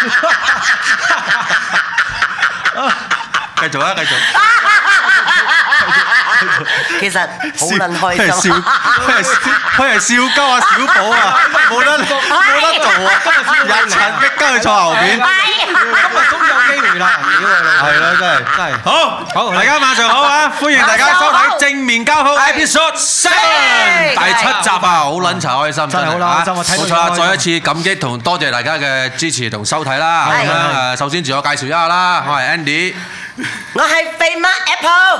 繼 續啊，繼續。其實，好難去做。佢係佢係佢係笑鳩啊，小寶啊，冇得冇 得做啊，今日啊 陳碧鳩 去坐後面， 今日係囉，真係真係，好好，大家晚上好啊，歡迎大家收睇正面交鋒！Episode Seven 第七集啊，好撚茶、嗯、開心，真係好啦，冇錯啊，再一次感激同多謝大家嘅支持同收睇啦。咁樣誒，首先自我介紹一下啦，我係 Andy。我係肥媽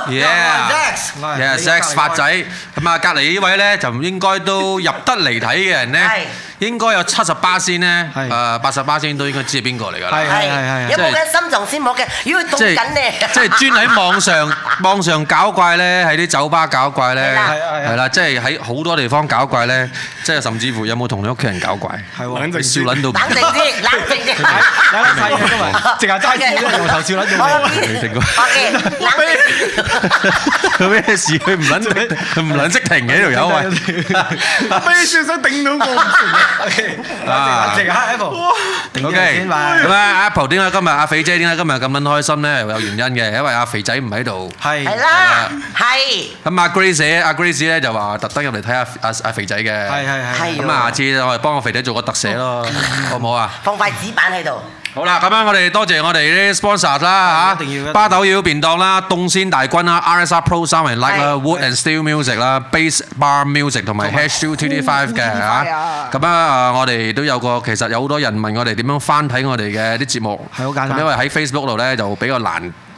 Apple，Yeah，Yeah，Sex 發仔，咁啊隔籬呢位咧就應該都入得嚟睇嘅人咧，應該有七十八先咧，誒八十八先都應該知係邊個嚟㗎啦。係係係係，有冇嘅心臟先冇嘅，如果佢讀緊咧，即係專喺網上網上搞怪咧，喺啲酒吧搞怪咧，係啦係啦，係啦，即係喺好多地方搞怪咧，即係甚至乎有冇同你屋企人搞怪？係喎，笑撚到，冷靜啲，冷靜啲，你老細都咪，淨係齋笑啫，我頭笑撚到咪。佢咩事？佢唔肯，唔肯識停嘅，又有位阿肥先生頂到我。O K，啊，其他 Apple，O K，咁啊，Apple，點解今日阿肥姐點解今日咁樣開心咧？有原因嘅，因為阿肥仔唔喺度。係啦，係。咁阿 Grace，阿 Grace 咧就話特登入嚟睇下阿阿阿肥仔嘅。係係係。咁啊，下次我哋幫個肥仔做個特寫咯，好唔好啊？放塊紙板喺度。好啦，咁樣，我哋多謝我哋啲 sponsors 啦嚇，巴豆腰便當啦，東仙大軍啦，RSR Pro 三人 like 啦，Wood and Steel Music 啦，Base Bar Music 同埋 H2T5 嘅嚇，咁樣，我哋都有個其實有好多人問我哋點樣翻睇我哋嘅啲節目，係好簡單，因為喺 Facebook 度咧就比較難。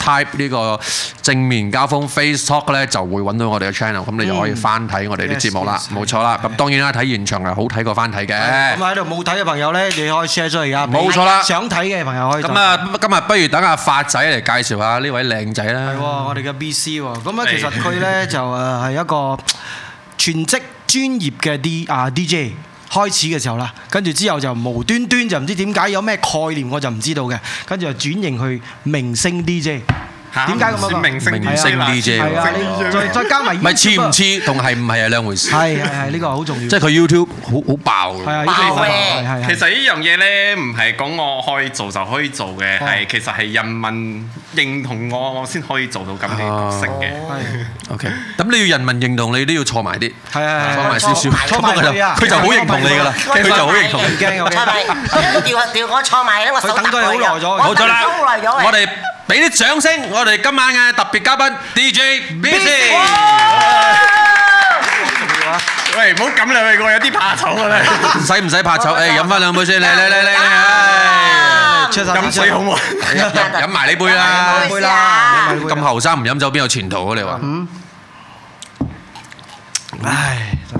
type 呢個正面交鋒 Face Talk 咧就會揾到我哋嘅 channel，咁你就可以翻睇我哋啲節目啦。冇錯啦，咁當然啦，睇現場係好睇過翻睇嘅。咁喺度冇睇嘅朋友咧，你可以 share 出嚟㗎。冇錯啦，想睇嘅朋友可以。咁啊，今日不如等阿發仔嚟介紹下呢位靚仔啦。係喎，我哋嘅 Bee C 喎，咁啊其實佢咧就誒係一個全職專業嘅 D 啊 DJ。開始嘅時候啦，跟住之後就無端端就唔知點解有咩概念，我就唔知道嘅，跟住就轉型去明星 DJ。點解咁啊？係明星啲啫喎，DJ 再再加埋唔係似唔似同係唔係係兩回事。係係係呢個好重要。即係佢 YouTube 好好爆，其實呢樣嘢咧，唔係講我可以做就可以做嘅，係其實係人民認同我，我先可以做到咁樣成嘅。OK，咁你要人民認同，你都要錯埋啲，錯埋少少，佢就佢就好認同你㗎啦。佢就好認同。錯埋，我錯埋，我手都攰咗。等咗好耐咗，我哋。俾啲掌聲，我哋今晚嘅特別嘉賓 DJ Bee C。喂，唔好咁啦，我有啲怕醜啊！唔使唔使怕醜，誒，飲翻兩杯先，嚟嚟嚟嚟。唉，咁衰好唔好？飲埋呢杯啦，飲埋杯啦，咁後生唔飲酒邊有前途啊？你話？嗯。唉，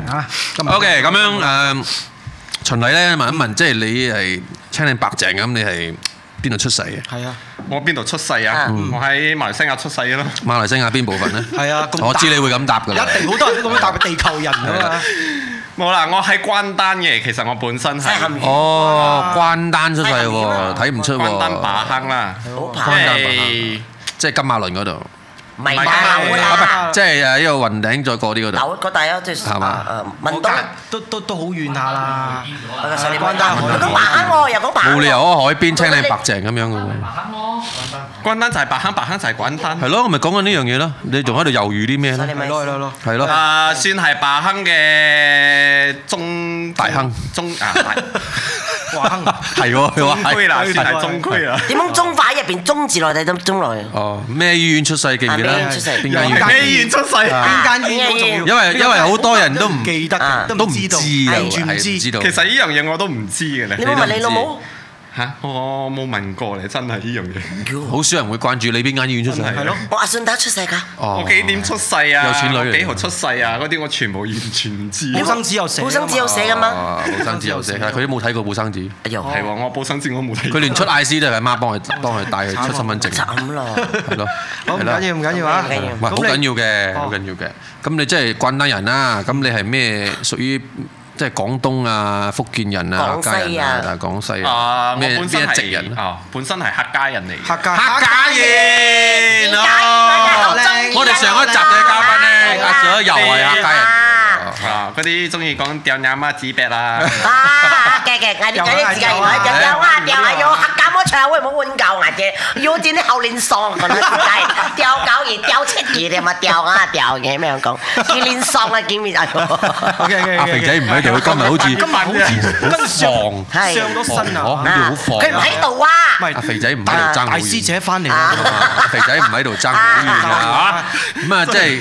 啊，O K，咁樣誒，秦禮咧問一問，即係你係青靚白淨咁，你係。邊度出世嘅？係啊，我邊度出世啊？我喺馬來西亞出世咯。馬來西亞邊部分咧？係啊，我知你會咁答嘅。一定好多人都咁樣答地球人啊！冇啦，我喺關丹嘅，其實我本身係哦關丹出世，睇唔出喎。關丹巴坑啦，即係金馬倫嗰度。唔係啦，即係啊！一個雲頂再過啲嗰度，嗰大啊，即係係嘛？問東都都都好遠下啦。十二關單，又講白坑喎，又講白。冇理由啊，海邊清靚白淨咁樣嘅喎。關單就係白坑，白坑就係滾單。係咯，我咪講緊呢樣嘢咯。你仲喺度猶豫啲咩咧？係咯，係咯。啊，算係白坑嘅中大坑中啊。係喎，中區啦，大中區啊。點解中法入邊中字內底中中來？哦，咩醫院出世記唔記得？邊間醫院出世啊？邊間醫院？因為因為好多人都唔記得，都唔知道，完全唔知道。其實呢樣嘢我都唔知嘅咧。你問你老母。嚇！我冇問過你，真係呢樣嘢，好少人會關注你邊間醫院出世。係咯，我阿順達出世噶，我幾點出世啊？有錢女嚟，幾號出世啊？嗰啲我全部完全唔知。報生紙有寫，報生紙有寫噶嗎？報生紙有寫，但佢都冇睇過報生紙。係喎，我報生紙我冇睇過。佢連出 I C 都係阿媽幫佢幫佢帶出身份證。咁咯，係咯，好唔緊要唔緊要啊？唔緊要，唔緊要嘅，好緊要嘅。咁你即係關丹人啦，咁你係咩屬於？即係廣東啊、福建人啊、客家人啊、廣西啊，咩係直人？哦，本身係客家人嚟。客家客家人，我哋上一集嘅嘉賓咧，阿左又係客家人。啊，嗰啲中意講掉眼媽紙壁啦。啊，梗梗，嗰啲嗰啲客家人，掉眼媽掉係要客。我有冇換教嘅啫，如果真係好沮喪咁啦，點解？掉狗嘢，掉出嘢，定係咪掉啊？掉嘢咩樣講？幾沮喪啊，見唔見到？阿肥仔唔喺度，今日好似今日好似好放，上咗身啊，好似好放。佢唔喺度啊！唔係阿肥仔唔喺度爭好遠。大師姐翻嚟啦，阿肥仔唔喺度爭好遠啦嚇。咁啊，即係。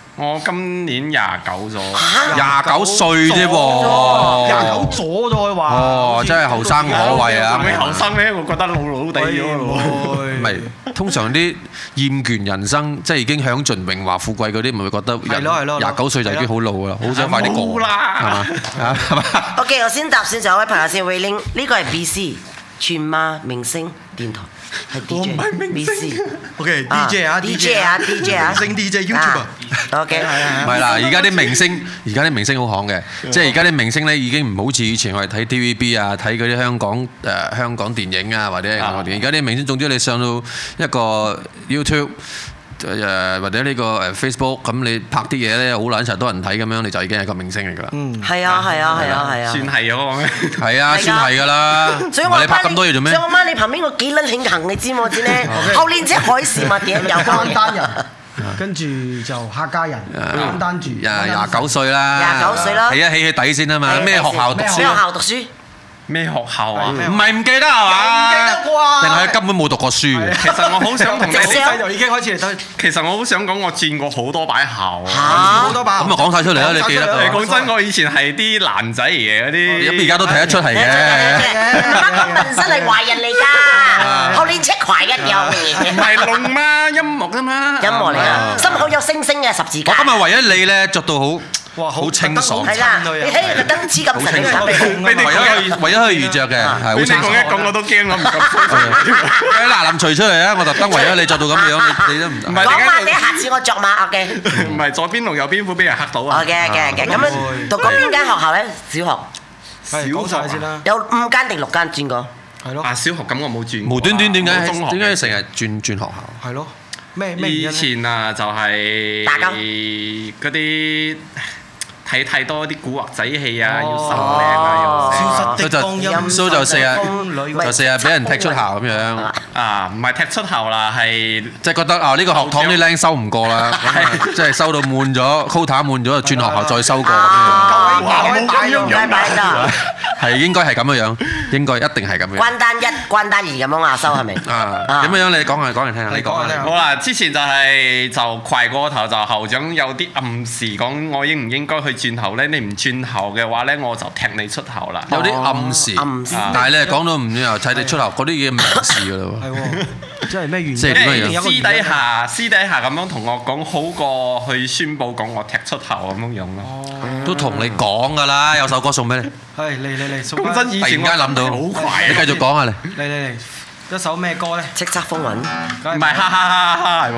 我今年廿九咗，廿九歲啫喎，廿九咗再話，哦，真係後生可畏啊！未後生咩？我覺得都好老哋喎。唔係，通常啲厭倦人生，即係已經享盡榮華富貴嗰啲，咪會覺得係咯係咯，廿九歲就已經好老啦，好想快啲過。好啦，啊，係嘛？OK，我先答先，就嗰位朋友先，Weiling，呢個係 B C 全馬明星電台。是 DJ, 我唔係明,明星。O K，D J 啊，D J 啊，D J 啊，明星 D J，YouTuber。O K，係啊。唔係啦，而家啲明星，而家啲明星好行嘅， 即係而家啲明星咧已經唔好似以前我哋睇 T V B 啊，睇嗰啲香港誒、呃、香港電影啊，或者咁樣。而家啲明星，總之你上到一個 YouTube。誒或者呢個誒 Facebook 咁你拍啲嘢咧好撚多人睇咁樣你就已經係個明星嚟㗎啦。嗯，係啊係啊係啊係啊。算係啊，講係啊，算係㗎啦。所以話你拍咁多嘢做咩？所以話你旁邊個幾撚慶幸你知冇知咧？後年只海事物嘢又單單人。跟住就客家人，單住廿九歲啦。廿九歲啦。係啊，起起底先啊嘛。咩學校讀書？咩學校讀書？咩學校啊？唔係唔記得係嘛？唔記得啩？定係佢根本冇讀過書嘅。其實我好想同你，好細就已經開始，其實我好想講，我轉過好多擺校。好多擺咁啊，講晒出嚟啦，你記得。講真，我以前係啲男仔嚟嘅嗰啲。而家都睇得出係嘅。我本身係華人嚟㗎，後年出華人又。唔係龍咩？音樂啊嘛。音樂嚟啊！心口有星星嘅十字架。今日唯一你咧着到好。哇，好清爽，係啦，你睇個燈籠咁神氣，你唯一可以，唯一可以預著嘅，你講一講我都驚，我唔敢講。係啦，臨除出嚟啊，我特登為咗你著到咁樣，你都唔唔係點解，我一下子我著晚黑嘅。唔係左邊龍右邊虎，俾人嚇到啊！我驚驚驚咁樣，讀過幾間學校咧？小學，小學有五間定六間轉過？係咯，小學咁我冇轉，無端端端嘅點解要成日轉，轉學校？係咯，咩咩以前啊，就係嗰啲。睇太多啲古惑仔戲啊，要收靚啊，又，都就收就四啊，就四啊，俾人踢出校咁樣，啊，唔係踢出校啦，係即係覺得啊，呢個學堂啲靚收唔過啦，即係收到滿咗，quota 滿咗就轉學校再收過。啊，唔好擺用，唔好擺得啊，係應該係咁嘅樣，應該一定係咁嘅樣。關單一、關單二咁樣收係咪？啊，咁嘅樣你講下講嚟聽下，你講下聽下。好啦，之前就係就攰過頭，就校長有啲暗示講，我應唔應該去？轉頭咧，你唔轉頭嘅話咧，我就踢你出頭啦。有啲暗示，但係你講到唔轉頭，睇你出頭，嗰啲嘢明示㗎啦喎。係喎，即係咩原因？即係私底下，私底下咁樣同我講，好過去宣佈講我踢出頭咁樣樣咯。都同你講㗎啦，有首歌送俾你。係，嚟嚟嚟，突然間諗到，好快啊！你繼續講下嚟。嚟嚟嚟，一首咩歌咧？叱咤風雲。梗係唔係？哈哈哈哈！係冇。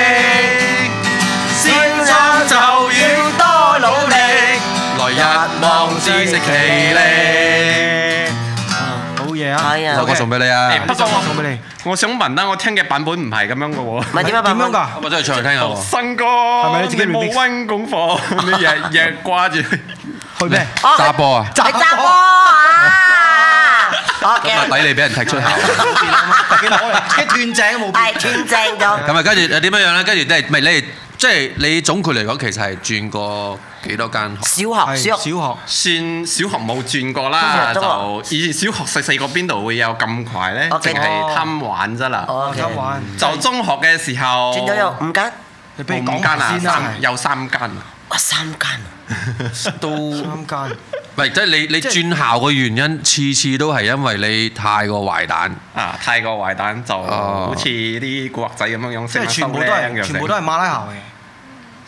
犀利，好嘢啊，首歌送俾你啊，首歌送俾你。我想問啦，我聽嘅版本唔係咁樣嘅喎，唔係點樣㗎？點樣㗎？我真係唱嚟聽下。新歌，係咪你冇溫功課，你日日掛住去咩？炸波啊，炸波啊！啊，抵你俾人踢出口。斷正冇，斷正咗。咁啊，跟住誒點樣樣咧？跟住都係咪你？即係你總括嚟講，其實係轉過幾多間學校？小學、小學、小學算小學冇轉過啦，就以前小學細細個邊度會有咁快咧？即係貪玩啫啦。哦，貪玩。就中學嘅時候轉咗有五間，我五間啊，有三間。哇！三間啊，都三間。喂，即係你你轉校嘅原因，次次都係因為你太過壞蛋啊！太過壞蛋就好似啲古惑仔咁樣樣，即係全部都係全部都係馬拉校嘅。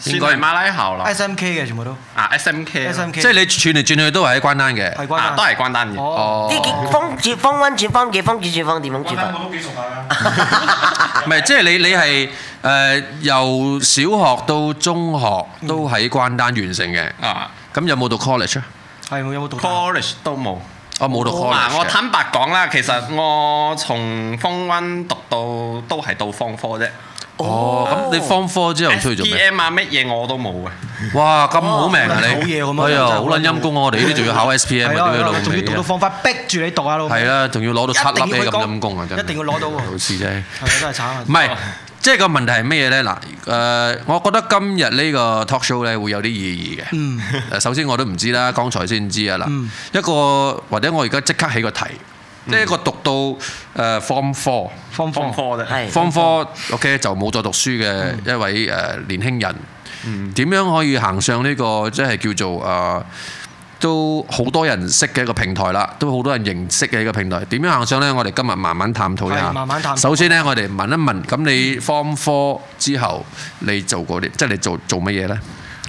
應該係馬拉校啦。S M K 嘅全部都。啊，S M K。S M K，即係你轉嚟轉去都係關單嘅。係關單。都係關單嘅。哦。啲幾方轉方溫轉方幾方轉轉方點樣轉法？我都幾熟下啦。唔係，即係你你係誒由小學到中學都喺關單完成嘅。啊。咁有冇讀 college 啊？係，有冇讀 college 都冇。我冇讀 college。嗱，我坦白講啦，其實我從方溫讀到都係到方科啫。哦，咁你 form four 之後出去做咩？S P M 啊，乜嘢我都冇嘅。哇，咁好命啊你！好嘢好嗎？哎好撚陰功啊！我哋呢啲仲要考 S P M 啊，老味。仲要讀到 form four，逼住你讀啊，老味。係啦，仲要攞到七粒 A 咁陰功啊！真一定要攞到。老師啫，係啊，真係慘。唔係，即係個問題係咩嘢咧？嗱，誒，我覺得今日呢個 talk show 咧會有啲意義嘅。首先我都唔知啦，剛才先知啊嗱。一個或者我而家即刻起個題，呢一個讀到誒 form four form four 啫 form four，form four OK 就冇再讀書嘅、嗯、一位誒年輕人，點、嗯、樣可以行上呢、這個即係叫做誒、呃、都好多人識嘅一個平台啦，都好多人認識嘅一個平台，點樣行上呢？我哋今日慢慢探討一下。慢慢首先呢，我哋問一問咁，你 form four 之後你做過啲即係你做做乜嘢呢？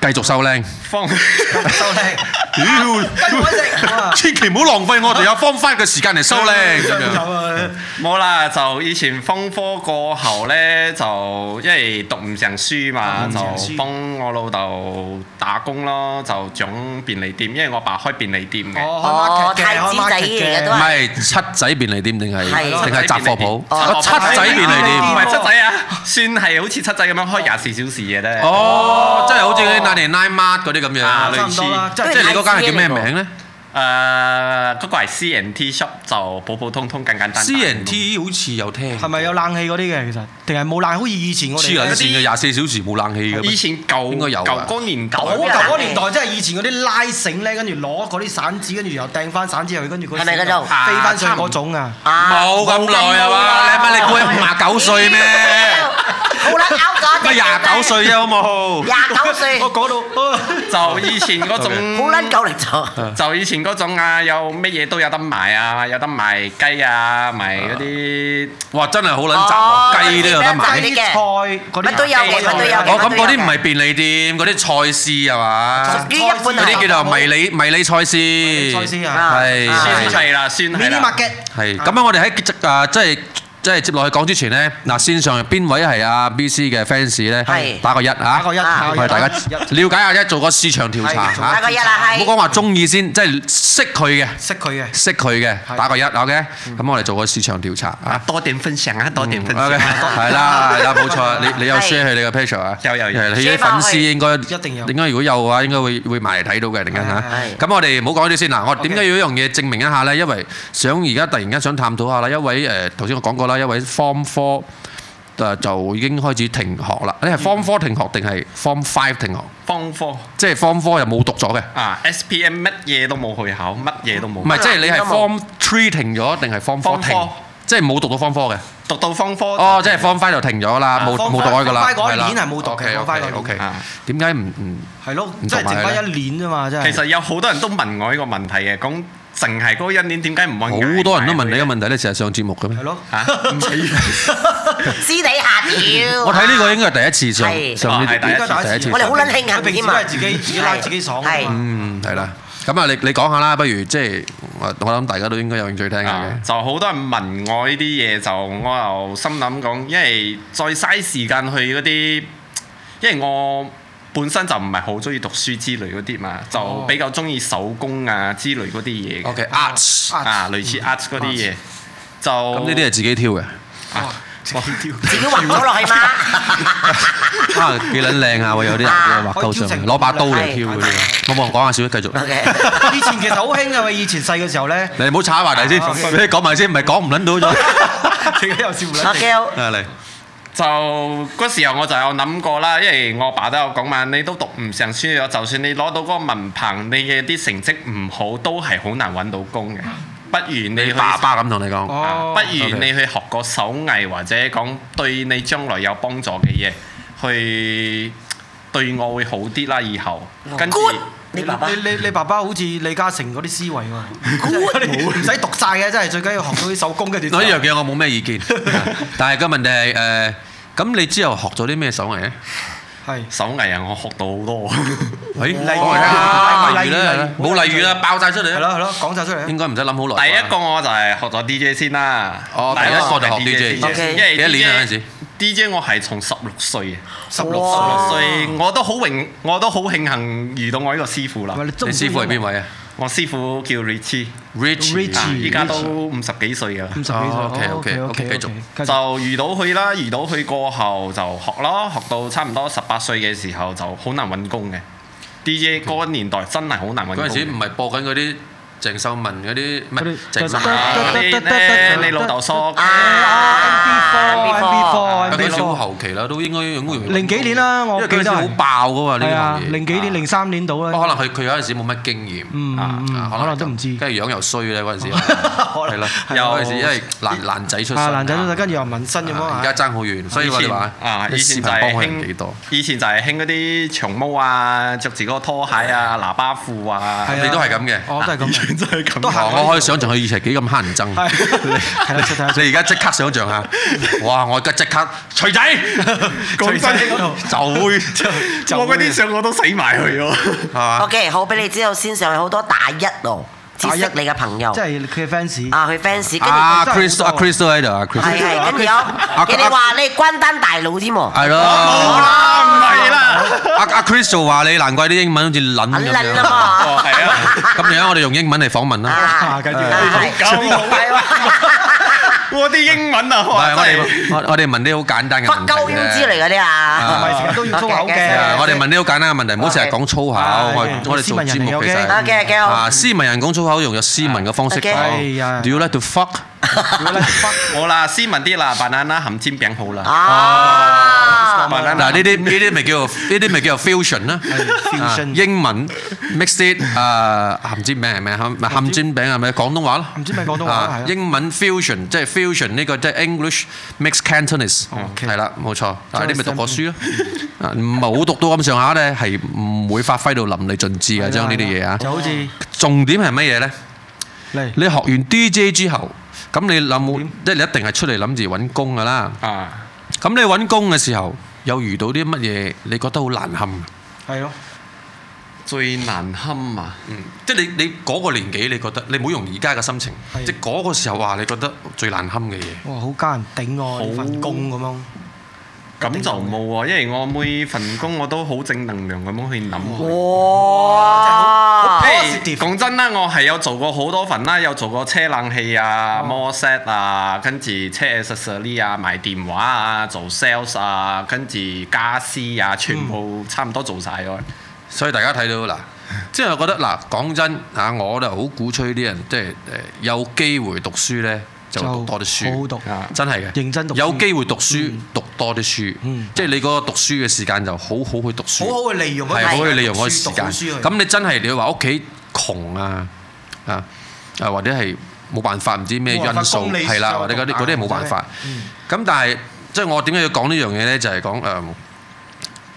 繼續收零，放收零，妖，千祈唔好浪費我哋有放花嘅時間嚟收零。冇啦，就以前封科過後呢，就因為讀唔成書嘛，就幫我老豆打工咯，就種便利店。因為我爸開便利店嘅。哦哦，太子仔嘅都係。唔係七仔便利店定係定係雜貨鋪？七仔便利店，唔係七仔啊，算係好似七仔咁樣開廿四小時嘅啫。哦，真係好似嗱。你哋 nine mart 嗰啲咁樣，類似，即係你嗰間係叫咩名咧？誒嗰、uh, 個係 C N T shop 就普普通通簡簡單單。C N T 好似有聽。係咪有冷氣嗰啲嘅其實？定係冇冷氣？好似以前我哋。黐銀線嘅廿四小時冇冷氣以前九應該有九。九年九。年代即係以前嗰啲拉繩咧，跟住攞嗰啲散紙，跟住又掟翻散紙入去，跟住嗰。係咪嗰種？飛翻上嗰種啊！冇咁耐啊嘛？你乜 你五廿九歲咩？乜廿九歲啊好冇？廿九 歲。 我講到。啊就以前嗰種，好撚夠力就。以前嗰種啊，有乜嘢都有得賣啊，有得賣雞啊，賣嗰啲。哇！真係好撚雜，雞都有得賣，菜嗰啲乜都有。我咁嗰啲唔係便利店嗰啲菜市係嘛？啲一半嗰啲叫做迷你迷你菜市。菜市啊，係。算係啦，算係啦。Mini market 係。咁樣我哋喺誒即係。即係接落去講之前咧，嗱，線上邊位係阿 Bee C 嘅 fans 咧？打個一嚇，係大家瞭解下，啫，做個市場調查嚇。打個一啦，係。唔好講話中意先，即係識佢嘅，識佢嘅，識佢嘅，打個一，OK。咁我哋做個市場調查啊，多點分享啊，多點分享。OK，係啦，係啦，冇錯。你你有 share 你嘅 picture 啊？有有有。你啲粉絲應該，一定有。應該如果有嘅話，應該會會埋嚟睇到嘅，陣間嚇。咁我哋唔好講呢啲先嗱。我點解要呢樣嘢證明一下咧？因為想而家突然間想探討下啦。一位誒，頭先我講過啦。一位 form four，誒就已經開始停學啦。你係 form four 停學定係 form five 停學？form four 即係 form four 又冇讀咗嘅啊！SPM 乜嘢都冇去考，乜嘢都冇。唔係，即係你係 form three 停咗定係 form four 停？即係冇讀到 form four 嘅，讀到 form four。哦，即係 form five 就停咗啦，冇冇讀開噶啦。form five 嗰一年係冇讀嘅。form five 嗰 OK，點解唔唔？係咯，即係剩返一年啫嘛，真係。其實有好多人都問我呢個問題嘅，講。淨係嗰一年點解唔問？好多人都問你個問題咧，成日上節目嘅咩？係咯。私底下聊。我睇呢個應該係第一次上，上邊應該係第一次。我哋好撚興下嘅，起碼都係自己，自己拉自己爽啊嘛。嗯，係啦。咁啊，你你講下啦，不如即係我諗大家都應該有興趣聽下嘅。就好多人問我呢啲嘢，就我又心諗講，因為再嘥時間去嗰啲，因為我。本身就唔係好中意讀書之類嗰啲嘛，就比較中意手工啊之類嗰啲嘢 OK，art，啊，類似 art 嗰啲嘢。就咁呢啲係自己挑嘅。自己畫唔到落去嗎？啊，幾撚靚啊！有啲人又畫刀上攞把刀嚟挑嗰啲。好冇，講下笑，繼續。以前其實好興㗎，以前細嘅時候咧。你唔好踩話題先，你講埋先，唔係講唔撚到咗。自己又笑啊嚟。就嗰時候我就有諗過啦，因為我爸都有講嘛，你都讀唔成書，就算你攞到嗰個文憑，你嘅啲成績唔好，都係好難揾到工嘅。不如你爸爸咁同你講，不如你去學個手藝或者講對你將來有幫助嘅嘢，去對我會好啲啦。以後跟住。你你你爸爸好似李嘉誠嗰啲思維喎，唔使讀曬嘅真係，最緊要學到啲手工嘅。呢樣嘢我冇咩意見，但係個問題係誒，咁你之後學咗啲咩手藝咧？係手藝啊，我學到好多。例如啊，冇例如啦，爆曬出嚟啊！係咯係咯，講曬出嚟。應該唔使諗好耐。第一個我就係學咗 DJ 先啦，哦，第一個就學 DJ 先，幾多年啊，嗰陣時？DJ 我係從十六歲嘅，十六歲哇我都好榮，我都好慶幸遇到我呢個師傅啦。你師傅係邊位啊？我師傅叫 Richie，Richie 依家都五十幾歲㗎喇。五十幾歲，OK OK OK 繼續。就遇到佢啦，遇到佢過後就學咯，學到差唔多十八歲嘅時候就好難揾工嘅。DJ 嗰 Okay. 年代真係好難揾工。嗰陣時唔係播緊啲。鄭秀文嗰啲咩？鄭秀文你老豆蘇，佢啲後期啦，都應該零幾年啦，我記得。好爆㗎喎，呢樣嘢。係零幾年、零三年到啊。可能佢佢有陣時冇乜經驗，嗯可能都唔知。跟住樣又衰咧，嗰陣時。係咯，有陣時因為男男仔出。啊，男仔跟住又紋身咁啊。而家爭好遠，所以我哋話，啊，以前就係興幾多？以前就係興嗰啲長毛啊，着住嗰個拖鞋啊，喇叭褲啊，你都係咁嘅。我都係咁。真係咁啊！我可以想象佢以前幾咁乞人憎。你而家即刻想象下，哇！我而家即刻，錘仔，錘仔就會就我嗰啲相我都死埋佢咯，係嘛？OK，好俾你知道，先上有好多打一咯，結識你嘅朋友。即係佢 fans 啊，佢 fans。啊，Chris 啊 c r i s 都喺度啊，Chris。係係，跟住哦，佢哋話你關丹大佬添喎。係咯。阿 Crystal 話你難怪啲英文好似撚咁樣，係啊！咁而家我哋用英文嚟訪問啦，繼續啊！咁我啲英文啊，我我哋問啲好簡單嘅，不鳩腰之類嗰啲啊，都係都要粗口嘅。我哋問啲好簡單嘅問題，唔好成日講粗口。我我哋做節目其實啊，斯文人講粗口，用咗斯文嘅方式。Do you like to fuck？我啦斯文啲啦，banana 鹹煎餅好啦。啊！嗱呢啲呢啲咪叫做呢啲咪叫 fusion 啦。fusion 英文 mix it 啊，鹹煎餅係咩？鹹煎餅係咪廣東話咯？唔知咩廣東話。英文 fusion 即係 fusion 呢個即係 English mix Cantonese。係啦，冇錯。但係你咪讀過書咯？冇讀到咁上下咧，係唔會發揮到淋漓盡致啊！將呢啲嘢啊，就好似重點係乜嘢咧？你學完 DJ 之後。咁你諗冇，即點你一定係出嚟諗住揾工噶啦。啊！咁你揾工嘅時候，又遇到啲乜嘢？你覺得好難堪？係咯的，最難堪啊！嗯，即係你你嗰個年紀，你覺得你唔好用而家嘅心情，的即係嗰個時候話，你覺得最難堪嘅嘢。哇！加啊、好艱頂喎，呢份工咁樣。咁就冇喎，因為我每份工我都好正能量咁樣去諗。哇！即係好 positive。Hey，講真啦，我係有做過好多份啦，有做過車冷氣啊、哦、摩 set 啊，跟住車 accessory 啊、賣電話啊、做 sales 啊，跟住家私啊，全部差唔多做晒咯、嗯。所以大家睇到嗱，即係、就是、我覺得嗱，講真嚇，我就好鼓吹啲人，即、就、係、是、有機會讀書呢。就讀多啲書，真係嘅，認真讀。有機會讀書，嗯、讀多啲書，嗯、即係你嗰個讀書嘅時間就好好去讀書，嗯、的好好去利用，係好好去利用嗰啲時間。咁你真係你要話屋企窮啊啊，或者係冇辦法，唔知咩因素係、哦、啦，或者嗰啲嗰啲冇辦法。咁、就係嗯、但係即係我點解要講呢樣嘢咧？就係講誒，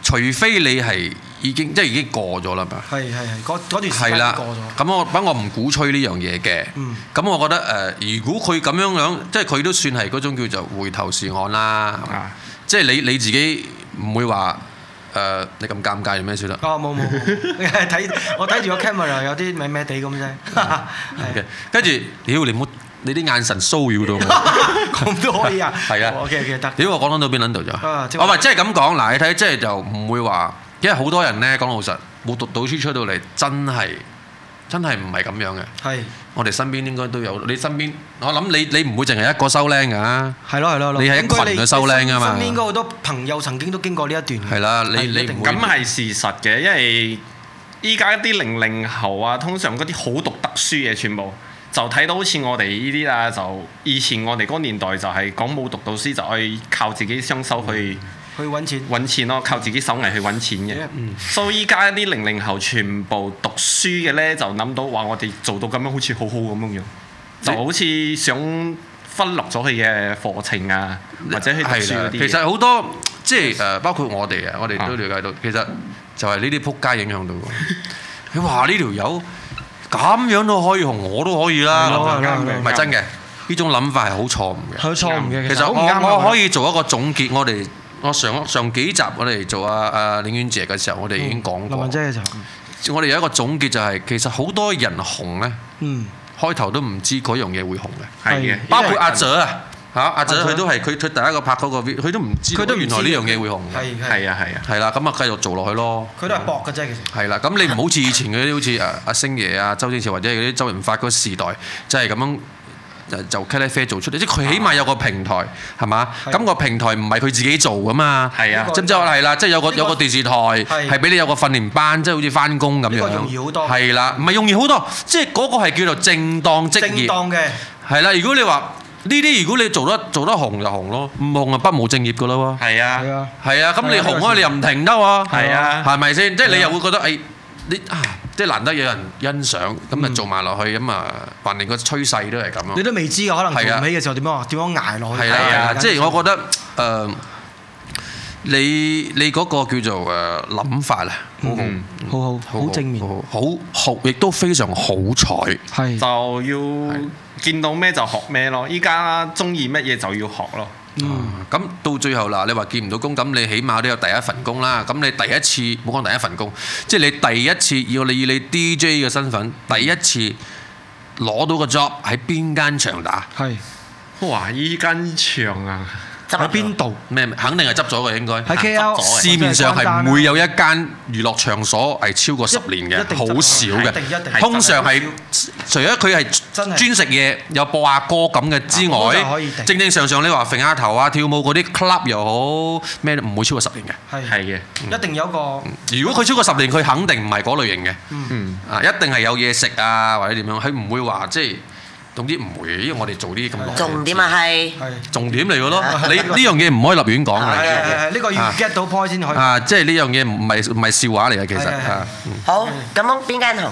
除非你係。已經即係已經過咗啦嘛，係係係，嗰段時間過咗。咁我反正我唔鼓吹呢樣嘢嘅。嗯。咁我覺得誒、呃，如果佢咁樣樣，即係佢都算係嗰種叫做回頭是岸啦。啊 Okay.。即係你你自己唔會話誒、呃，你咁尷尬咩算啦？哦，冇冇，你係睇我睇住個 camera 有啲咩咩地咁啫。跟住，屌你唔好，你啲眼神騷擾到我，咁 都 可以啊？係 啊。OK 得。屌我講到到邊度就？我咪即係咁講嗱，你睇即係就唔會話。因為好多人呢講老實，冇讀到書出到嚟，真係真係唔係咁樣嘅。係，我哋身邊應該都有。你身邊，我諗你你唔會淨係一個收靚㗎。係咯係咯，你係一群嘅收靚㗎嘛。身邊應該好多朋友曾經都經過呢一段。係啦，你你咁係事實嘅，因為依家一啲零零後啊，通常嗰啲好讀得書嘅，全部就睇到好似我哋呢啲啊，就以前我哋嗰年代就係講冇讀到書就可以靠自己雙手去。去揾錢，揾錢咯，靠自己手藝去揾錢嘅。所以依家啲零零後全部讀書嘅呢，就諗到話我哋做到咁樣好似好好咁樣，就好似想分落咗佢嘅課程啊，或者去讀書嗰啲。係啦，其實好多即係包括我哋啊，我哋都了解到，其實就係呢啲撲街影響到。佢話呢條友咁樣都可以同我都可以啦，唔係真嘅。呢種諗法係好錯誤嘅，好錯誤嘅。其實我我可以做一個總結，我哋。我上上幾集我哋做阿阿李婉姐嘅時候，我哋已經講過。即婉姐嘅我哋有一個總結就係，其實好多人紅咧，開頭都唔知嗰樣嘢會紅嘅。係嘅，包括阿仔啊，嚇阿仔佢都係佢佢第一個拍嗰個，佢都唔知。佢都原來呢樣嘢會紅嘅。係啊係啊。係啦，咁啊繼續做落去咯。佢都係搏嘅啫，其實。係啦，咁你唔好似以前嗰啲好似阿阿星爺啊、周星馳或者嗰啲周潤發嗰時代，即係咁樣。就就咖啡啡做出嚟，即係佢起碼有個平台，係嘛？咁個平台唔係佢自己做噶嘛，知唔知我話係啦？即係有個有個電視台，係俾你有個訓練班，即係好似翻工咁樣，係啦，唔係容易好多，即係嗰個係叫做正當職業。正當嘅係啦，如果你話呢啲，如果你做得做得紅就紅咯，唔紅啊不務正業噶啦喎。係啊，係啊，咁你紅開你又唔停得喎，係啊，係咪先？即係你又會覺得誒。你啊，即係難得有人欣賞，咁啊做埋落去，咁啊，橫掂個趨勢都係咁咯。你都未知可能浮唔起嘅時候點樣啊？點樣捱落去？係啦，即係我覺得誒，你你嗰個叫做誒諗法啦，好好，好好，好正面，好好，亦都非常好彩。係就要見到咩就學咩咯，依家中意乜嘢就要學咯。嗯，咁到最後喇，你話見唔到工，咁你起碼都有第一份工啦。咁你第一次冇講第一份工，即係你第一次要你以你 DJ 嘅身份，第一次攞到個 job 喺邊間場打？係，哇！呢間場啊～執喺邊度？咩？肯定係執咗嘅，應該喺 KL 市面上係唔會有一間娛樂場所係超過十年嘅，一定，好少嘅。通常係除咗佢係專食嘢、有播下歌咁嘅之外，正正常常你話揈下頭啊、跳舞嗰啲 club 又好咩，唔會超過十年嘅。係係嘅，一定有一個。如果佢超過十年，佢肯定唔係嗰類型嘅。嗯啊，一定係有嘢食啊，或者點樣，佢唔會話即係。總之唔會，因為我哋做啲咁耐。重點啊係。係。重點嚟㗎咯，你呢樣嘢唔可以立亂講㗎。係係係，呢個要 get 到 point 先可以。啊，即係呢樣嘢唔係唔係笑話嚟㗎，其實。好，咁樣邊間紅？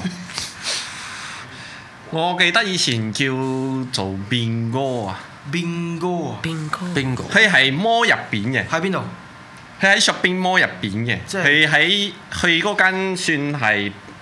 我記得以前叫做變哥啊。變哥啊。變哥。變哥。佢係 mall 入邊嘅。喺邊度？佢喺 shopping mall 入邊嘅。即係。佢喺佢嗰間算係。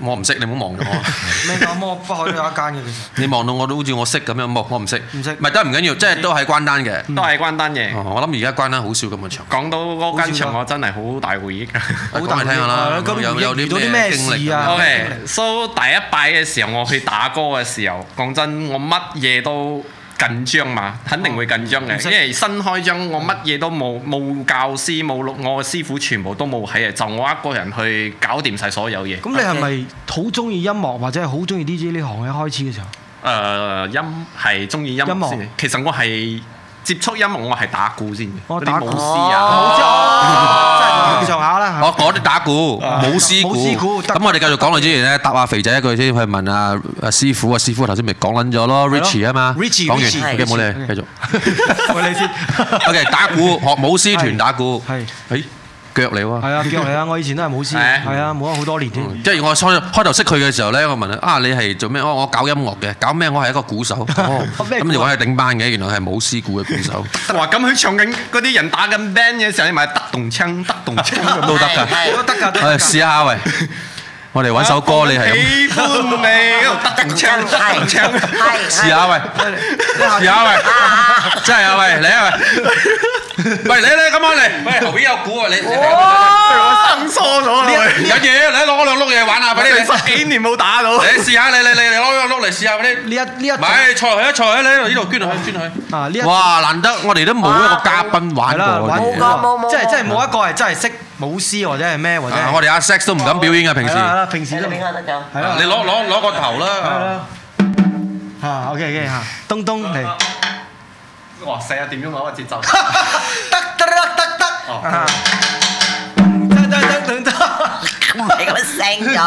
我唔識，你唔好望住我。呢間摩巴海都有一間嘅你望到我，我都好似我識咁樣，我我唔識。唔識懂。唔係都係唔緊要，即係都係關單嘅。都係關單嘅、嗯。我諗而家關單好少咁嘅場。講到嗰間場，我真係好大回憶 好大講嚟聽下啦， 嗯、又有到啲咩經歷啊 Okay,？So 第一擺嘅時候，我去打歌嘅時候，講真，我乜嘢都～緊張嘛，肯定會緊張嘅，因為新開張我乜嘢都冇，冇教師，冇錄，我嘅師傅全部都冇喺啊，就我一個人去搞掂晒所有嘢。咁你係咪好中意音樂或者係好中意 DJ 呢行嘅開始嘅時候？誒、呃，音係中意音樂，其實我係。接觸音樂我係打鼓先嘅，嗰啲舞獅啊，冇係唔會上啦。我講啲打鼓，舞獅鼓。咁我哋繼續講落之前咧，答阿肥仔一句先，去問阿阿師傅啊，師傅頭先咪講捻咗咯，Richie 啊嘛，Richie，講完，冇你，繼續，冇你先。OK 打鼓，學舞獅團打鼓。係。腳嚟喎，係啊腳嚟啊！我以前都係舞獅，係啊冇咗好多年添。即係我開開頭識佢嘅時候咧，我問佢：啊你係做咩？我我搞音樂嘅，搞咩？我係一個鼓手。咁就揾佢頂班嘅，原來係舞獅鼓嘅鼓手。哇！咁佢唱緊嗰啲人打緊 band 嘅時候，你咪得動槍，得動槍都得㗎。係，試下啊喂！我哋揾首歌你係。喜歡你，得動槍，得動槍。係，試下喂，試下喂，真係啊喂，你啊喂。喂你你今晚嚟，喂頭邊有鼓喎你，哇，掹錯咗，有嘢，你攞我兩碌嘢玩下，俾你，十幾年冇打到，你試下，你你你攞一碌嚟試下，嗰啲呢一呢一，咪財去啊財去，你呢度捐去捐去，啊呢一，哇，難得我哋都冇一個嘉賓玩過，冇冇，即係即係冇一個係真係識舞獅或者係咩或者，我哋阿 sex 都唔敢表演嘅平時，平時都點得嘅？係啦，你攞攞攞個頭啦，係啦，嚇 OK OK 嚇，東東嚟。哇！四啊點樣攞個節奏，得得得得，哦，爭爭爭爭，唔係咁樣喎，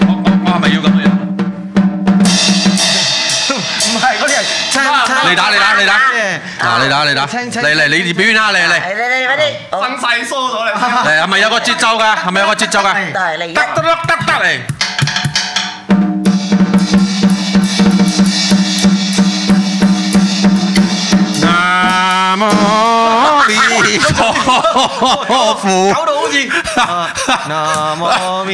我我係咪要咁，唔係嗰啲係清清，你打你打你打，嗱你打你打，嚟嚟你表演下嚟嚟，嚟嚟快啲，聲勢疏咗嚟，嚟係咪有個節奏㗎？係咪有個節奏㗎？得得得得嚟。搞到好似。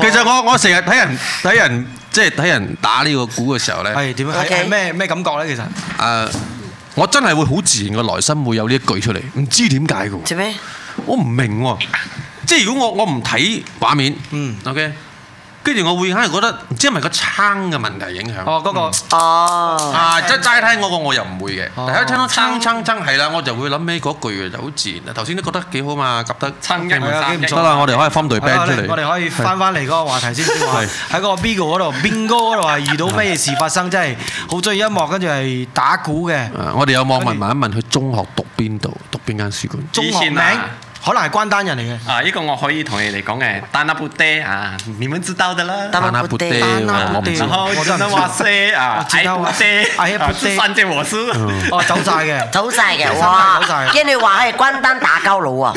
其實我我成日睇人睇人即係睇人打呢個鼓嘅時候咧，係點樣？係咩咩感覺咧？其實，誒，我真係會好自然嘅內心會有呢一句出嚟，唔知點解嘅。做咩？我唔明喎啊。即係如果我我唔睇畫面，嗯，OK。跟住我會，可能覺得唔知係咪個撐嘅問題影響。哦，嗰個哦，啊，即齋聽嗰個我又唔會嘅，大家聽到撐撐撐係啦，我就會諗起嗰句嘅，就好自然。頭先都覺得幾好嘛，夾得撐一兩三，得啦，我哋可以分隊 band 出嚟。我哋可以翻翻嚟嗰個話題先先話，喺個 Bigo 嗰度，Bigo 嗰度啊？遇到咩事發生？真係好中意音樂，跟住係打鼓嘅。我哋有冇問一問佢中學讀邊度？讀邊間書館？中學名？可能係關單人嚟嘅。啊，呢個我可以同你哋講嘅，Dhanapad 啊，你哋知道嘅啦。Dhanapad。然後智恩瓦舍啊，智恩瓦舍，阿耶普山隻和斯，哦，走曬嘅。走曬嘅，哇！走曬，人哋話係關單打交佬啊，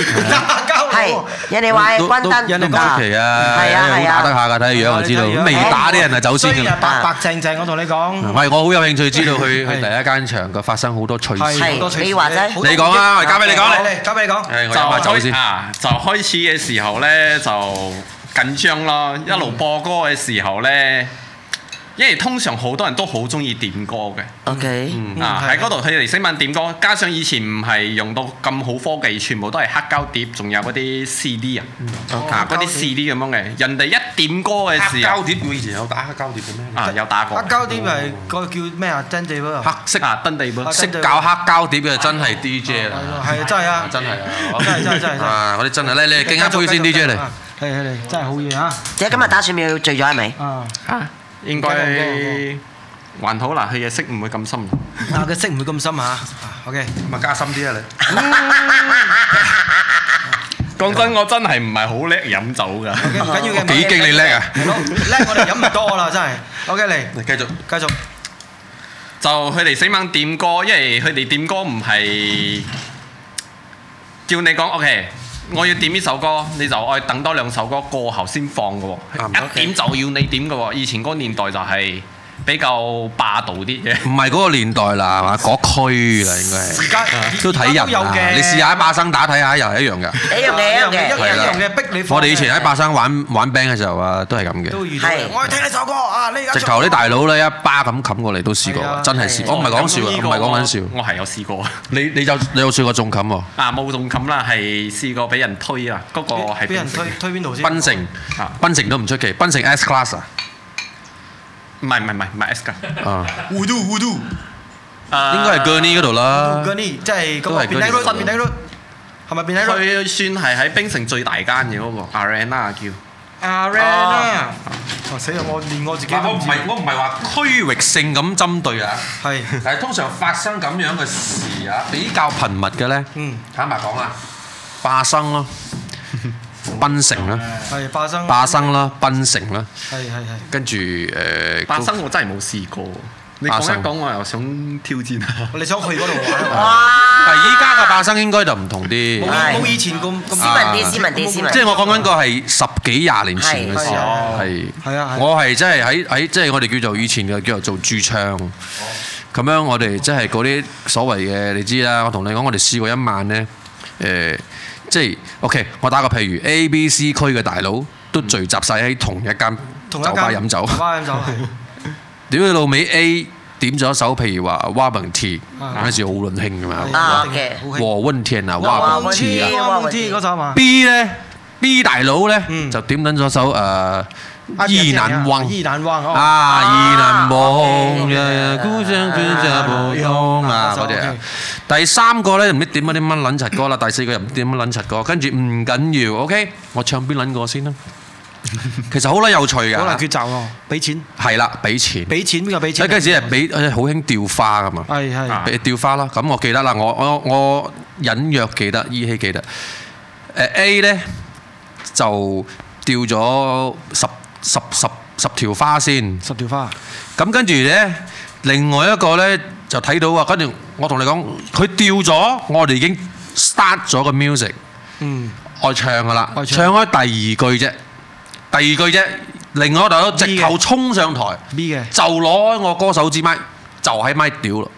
打交佬，係人哋話關單，人都好奇啊，係啊，打得下㗎，睇下樣就知道，未打啲人係走先㗎。白白淨淨，我同你講。唔係，我好有興趣知道佢佢第一間場嘅發生好多趣事。你話啫。你講啊，交俾你講嚟，交俾你講。走走。啊！就開始嘅時候咧，就緊張咯。一路播歌嘅時候咧。因為通常好多人都好中意點歌嘅，OK，嗱喺嗰度佢哋識問點歌，加上以前唔係用到咁好科技，全部都係黑膠碟，仲有嗰啲 CD 啊，嗱嗰啲 CD 咁樣嘅，人哋一點歌嘅時候啊，黑膠碟，我以前有打黑膠碟嘅咩？啊，有打過。黑膠碟係嗰叫咩啊？珍姐嗰個。黑色啊，珍姐嗰個。識搞黑膠碟嘅真係 DJ 啦。係咯，係真係啊，真係啊，真係真係真係。啊，我哋真係，嚟嚟，今晚醉先 DJ 嚟，嚟嚟，真係好嘢嚇！姐今日打算咪要醉咗係咪？啊嚇！應該還好啦，佢嘅色唔會咁深。啊，佢色唔會咁深嚇。OK，咪加深啲啊你。講真，我真係唔係好叻飲酒㗎。唔緊要，幾勁你叻啊？叻我哋飲唔多啦，真係。OK 嚟。繼續，繼續。就佢哋死猛點歌，因為佢哋點歌唔係叫你講 OK。我要點呢首歌，你就愛等多兩首歌過後先放嘅喎，Okay. 一點就要你點嘅喎，以前嗰年代就係、是。比較霸道啲嘅，唔係嗰個年代啦，係嘛？嗰區啦，應該係。而家都睇人啊！你試下喺馬生打睇下，又係一樣嘅。一樣嘅，一樣嘅。逼你。我哋以前喺巴生玩玩 band 嘅時候啊，都係咁嘅。都我要聽呢首歌啊！呢直頭啲大佬咧一巴咁冚過嚟都試過，真係試過。我唔係講笑啊，唔係講緊笑。我係有試過。你你就你有試過中冚喎？啊冇中冚啦，係試過俾人推啊！嗰個係邊？俾人推推邊度先？檳城，啊！檳城都唔出奇，檳城 S Class 啊！唔係唔係唔係，唔係 S 卡。烏都烏都，應該係哥尼嗰度啦。哥尼，即係，佢話變態咯，佢話變態咯。佢算係喺冰城最大間嘅嗰個。Arena 叫。Arena，死啦！我連我自己。我唔係我唔係話區域性咁針對啊。係。但係通常發生咁樣嘅事啊，比較頻密嘅咧，坦白講啊，發生咯。檳城啦，係巴生，巴生啦，檳城啦，係係係，跟住誒，巴生我真係冇試過，你講講我又想挑戰你想去嗰度？哇！依家嘅巴生應該就唔同啲，冇以前咁斯文啲，斯文啲，斯文，即係我講緊個係十幾廿年前嘅時候，係係啊，我係真係喺喺，即係我哋叫做以前嘅叫做做駐唱，咁樣我哋即係嗰啲所謂嘅你知啦。我同你講，我哋試過一晚咧，誒。即係 OK，我打個譬如，A、B、C 區嘅大佬都聚集曬喺同一間酒吧飲酒。酒吧飲酒。屌你老味，A 點咗首，譬如話《蛙鳴天》，嗰陣時好流行㗎嘛。得嘅。《蛙鳴天》啊，《蛙鳴天》啊。B 呢，B 大佬呢就點緊咗首誒《意難忘》。《意難忘》啊，《意難忘》誒，孤枕難眠啊，好嘅。第三個咧唔知點樣點樣撚柒歌啦，第四個又唔知點樣撚柒歌，跟住唔緊要，OK，我唱邊撚個先啦。其實好啦，有趣㗎。好難抉擇喎，俾錢。係啦，俾錢。俾錢邊個俾錢啊？跟住係俾，好興掉花㗎嘛。係係。掉花啦，咁我記得啦，我我我隱約記得，依稀記得。誒 A 咧就掉咗十十十十條花先，十條花。咁跟住咧，另外一個咧。就睇到啊！跟住我同你講，佢掉咗，我哋已經 start 咗個 music，嗯，我唱噶啦，唱，唱開第二句啫，第二句啫，另外嗰度直頭衝上台的就攞我歌手支咪，就喺咪屌的咯，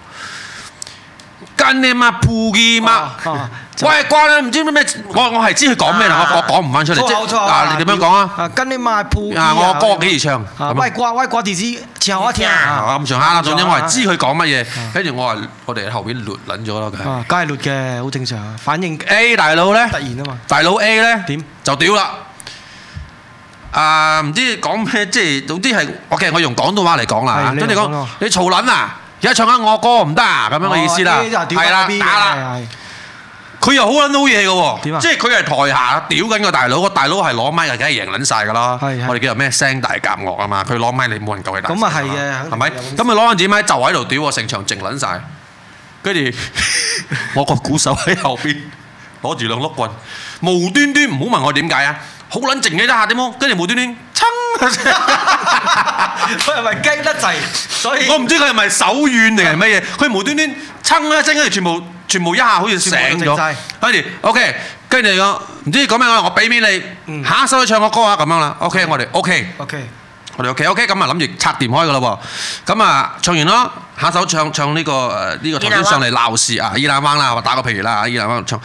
跟你媽蒲幾媽。啊。喂，關啦，唔知咩咩，我我係知佢講咩，我講講唔翻出嚟，即係嗱，你點樣講啊？跟你賣鋪。啊，我歌幾時唱？喂，掛喂，掛地址，之後我聽。咁上下，總之我係知佢講乜嘢，跟住我係我哋喺後邊亂捻咗咯，佢係。梗係亂嘅，好正常。反應 A 大佬咧？突然啊嘛。大佬 A 咧？點？就屌啦！啊，唔知講咩，即係總之係，OK 我用廣東話嚟講啦。跟住講，你嘈捻啊！而家唱下我歌唔得啊，咁樣嘅意思啦。係啦，打啦。佢又好撚 no 嘢嘅喎，即係佢係台下屌緊個大佬，個大佬係攞咪嘅，梗係贏撚曬嘅啦。我哋叫做咩聲大夾惡啊嘛，佢攞咪你冇人夠佢大聲啊嘛。係咪？咁咪攞緊支咪就喺度屌我，成場靜撚曬。跟住我個鼓手喺後邊攞住兩碌棍，無端端唔好問我點解啊，好撚靜嘅一下點麼？跟住無端端，噌一聲，佢係咪驚得滯？所以我唔知佢係咪手軟定係乜嘢，佢無端端噌一聲跟住全部。全部一下好似醒咗，跟住 OK，跟住我唔知講咩，我俾面你，下一首去唱，唱、這個歌啊，咁樣啦，OK，我哋 OK，我哋 OK，OK，咁啊諗住拆掂開噶咯喎，咁啊唱完咯，下首唱唱呢個呢個頭先上嚟鬧事啊，伊蘭灣啦，或打個譬如啦，伊蘭灣唱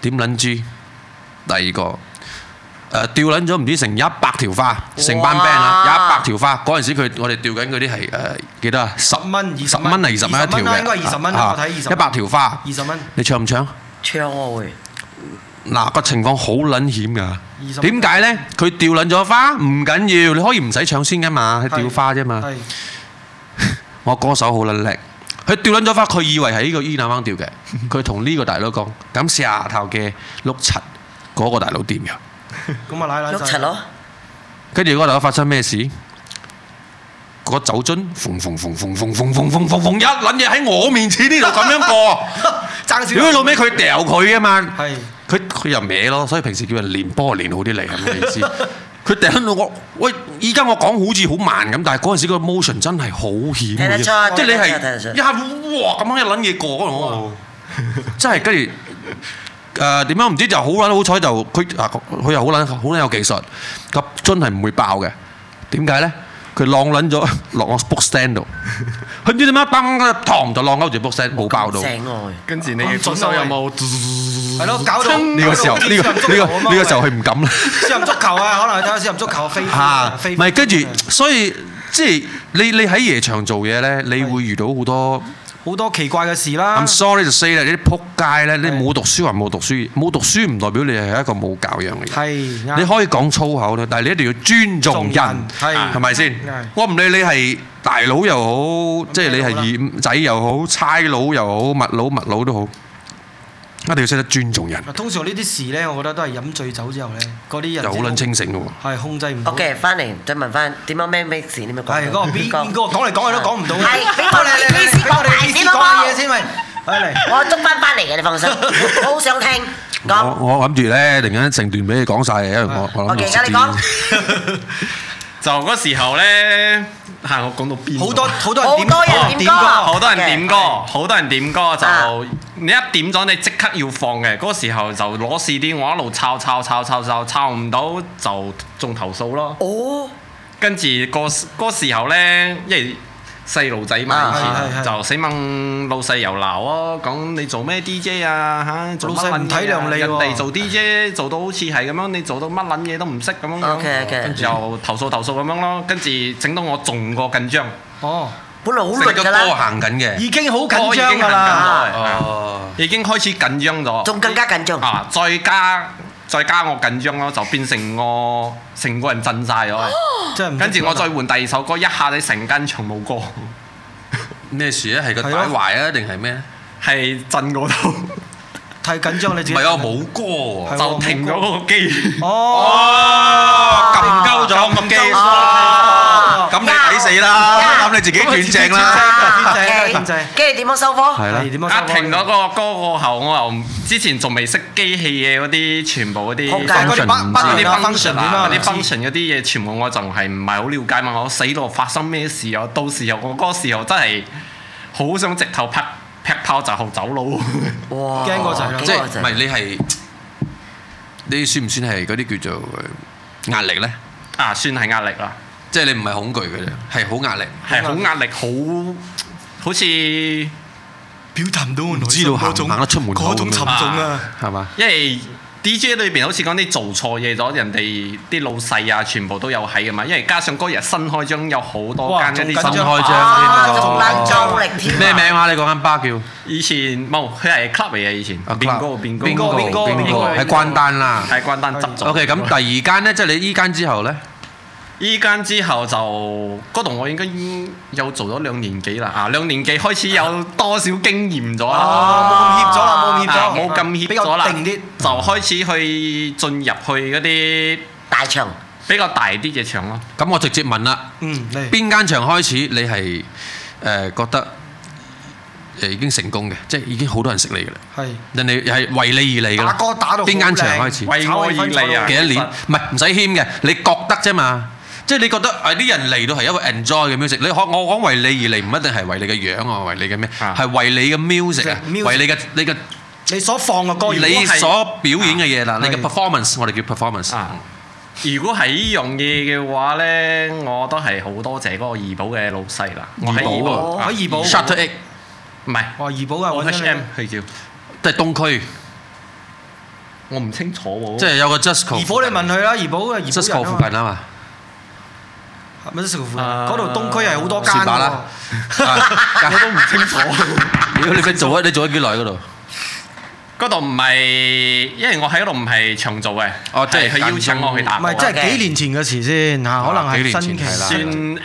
點撚住第二個。誒掉撚咗唔知成一百條花，成班 band 啊！一百條花嗰陣時，佢我哋釣緊嗰啲係誒幾多啊？十蚊二十蚊，二十蚊啊！嗰個二十蚊，我睇二十蚊。一百條花，二十蚊，你唱唔唱？唱我會。嗱個情況好撚險㗎，點解咧？佢釣撚咗花唔緊要，你可以唔使搶先㗎嘛，佢釣花啫嘛。我歌手好撚叻，佢釣撚咗花，佢以為係呢個依那方釣嘅，佢同呢個大佬講，咁石頭嘅碌柒，嗰個大佬點樣？碌柒咯！跟住如果大家發生咩事，個酒樽縫縫縫縫縫縫縫縫縫一撚嘢喺我面前呢度咁樣過，爭少少老味佢掉佢啊嘛！佢佢又歪咯，所以平時叫人練波練好啲嚟係咩意思？佢掉喺度我，喂！依家我講好似好慢咁，但係嗰陣時個 motion 真係好險嘅嘢，即係你係一下哇咁樣一撚嘢過嗰種，真係跟住。誒，點樣唔知，就好撚好彩，就佢啊，佢又好撚好撚有技術，咁樽係唔會爆嘅。點解咧？佢晾撚咗落個 bookstand 度，佢唔知點樣嘣，當堂就晾勾住 bookstand，冇爆到。成外，跟住你左手有冇？係咯，搞到呢個時候，呢個呢個時候佢唔敢啦。射入足球啊，可能睇下射入足球飛飛飛飛。唔係，跟住所以即係你你喺夜場做嘢咧，你會遇到好多。好多奇怪嘅事啦！I'm sorry to say 咧，你啲撲街咧，你冇讀書還冇讀書，冇讀書唔代表你係一個冇教養嘅人。係，你可以講粗口啦，但係你一定要尊重人，係，係咪先？我唔理你係大佬又好，即係你係二五仔又好，差佬又好，物佬物佬都好。一定要識得尊重人。通常呢啲事咧，我覺得都係飲醉酒之後咧，嗰啲人就好撚清醒嘅喎，係控制唔到。OK，翻嚟再問翻點樣咩咩事，你咪講。係嗰個邊個講嚟講去都講唔到。係邊個？你幾時講？幾時講嘢先？咪，翻嚟。我捉翻翻嚟嘅，你放心。我好想聽。我我諗住咧，突然間成段俾你講曬，因為我我諗就知。OK，而家你講。就嗰時候呢，嚇、哎、我講到邊？好多好多人點歌，好多人點歌，哦，好多人點歌。Okay, 就的你一點咗，你即刻要放嘅。嗰時候就攞試啲，我一路抄抄抄抄抄，抄唔到就仲投訴咯。哦、oh?，跟住個嗰時候呢，一。細路仔嘛，以前就死問老細又鬧哦，講你做咩 DJ 啊嚇，老細唔體諒你喎，人哋做 DJ 做到好似係咁樣，你做到乜撚嘢都唔識咁樣，OK，OK，跟住又投訴投訴咁樣咯，跟住整到我仲過緊張。哦，本來好叻嘅歌行緊嘅，已經好緊張㗎啦，已經開始緊張咗，仲更加緊張。啊，再加。再加我緊張咯，就變成我成個人震曬咗。跟住 我再換第二首歌，一下子成間場冇歌。咩 事個啊？係個帶壞啊，定係咩？係震嗰度。太緊張你自己。唔係啊，冇歌，就停咗個機。哦，撳鳩咗咁機。咁你抵死啦！咁你自己斷正啦，斷正。斷正。機器點樣收波？係啦，點樣收波？停咗個歌過後，我又之前仲未識機器嘅嗰啲全部嗰啲 function 唔知啦。function 嗰啲嘢全部我仲係唔係好了解嘛？我死到發生咩事啊？到時候我歌，個時候真係好想直頭拍。踢炮就學走佬，驚過就係啦。即係唔係你係？你算唔算係嗰啲叫做壓力咧？啊，算係壓力啦。即係你唔係恐懼嘅啫，係好壓力。係好壓力，好好似表達唔到。我知道嗰種行得出門嗰種沉重啊，係嘛？因為。D J 裏邊好似講啲做錯嘢咗，人哋啲老細啊，全部都有喺嘅嘛，因為加上嗰日新開張有好多間，嗰啲新開張啲咩名啊？你講緊 bar 叫以前冇，佢係 club 嚟嘅。以前邊個邊個邊個邊個喺關丹啦，喺關丹執咗。O K，咁第二間咧，即係你依間之後咧。依間之後就嗰度我應該已經又做咗兩年幾啦，啊兩年幾開始有多少經驗咗啦？冇怯咗啦，冇怯咗，冇咁怯咗啦，比較定啲，就開始去進入去嗰啲大場比較大啲嘅場咯。咁我直接問啦，嗯，嚟邊間場開始你係誒覺得誒已經成功嘅，即係已經好多人識你嘅啦。係人哋係為你而嚟嘅啦。阿哥打到好正，為我而嚟啊！幾多年？唔係，唔使謙嘅，你覺得啫嘛。即係你覺得誒啲人嚟到係一個 enjoy 嘅 music，你可我講為你而嚟唔一定係為你嘅樣啊，為你嘅咩，係為你嘅 music 啊，為你嘅你嘅你所放嘅歌，而你所表演嘅嘢啦，你嘅 performance，我哋叫 performance。如果係呢樣嘢嘅話咧，我都係好多謝嗰個怡寶嘅老細啦。怡寶，喺怡寶 shutter eight 唔係，哇怡寶啊，我揾 m 去叫，即係東區，我唔清楚喎。即係有個 Jusco 怡寶，你問佢啦，怡寶啊，Jusco 附近啊嘛。嗰度、嗯、東區係好多間㗎喎，我都唔清楚。如、哎、果你喺做啊？你做咗幾耐嗰度？嗰度唔係，因為我喺嗰度唔係長做嘅。哦，即係佢邀請我去打我。唔係，即、就、係、是、幾年前嘅事先嚇，嗯、可能係新奇啦。算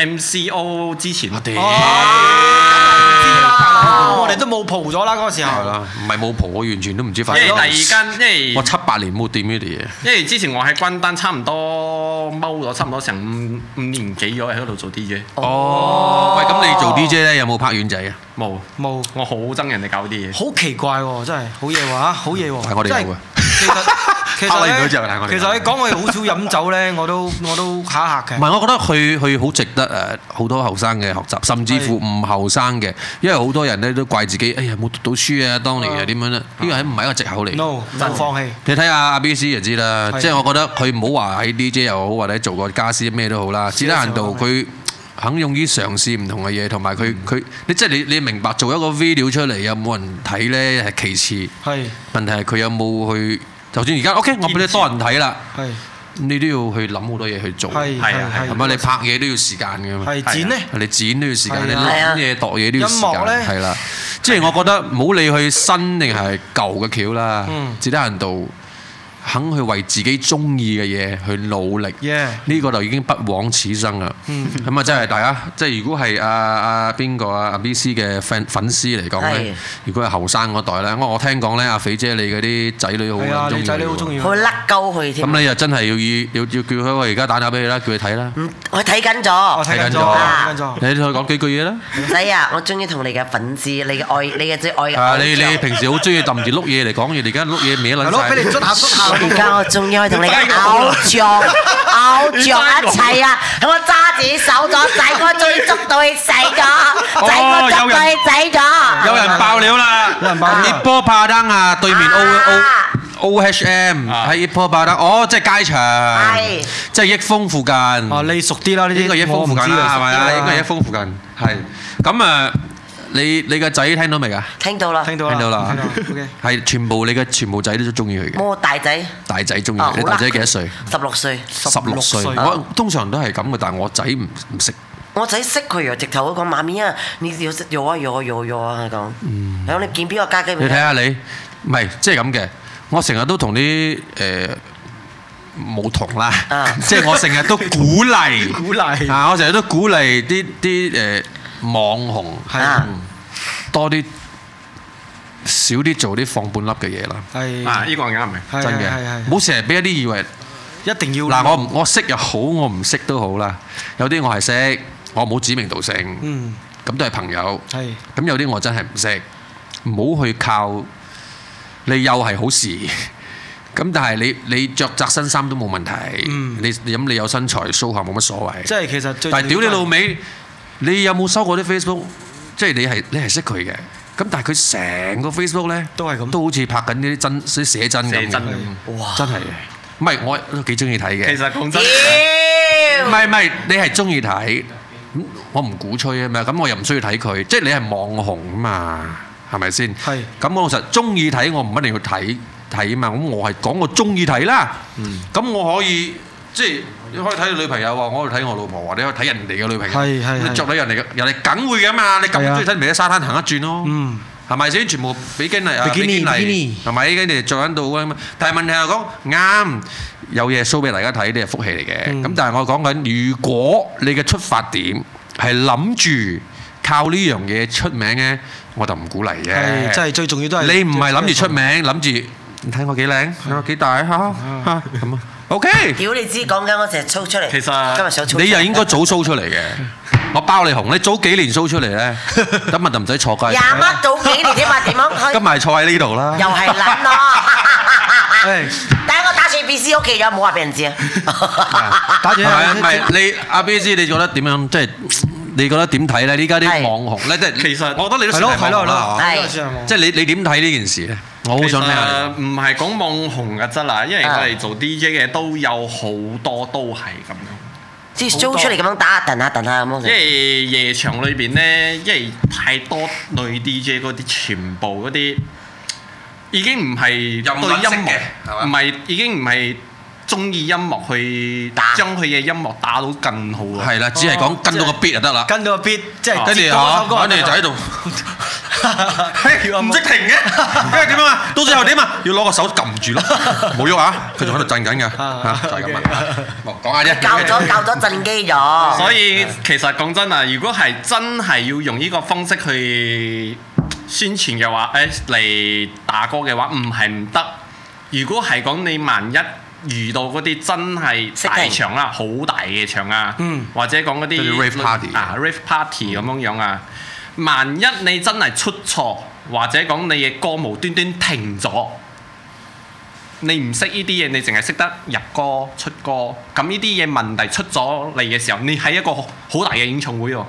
MCO 之前。我屌、哦！啊那個、我哋都冇蒲咗啦，嗰、那個、時候。係啦、嗯，唔係冇蒲，我完全都唔知發。因為第二間，因為我但因為七八年冇掂呢啲嘢。因為之前我喺軍單差唔多踎咗，差唔多成五五年幾咗喺嗰度做 DJ。哦，哦喂，咁你做 DJ 咧有冇拍丸仔啊？冇冇，我好憎人哋搞啲嘢、哦。好奇怪喎，真係好嘢喎，好嘢喎。係、嗯、我哋有嘅。其實其實咧，其實你講我哋好少飲酒咧，我都我都吓吓嘅。唔係，我覺得佢佢好值得誒，好多後生嘅學習，甚至乎唔後生嘅，因為好多人咧都怪自己，哎呀冇讀到書啊，當年又點樣咧？呢個係唔係一個借口嚟？No，唔放棄。你睇下阿 Bee C 就知啦，即係我覺得佢唔好話喺 DJ 又好，或者做過家私咩都好啦，至少限度佢肯勇於嘗試唔同嘅嘢，同埋佢佢，你即係你你明白做一個 video 出嚟有冇人睇咧係其次，係問題係佢有冇去。就算而家 OK，我俾你多人睇啦，前你都要去諗好多嘢去做，係啊係咪、啊啊、你拍嘢都要時間㗎嘛？係剪咧，你剪都要時間，攞嘢度嘢都要時間，係啦、啊。即係我覺得冇、啊、理去新定係舊嘅橋啦，只、嗯、得人度。肯去為自己中意嘅嘢去努力，呢個就已經不枉此生啦。咁啊，真係大家，即係如果係阿阿邊個啊阿 B C 嘅粉粉絲嚟講咧，如果係後生嗰代咧，我聽講咧阿肥姐你嗰啲仔女好中意，仔女好中意，佢甩鳩佢添。咁你又真係要要要叫佢，我而家打打俾佢啦，叫佢睇啦。嗯，我睇緊咗，睇緊咗啊！你再講幾句嘢啦。唔使啊，我中意同你嘅粉絲，你嘅愛，你嘅最愛。啊，你你平時好中意揼住碌嘢嚟講嘢，而家碌嘢歪撚曬。係咯，俾你捽下捽下。而家我仲要同你偶像偶像一齊啊！我揸住手咗仔哥追捉到佢死咗，仔哥捉到佢死咗，有人爆料啦！有人爆，一波帕登啊！對面 O O O H M 係一波帕登，哦，即係街場，係即係益豐附近。哦，你熟啲啦，呢啲應該益豐附近啦，係咪啊？應該益豐附近，係咁啊！你你個仔聽到未啊？聽到啦，聽到啦，聽到啦。係全部你嘅全部仔都中意佢嘅。我大仔，大仔中意。你大仔幾多歲？十六歲，十六歲。我通常都係咁嘅，但係我仔唔唔識。我仔識佢由直頭佢講媽咪啊，你要搖啊搖啊搖啊，佢講。嗯。係講你見邊個家姐？你睇下你，唔係即係咁嘅。我成日都同啲誒舞童啦，即係我成日都鼓勵，鼓勵啊！我成日都鼓勵啲啲誒。網紅係啊，多啲少啲做啲放半粒嘅嘢啦。係啊，呢個係啱嘅，真嘅。唔好成日俾一啲以為一定要嗱，我我識又好，我唔識都好啦。有啲我係識，我冇指名道姓。嗯，咁都係朋友。係。咁有啲我真係唔識，唔好去靠。你又係好事，咁但係你你著窄身衫都冇問題。嗯。你咁你有身材，show 下冇乜所謂。即係其實最。但係屌你老味！你有冇收過啲 Facebook？即係你係你係識佢嘅。咁但係佢成個 Facebook 咧，都係咁，都好似拍緊呢啲真啲寫真咁嘅。哇！真係嘅。唔係我都幾中意睇嘅。其實講真，唔係唔係，你係中意睇。我唔鼓吹啊嘛。咁我又唔需要睇佢。即係你係網紅啊嘛，係咪先？係。咁我老實，中意睇我唔一定要睇睇啊嘛。咁我係講我中意睇啦。嗯。咁我可以。即係你可以睇你女朋友喎，我可以睇我老婆喎，你可以睇人哋嘅女朋友，你着睇人哋嘅，人哋梗會嘅嘛，你咁中意睇人哋喺沙灘行一轉咯，係咪先？全部比堅尼啊，比堅尼，係咪？跟住著緊到啊嘛，但係問題係講啱，有嘢 show 俾大家睇啲係福氣嚟嘅，咁但係我講緊，如果你嘅出發點係諗住靠呢樣嘢出名咧，我就唔鼓勵嘅。係，即係最重要都係你唔係諗住出名，諗住你睇我幾靚，睇我幾大嚇嚇咁啊！O K，屌你知講緊我成日蘇出嚟，其實今日上朝你又應該早蘇出嚟嘅。我包你紅，你早幾年蘇出嚟咧，今日就唔使坐鬼。又乜早幾年添啊？點樣？今日坐喺呢度啦。又係撚咯。第一我打算 Bee C 屋企咗，冇話俾人知啊。打算啦。唔係唔係，你阿 Bee C，你覺得點樣？即係你覺得點睇咧？依家啲網紅咧，即係其實我覺得你都幾正啦。係咯係咯係咯，即係你你點睇呢件事咧？我好想聽你。其實唔係講網紅嘅質啊，因為我哋做 DJ 嘅都有好多都係咁樣，即係租出嚟咁樣打，等下等下咁樣。即係夜場裏邊咧，因為太多女 DJ 嗰啲，全部嗰啲已經唔係對音樂，唔係已經唔係。中意音樂去打，將佢嘅音樂打到更好喎。係啦，只係講跟到個 beat 就得啦。跟到個 beat，即係跟住啊！跟住就喺度，唔識停嘅，因為點樣啊嘛？到最後點啊？要攞個手撳住咯，冇喐啊！佢仲喺度震緊嘅，嚇就係咁啊！講下啫。教咗教咗震機咗。所以其實講真啊，如果係真係要用呢個方式去宣傳嘅話，誒嚟打歌嘅話，唔係唔得。如果係講你萬一。遇到嗰啲真係大場啦，好大嘅場啊，場啊嗯、或者講嗰啲啊，rave party 咁、嗯、樣樣啊，萬一你真係出錯，或者講你嘅歌無端端停咗，你唔識呢啲嘢，你淨係識得入歌出歌，咁呢啲嘢問題出咗嚟嘅時候，你喺一個好大嘅演唱會喎、啊，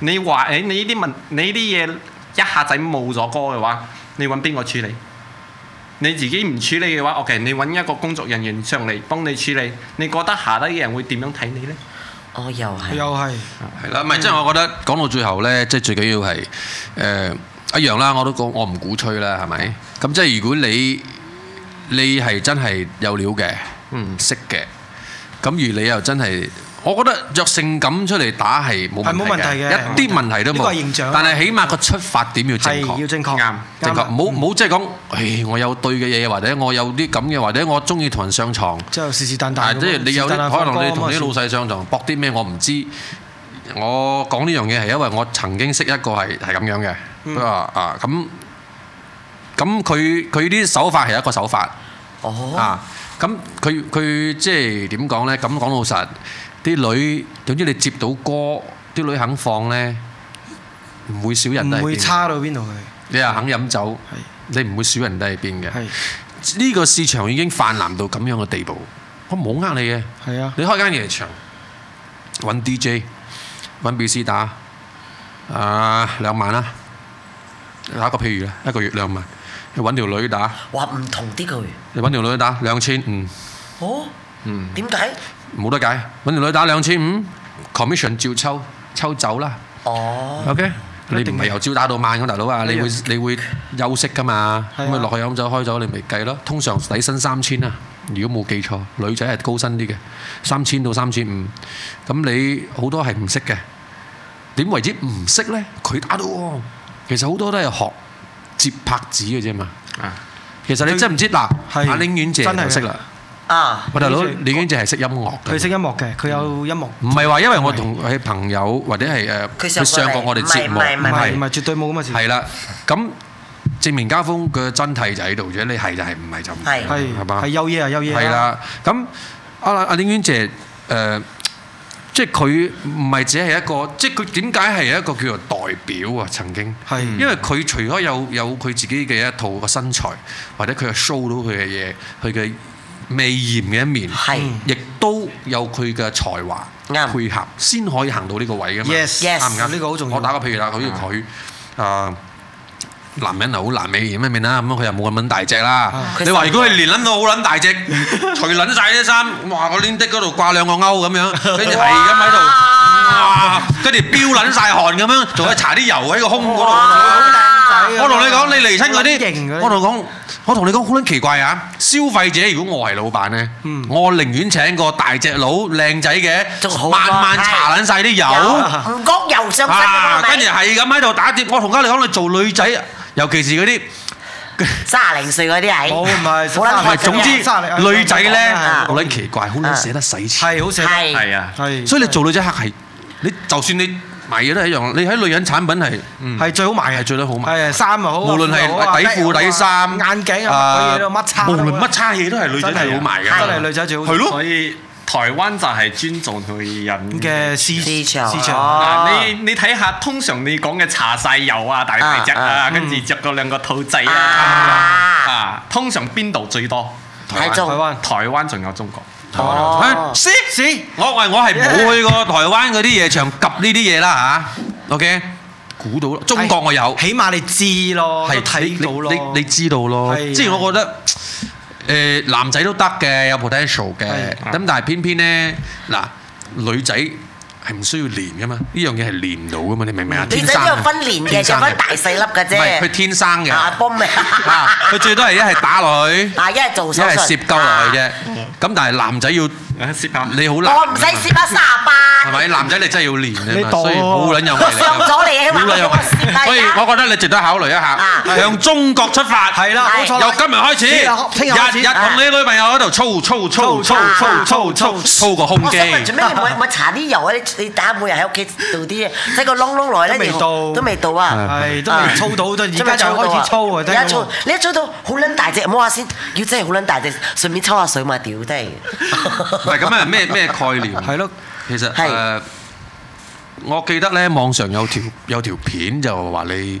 你話誒、欸、你呢啲問你呢啲嘢一下仔冇咗歌嘅話，你揾邊個處理？你自己唔處理嘅話，OK，你揾一個工作人員上嚟幫你處理。你覺得下低嘅人會點樣睇你呢？我又係。又係。係啦，唔係即係我覺得講到最後呢，即係最緊要係、呃、一樣啦。我都講我唔鼓吹啦，係咪？咁即係如果你你係真係有料嘅，唔識嘅，咁如你又真係。我覺得着性感出嚟打係冇問題嘅，一啲問題都冇。但係起碼個出發點要正確。要正確，正確。唔好即係講，我有對嘅嘢，或者我有啲咁嘅，或者我中意同人上床，即係是是但但。或者你有，可能你同啲老細上床，搏啲咩？我唔知。我講呢樣嘢係因為我曾經識一個係係咁樣嘅，佢話啊咁，咁佢佢啲手法係一個手法。哦。啊，咁佢佢即係點講呢？咁講老實。啲女，總之你接到歌，啲女肯放咧，唔會少人都係。唔會差到邊度去？你又肯飲酒，你唔會少人都係邊嘅？係呢個市場已經泛濫到咁樣嘅地步，我冇呃你嘅。係啊，你開間夜場，揾 DJ，揾 Bee C 打，啊兩萬啦。打個譬如啦，一個月兩萬，你揾條女打。話唔同啲個月。你揾條女打兩千，嗯。哦。嗯。點解？冇得解，揾條女打兩千五 commission 照抽抽走啦。哦，OK。你唔係由朝打到晚嘅大佬啊，你會你會休息噶嘛？咁咪落去飲酒開酒，你咪計咯。通常底薪三千啊，如果冇記錯，女仔係高薪啲嘅，三千到三千五。咁你好多係唔識嘅，點為之唔識咧？佢打到，其實好多都係學接拍子嘅啫嘛。啊，其實你真唔知嗱，阿寧遠姐就識啦。啊！我大佬，李娟姐係識音樂嘅。佢識音樂嘅，佢有音樂。唔係話因為我同佢朋友或者係誒，佢上過我哋節目。唔係唔係唔係，絕對冇咁嘅事。係啦，咁證明家風嘅真諦就喺度啫。如果你係就係，唔係就唔係，係嘛？係優野啊，優野啊！係啦，咁阿阿李娟姐誒，即係佢唔係只係一個，即係佢點解係一個叫做代表啊？曾經，係因為佢除咗有有佢自己嘅一套個身材，或者佢係 show 到佢嘅嘢，佢嘅媚艷嘅一面，係，亦都有佢嘅才華配合，先可以行到呢個位嘅嘛。啱唔啱？呢個好重要。我打個譬如啦，好似佢啊，男人又好難媚艷嘅面啦，咁樣佢又冇咁樣大隻啦。你話如果佢連撚到好撚大隻，除撚晒啲衫，哇！我 l 的嗰度掛兩個勾咁樣，跟住係咁喺度，跟住飆撚晒汗咁樣，仲喺搽啲油喺個胸嗰度。好靚仔。我同你講，你嚟親佢啲，我同你講。我同你講，好撚奇怪啊！消費者如果我係老闆咧，我寧願請個大隻佬靚仔嘅，慢慢搽撚曬啲油，唔焗油上身。啊，跟住係咁喺度打碟。我同家你講，你做女仔，尤其是嗰啲三廿零歲嗰啲係，好唔係，好撚唔係。總之女仔咧，好撚奇怪，好撚捨得使錢，係好捨得，係啊，係。所以你做女仔客係你，就算你。賣嘢都係一樣，你睇女人產品係係最好賣，係最得好賣。係衫又好，無論係底褲、底衫、眼鏡啊、乜嘢都乜差，無論乜差嘢都係女仔最好賣嘅，都係女仔最好賣。係咯，所以台灣就係尊重女人嘅市場。市場啊，你你睇下，通常你講嘅搽曬油啊，大細隻啊，跟住著嗰兩個兔仔啊，啊，通常邊度最多？喺台灣，台灣仲有中國。哦，是是，我我我係冇去過台灣嗰啲夜場及呢啲嘢啦嚇。OK，估到啦，中國我有，起碼你知咯，都睇到咯，你知道咯。即係我覺得誒男仔都得嘅，有 potential 嘅。咁但係偏偏咧嗱，女仔係唔需要練嘅嘛，呢樣嘢係練唔到嘅嘛，你明唔明啊？女仔都要訓練嘅，有分大細粒嘅啫。唔係佢天生嘅，啊幫命啊！佢最多係一係打落去，啊一係做手術，一係攝膠落去啫。咁但係男仔要，啊、你好難，我唔使蝕卅八。 係咪男仔你真係要練咧？雖然好撚有問題，上咗嚟啊嘛，所以我覺得你值得考慮一下，向中國出發，係啦，由今日開始，日日同你女朋友喺度操操操操操操操個胸肌。我做咩唔唔搽啲油啊？你你打每日喺屋企做啲，睇個窿窿來咧，都未到，都未到啊！係都未操到，但係而家就開始操啊！而家操，你一操到好撚大隻，唔好話先，要真係好撚大隻，順便抽下水嘛，屌低！唔係咁啊？咩咩概念？係咯。其實是、呃、我記得呢，網上有條有條片就話你。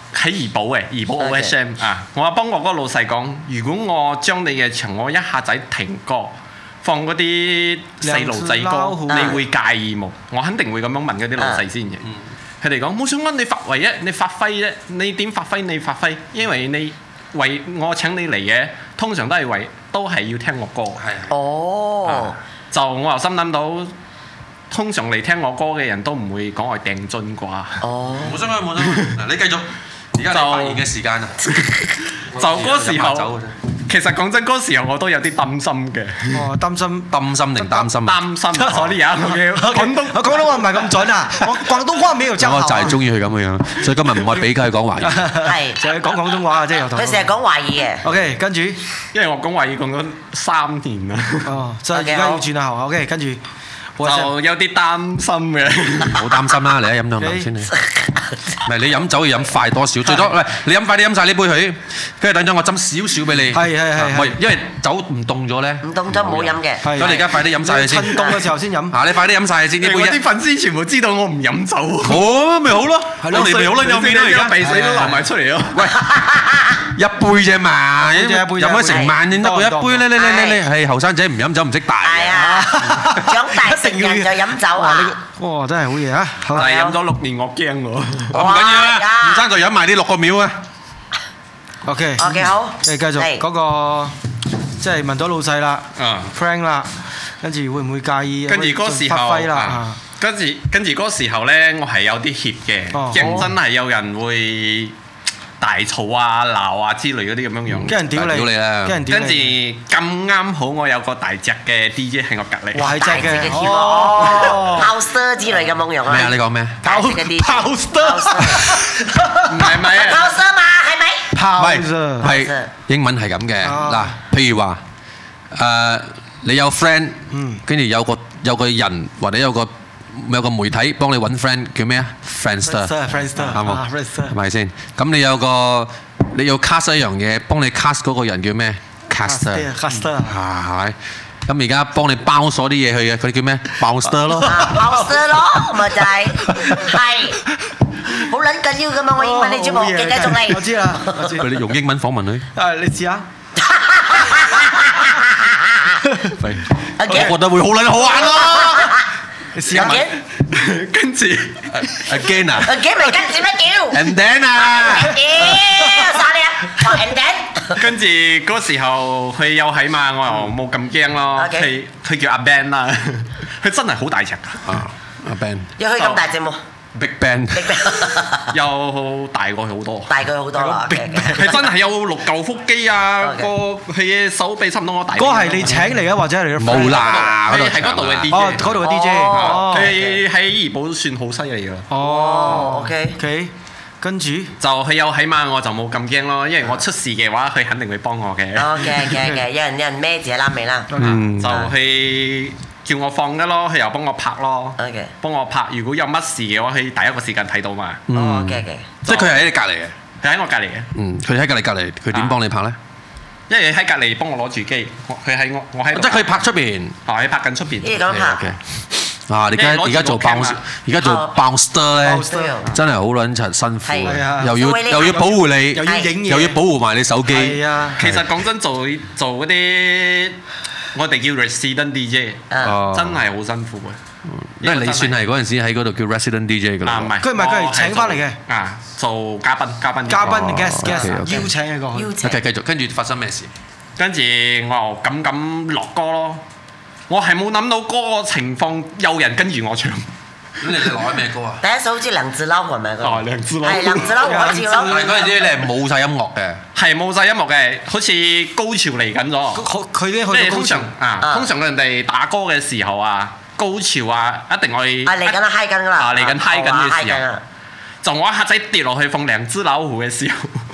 喺怡保嘅怡保 OSM 啊，Okay. 我話幫我嗰個老細講，如果我將你嘅場我一下仔停歌，放嗰啲細路仔歌，你會介意冇？Uh. 我肯定會咁樣問嗰啲老細先嘅。佢哋講冇想問你發，唯一你發揮啫，你點發揮你，你發揮，因為你為我請你嚟嘅，通常都係為都係要聽我歌。係哦，就我又心諗到，通常嚟聽我歌嘅人都唔會講我訂金啩。哦，冇錯冇錯，嗱你繼續。而家發言嘅時間啊，就嗰時候，其實講真嗰時候我都有啲擔心嘅，擔心擔心定擔心啊，擔心我啲嘢咁樣。廣東話唔係咁準啊，我廣東話名又真係。我就係中意佢咁嘅樣，所以今日唔可以畀佢講華語，係就係講廣東話即係由頭。佢成日講華語嘅。OK，跟住，因為我講華語講咗三年啦。哦，所以而家要轉下 OK，跟住。就有啲擔心嘅，好擔心啦！嚟啊，飲兩啖先。唔係你飲酒要飲快多少？最多喂，你飲快啲飲曬呢杯佢，跟住等陣我斟少少俾你。係係係，可以，因為酒唔凍咗咧。唔凍咗唔好飲嘅。係。所以而家快啲飲曬佢先。凍嘅時候先飲。啊，你快啲飲曬佢先，啲粉絲全部知道我唔飲酒。哦，咪好咯，我哋好撚飲嘅，而家鼻水都流埋出嚟咯。喂，一杯啫嘛，一隻一杯，飲咗成晚點得？一杯咧咧咧咧咧，係後生仔唔飲酒唔識大。係啊，長大。人就飲酒啊！哇，真係好嘢啊！但係飲咗六年，我驚喎，唔緊要啦，唔爭佢就飲埋啲六個秒啊！OK，OK，好，誒繼續嗰個，即係問咗老細啦，friend 啦，跟住會唔會介意？跟住嗰時候，跟住跟住嗰個時候咧，我係有啲怯嘅，驚真係有人會。大吵啊、鬧啊之類嗰啲咁樣樣，跟人屌你啦，跟住咁啱好我有個大隻嘅 DJ 喺我隔籬，大隻嘅哦，houseer 之類咁樣樣啊，係啊？你講咩？house 嘅 DJ，houseer，唔係咩？house 嘛，係咪？house，係英文係咁嘅。嗱，譬如話誒，你有 friend，跟住有個有個人或者有個。有個媒體幫你揾 friend 叫咩啊？friendster，friendster，啱冇？係咪先？咁你有個你要 cast 一樣嘢，幫你 cast 嗰個人叫咩？caster，caster，係咪？咁而家幫你 bounce 啲嘢去嘅，佢叫咩？bouncester 咯，bouncester 咯，咪就係係好撚緊要㗎嘛，我英文你全部唔記得仲嚟，我知啦，我知。你用英文訪問佢，誒，你試下。我覺得會好撚好玩咯。試一問，跟住 again 啊，again 咪跟住咩叫？And then 啊，and then，傻你啊，and then，跟住嗰時候佢又喺嘛，我又冇咁驚咯。佢佢叫阿 Ben 啦，佢真係好大隻噶。阿 Ben，有佢咁大隻冇？Big Band，又大過好多，大過好多啊！佢真係有六嚿腹肌啊，個佢手臂差唔多我大。嗰個係你請嚟啊，或者係你？冇啦，佢係嗰度嘅 DJ，嗰度嘅 DJ，佢喺怡保都算好犀利嘅。哦，OK，跟住就佢有，起碼我就冇咁驚咯，因為我出事嘅話，佢肯定會幫我嘅。OK，OK，有人有人孭住啦未啦？嗯，就去。叫我放嘅咯，佢又幫我拍咯。OK，幫我拍。如果有乜事嘅話，佢第一個時間睇到嘛。即係佢係喺你隔離嘅，佢喺我隔離嘅。佢喺隔離隔離，佢點幫你拍呢？因為喺隔離幫我攞住機，佢喺我，即係佢拍出邊？佢拍緊出邊？依兩啊！你而家做 bouncer 而家做 bouncer 咧，真係好撚柒辛苦，又要又要保護你，又要影又要保護埋你手機。其實講真，做做嗰啲。我哋叫 resident DJ，真係好辛苦啊！因為你算係嗰陣時喺嗰度叫 resident DJ 嘅啦。唔係，佢唔係，佢係請翻嚟嘅啊，做嘉賓嘉賓嘉賓 guest guest，邀請一個。OK，繼續，跟住發生咩事？跟住我又咁咁落歌咯，我係冇諗到嗰個情況有人跟住我唱。咁你哋攞咩歌啊？第一首好似、哦《兩隻老虎》咩歌？係《兩隻老虎》老。係《兩隻老虎》。但係嗰陣時你係冇晒音樂嘅，係冇晒音樂嘅，好似高潮嚟緊咗。佢佢啲，即係通常、嗯、啊，通常嘅人哋打歌嘅時候啊，高潮啊，一定可以。啊嚟緊啦 h i 緊㗎啦！呃、啊嚟緊嗨 i 緊嘅時候，仲話下低跌落去放《梁隻老湖》嘅候。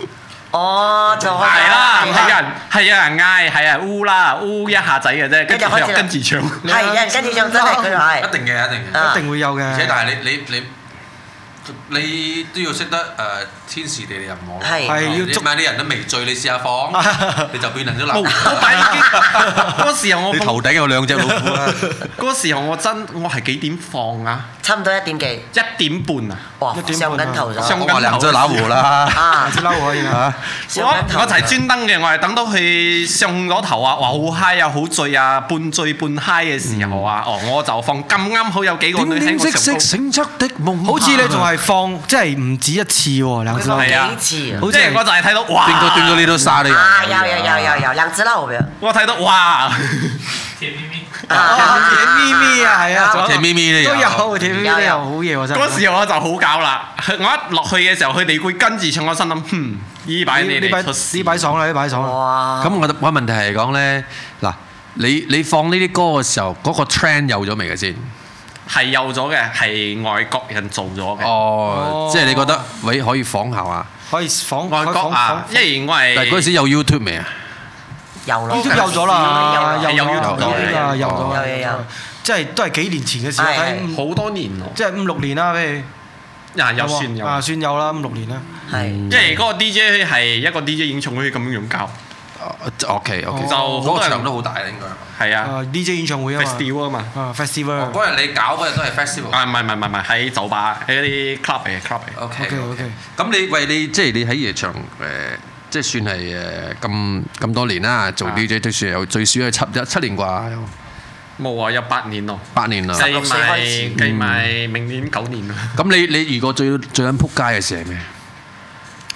哦，就係、啊啊啊、啦，係有人，係有人嗌，係啊，嗚啦、啊，嗚一下仔嘅啫，跟住開始跟住唱，係有人跟住唱，真係佢係，一定嘅，一定嘅，一定會有嘅。而且但係你你你。你你你你都要識得誒天時地利人和，係是要捉埋啲人都未醉，你試下放，你就變成咗老虎。嗰時候我頭頂有兩隻老虎、啊。嗰 時候我真我係幾點放啊？差唔多一點幾。一點半啊！哇，我上緊頭咗、啊。上緊頭。上緊頭最乸糊啦。啊，最乸糊可以啊。我我係專登嘅，我係等到佢上咗頭啊，哇好嗨啊，好醉啊，半醉半嗨嘅時候啊，嗯、哦我就放。咁啱好有幾個女仔。點認醒執的夢？好似你仲係放。即係唔止一次喎，兩次係啊，即係我就係睇到哇，跌到跌咗呢度沙呢有有有有有，兩次啦我睇到哇，甜咪咪甜咪咪啊，係啊，甜咪咪都有，甜咪咪都好嘢喎真係。嗰時我就好搞啦，我一落去嘅時候，佢哋會跟住唱，我心諗，哼，呢排呢呢排死爽啦，呢排爽。哇！咁我我問題係講咧，嗱，你你放呢啲歌嘅時候，嗰個 trend 有咗未嘅先？係有咗嘅，係外國人做咗嘅。哦，即係你覺得，喂，可以仿效嘛？可以仿外國啊！因為我係。但係嗰陣時有 YouTube 未啊？有啦。YouTube 有咗啦，有有 YouTube 啦，有咗啦，有有有。即係都係幾年前嘅時候啦，好多年。即係五六年啦，譬如。啊，有算有啊，算有啦，五六年啦。係。因為嗰個 DJ 係一個 DJ 影唱可以咁樣教。O K O K 就嗰個場都好大啊，應該係啊 DJ 演唱會啊嘛，Festival 啊嘛，Festival 嗰日你搞嗰日都係 Festival 啊，唔係唔係唔係喺酒吧喺啲 club 嘅 club O K O K 咁你喂你即係你喺夜場誒，即係算係誒咁咁多年啦，做 DJ 最算有最少係七七年啩，冇啊有八年咯，八年啊計埋計埋明年九年啊，咁你你如果最最緊撲街嘅時係咩？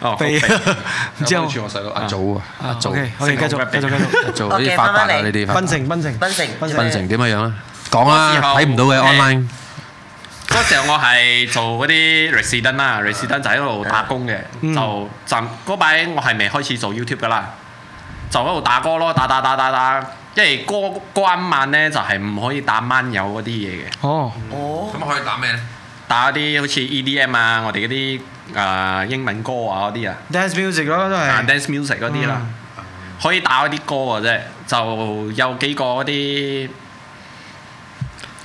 哦，飛之後阿祖啊，阿祖，我哋繼續繼續繼續，做啲發發啊，你哋，分成分成分成分成，點乜樣咧？講啊，睇唔到嘅 online。嗰時候我係做嗰啲 resident 啦，resident 就喺度打工嘅，就暫嗰排我係未開始做 YouTube 㗎喇，就喺度打歌咯，打打打打打，因為歌關晚咧就係唔可以打慢友嗰啲嘢嘅。哦，哦，咁可以打咩咧？打啲好似 EDM 啊，我哋嗰啲。呃、英文歌啊嗰啲啊，dance music 咯都係，dance music 嗰啲啦，可以打嗰啲歌嘅啫，就有幾個嗰啲。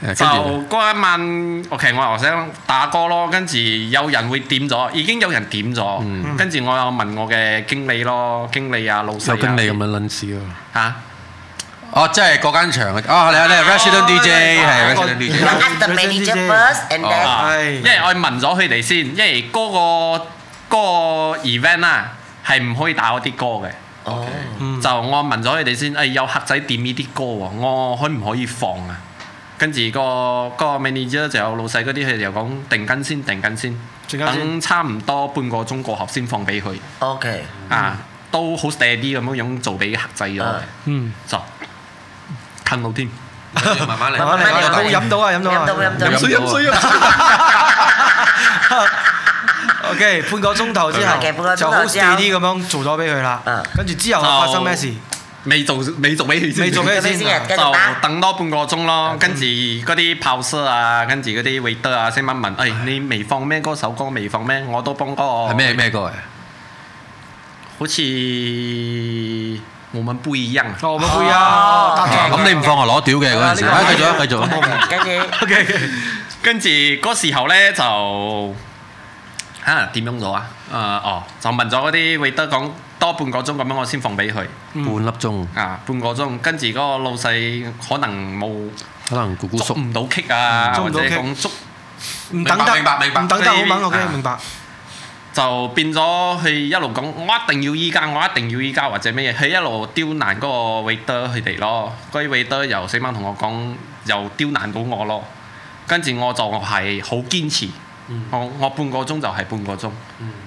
就嗰一晚，我其實我想打歌咯，跟住有人會點咗，已經有人點咗，跟住我又問我嘅經理咯，經理啊老細啊，有經理咁樣撚事咯嚇？哦，即係嗰間場啊！你你 Resident DJ 係 Resident DJ，manager first and then，因為我問咗佢哋先，因為嗰個嗰個 event 啊係唔可以打嗰啲歌嘅，就我問咗佢哋先，誒有客仔點呢啲歌喎，我可唔可以放啊？跟住個個 manager 就有老細嗰啲，佢哋又講定金先，定金先，等差唔多半個鐘過後先放俾佢。OK，啊，都好 steady 啲咁樣做俾客制咗。嗯，就吞到添。慢慢嚟，慢慢嚟。我飲到啊，飲到啊，飲到飲水飲水。OK，半個鐘頭之後嘅，半個鐘頭之後就好 steady 啲咁樣做咗俾佢啦。跟住之後發生咩事？未做未做俾佢先，未做俾佢先，就等多半個鐘咯。跟住嗰啲炮師啊，跟住嗰啲 waiter 啊，先問問，誒你未放咩歌？首歌未放咩？我都幫個。係咩咩歌誒？好似我們不一樣。我們不一樣。咁你唔放我攞屌嘅嗰陣時，繼續繼續。跟住 OK，跟住嗰時候咧就嚇點樣做啊？誒哦，就問咗嗰啲 waiter 講。多半個鐘咁樣，我先放俾佢。半粒鐘啊，半個鐘，跟住嗰個老細可能冇，可能捉唔到劇啊，或者講捉唔等得，唔等得好緊，我嘅明白。就變咗佢一路講，我一定要依家，我一定要依家，或者咩嘢，佢一路刁難嗰個 waiter 佢哋咯。嗰啲 waiter 又成晚同我講，又刁難到我咯。跟住我就係好堅持。我半個鐘就係半個鐘，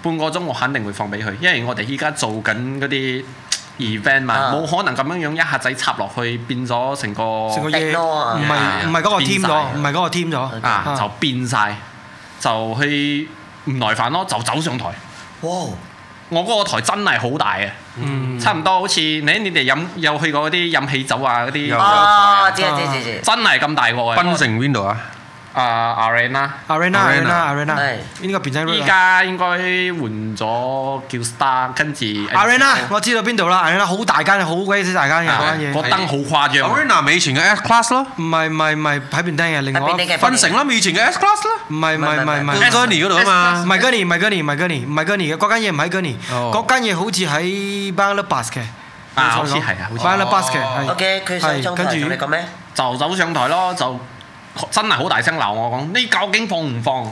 半個鐘我肯定會放俾佢，因為我哋依家做緊嗰啲 event 嘛，冇可能咁樣樣一下子插落去變咗成個，唔係唔係嗰個添咗，唔係嗰個添咗，啊就變晒，就去唔耐煩咯，就走上台。哇！我嗰個台真係好大啊，差唔多好似，誒你哋飲有去過嗰啲飲喜酒啊嗰啲，哦知知知真係咁大個啊。啊！Arena，Arena，Arena，Arena，呢個變曬樣。依家應該換咗叫 Star 跟住。Arena，我知道邊度啦，Arena 好大間，好鬼死大間嘅嗰間嘢，個燈好誇張。Arena 咪以前嘅 S class 咯，唔係唔係唔係喺邊間嘅，另外分成啦咪以前嘅 S class 咯，唔係唔係唔係。Gurney 嗰度啊嘛，唔係 Gurney，唔係 Gurney，唔係 Gurney 嘅嗰間嘢唔係 Gurney，嗰間嘢好似喺 Bungalow 嘅，好似係啊，Bungalow 嘅。O K，佢上上台做你講咩？就走上台咯，就。真係好大聲鬧我講，你究竟放唔放？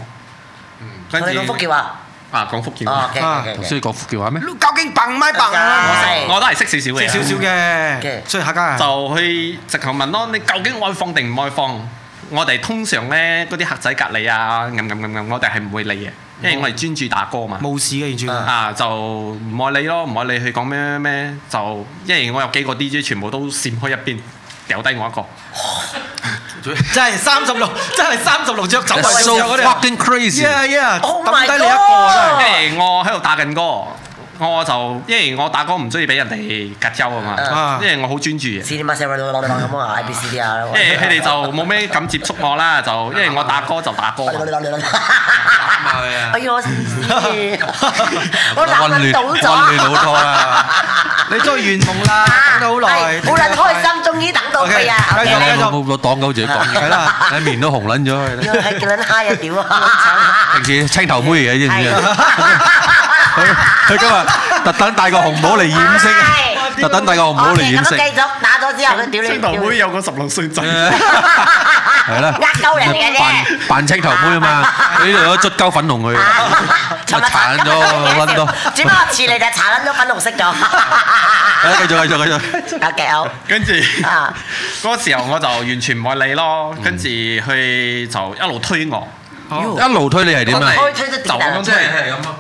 跟住講福建話。啊，講福建話。啊，所以講福建話咩？究竟掙咪掙啦？我都係識少少嘅。識少少嘅。所以客家人。就去直頭問咯，你究竟愛放定唔愛放？我哋通常咧，嗰啲客仔隔籬啊，我哋係唔會理嘅，因為我哋專注打歌嘛。冇事嘅，完全。啊，就唔愛理咯，唔愛理去講咩咩咩，就因為我有幾個 DJ 全部都閃開一邊，掉低我一個。真係三十六，真係三十六隻走數，你數我 fucking crazy，抌低你一個啦！我喺度打緊歌，我就因為我打歌唔中意俾人哋隔修啊嘛，因為我好專注。你啊！因為佢哋就冇咩咁接觸我啦，就因為我打歌就打歌。係啊。俾我先，我攔亂到咗。你終於圓夢啦，等咗好耐，好捻開心，終於等到佢啊！我我我擋唔到自己講嘢，係啦，面都紅撚咗佢你叫撚閪啊！屌啊！平時青頭妹嚟嘅啫，佢今日特登帶個紅帽嚟掩飾。特登大家唔好嚟染色。咁繼續打咗之後，佢屌你條青頭妹有個十六歲仔。係啦。呃鳩人嘅啫，扮青頭妹啊嘛，俾佢捽鳩粉紅佢。鏟咗，揾到。只不過似你就鏟咗粉紅色咗。繼續繼續繼續。阿狗。跟住，嗰個時候我就完全冇理咯，跟住去就一路推我，一路推你係點啊？一路推就咁推係咁啊。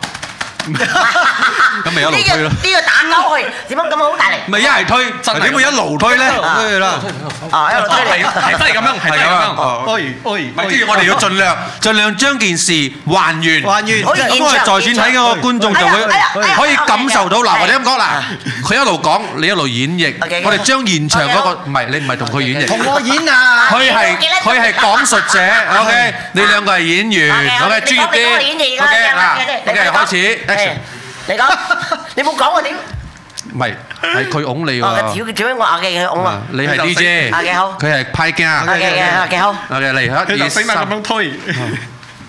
咁咪一路推咯，呢個打勾去，點解咁好大力？咪一係推，點會一路推咧？一路推啦，一路推嚟，係真係咁樣，係咁樣。不如不如，不如我哋要盡量盡量將件事還原，還原，咁啊，在線睇嗰個觀眾就會可以感受到。嗱，我哋咁講嗱，佢一路講，你一路演繹，我哋將現場嗰個唔係你唔係同佢演繹，同我演啊！佢係佢係講述者，OK，你兩個係演員，OK，專業啲，OK，開始。你講，你冇講我點？唔係，係佢㧬你喎。哦，主要主要我阿記佢㧬啊。你係 DJ，阿記好。佢係派姜，阿記阿記好。阿記嚟吓，你使咪咁樣推？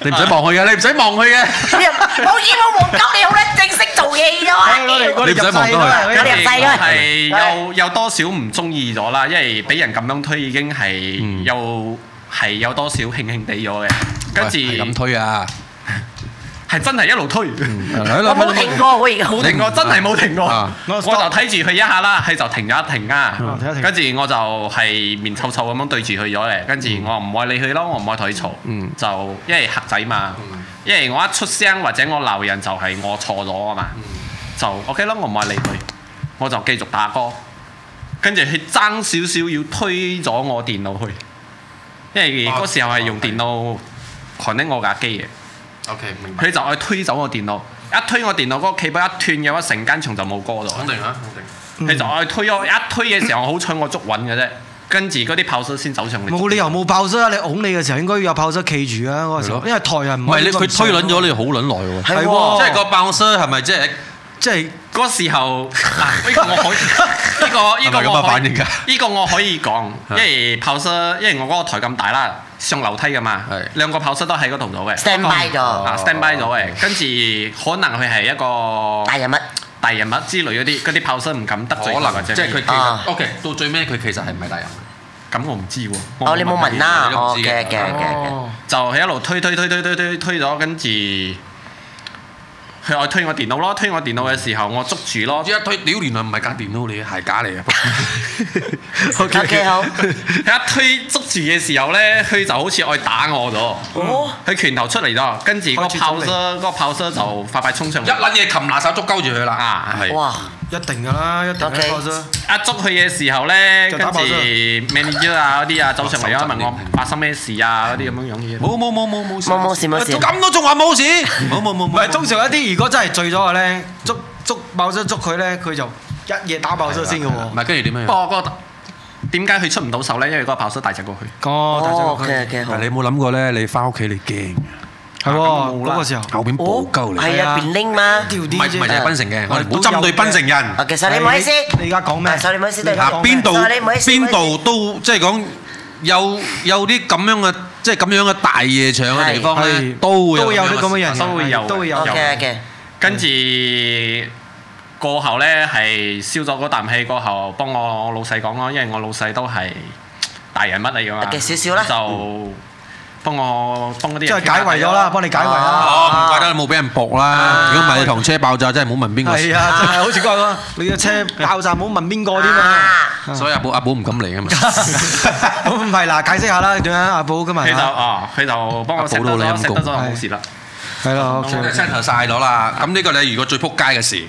你唔使望佢嘅，你唔使望佢嘅。冇嘢，我望鳩你好啦，正式做嘢咗啊！你唔使望佢啦，你唔使望佢啦。係又有多少唔中意咗啦？因為俾人咁樣推已經係又係有多少輕輕地咗嘅。跟住咁推啊！係真係一路推，我冇停過，我而家冇停過，真係冇停過。我就睇住佢一下啦，佢就停咗一停啊，跟住我就係面臭臭咁樣對住佢咗嚟。跟住我唔愛理佢咯，我唔愛同佢嘈，就因為客仔嘛，因為我一出聲或者我鬧人就係我錯咗啊嘛，就 OK 咯，我唔愛理佢，我就繼續打歌。跟住佢爭少少要推咗我電腦去，因為嗰時候係用電腦 connect 我架機嘅。佢就愛推走我電腦，一推我電腦嗰個氣包一斷嘅話，成間牆就冇歌度。肯定啊，肯定。佢就愛推一推嘅時候，好彩我捉穩嘅啫。跟住嗰啲炮身先走上嚟。冇理由冇炮身啊！你拱你嘅時候應該有炮身企住啊！嗰個時候，因為台呀唔係你佢推攆咗，你好攆耐喎。即係個爆身係咪即係即係嗰時候？呢個我可以，呢個呢個我反應緊。呢個我可以講，因為炮身，因為我嗰個台咁大啦。上樓梯噶嘛，是兩個炮身都喺嗰度咗嘅，standby 咗，standby 咗嘅，跟住、oh. 可能佢係一個大人物，大人物之類嗰啲，嗰啲炮身唔敢得罪，可能、oh, 啊，即係佢 OK，到最尾佢其實係唔係大人物，咁我唔知喎。哦，你冇問啦，哦嘅嘅嘅，就係一路推推推推推推推咗，跟住。佢愛推我電腦咯，推我電腦嘅時候我捉住咯，嗯、一推屌，原來唔係隔電腦嚟嘅，係假嚟嘅。好，佢一推捉住嘅時候咧，佢就好似愛打我咗。哦，佢拳頭出嚟咗，跟住個炮車、嗰個炮車就快快衝上嚟。嗯、一撚嘢擒拿手捉鳩住佢啦。啊、嗯，係是。哇一定噶啦，一定。一捉佢嘅時候咧，跟住咩嘢啊？嗰啲啊，通常咪有問我發生咩事啊？嗰啲咁樣樣嘢。冇冇冇冇冇事。冇冇事冇事。做咁多仲話冇事？冇冇冇冇。唔係，通常一啲如果真係醉咗嘅咧，捉捉爆車捉佢咧，佢就一夜打爆車先嘅喎。唔係，跟住點樣？不過嗰個點解佢出唔到手咧？因為嗰個爆車大隻過佢。個大隻過佢。但係你冇諗過咧？你翻屋企嚟驚。係喎，嗰個時候後邊補救嚟嘅，係啊，邊拎嘛，唔係唔係就檳城嘅，我哋冇針對檳城人。其實你唔好意思，你而家講咩？邊度邊度都即係講有有啲咁樣嘅，即係咁樣嘅大夜場嘅地方咧，都會有啲咁嘅人，都會有嘅。跟住過後咧，係燒咗嗰啖氣，過後幫我老細講咯，因為我老細都係大人物嚟噶嘛，少少啦就。幫我幫嗰啲，即係解圍咗啦，幫你解圍啦。哦，唔怪得你冇俾人駁啦。如果唔係，你同車爆炸，真係唔好問邊個。係啊，真係好似嗰個，你嘅車爆炸，唔好問邊個添啊。所以阿寶阿寶唔敢嚟啊嘛。咁唔係嗱，解釋下啦，點解阿寶今日啊？佢就哦，佢就幫我補到你陰功。真都係好事啦。係啦，我真係車頭曬咗啦。咁呢個你如果最撲街嘅事？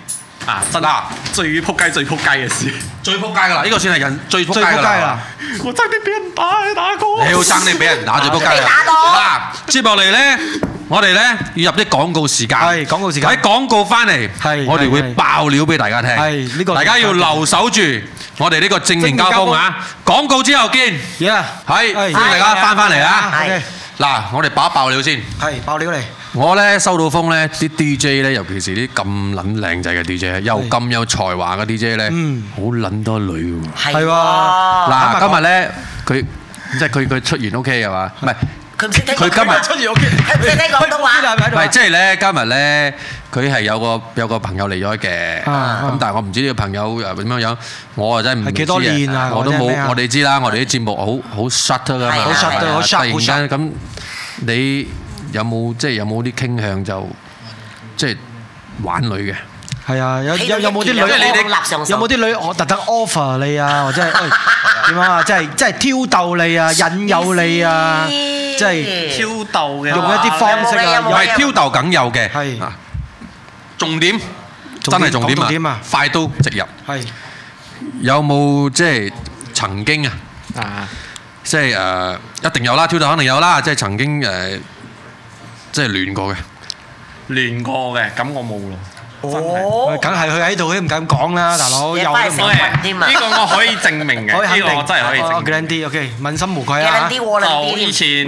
啊！真啊，最仆街、最仆街嘅事，最仆街噶啦，呢個算係人最仆街噶啦。我爭啲俾人打啊，大哥！屌，爭啲俾人打最仆街啦！啊，接落嚟咧，我哋咧要入啲廣告時間。係廣告時間。喺廣告翻嚟，我哋會爆料俾大家聽。係呢個。大家要留守住我哋呢個正面交鋒啊！廣告之後見，係歡迎大家翻返嚟啊！嗱，我哋把爆料先。係爆料嚟。我咧收到風咧，啲 DJ 咧，尤其是啲咁撚靚仔嘅 DJ，又咁有才華嘅 DJ 咧，好撚多女喎。係喎。嗱，今日咧佢即係佢佢出現 OK 係嘛？唔係佢今日出現 OK。廣東話。唔係即係咧，今日咧佢係有個有個朋友嚟咗嘅。啊啊！咁但係我唔知呢個朋友誒點樣樣，我啊真係唔幾多年啊，我都冇。我哋知啦，我哋啲節目好好 shutter 㗎嘛。好 shutter，好 shutter，好突然間咁你。有冇即係有冇啲傾向就即係玩女嘅？係啊，有有有冇啲女？即係你哋有冇啲女？我特登 offer 你啊！或者係點啊！即係即係挑逗你啊，引誘你啊！即係挑逗嘅，用一啲方式啊，有挑逗梗有嘅。係重點，真係重點啊！快刀直入。係有冇即係曾經啊？啊，即係誒，一定有啦，挑逗肯定有啦。即係曾經誒。即係亂過嘅，亂過嘅，咁我冇咯。哦，梗係佢喺度，佢唔敢講啦，大佬。又，呢個我可以證明嘅，可以肯定，真係可以證明。grand 啲，OK，問心無愧啊，哈！夠啲，我夠啲。以前，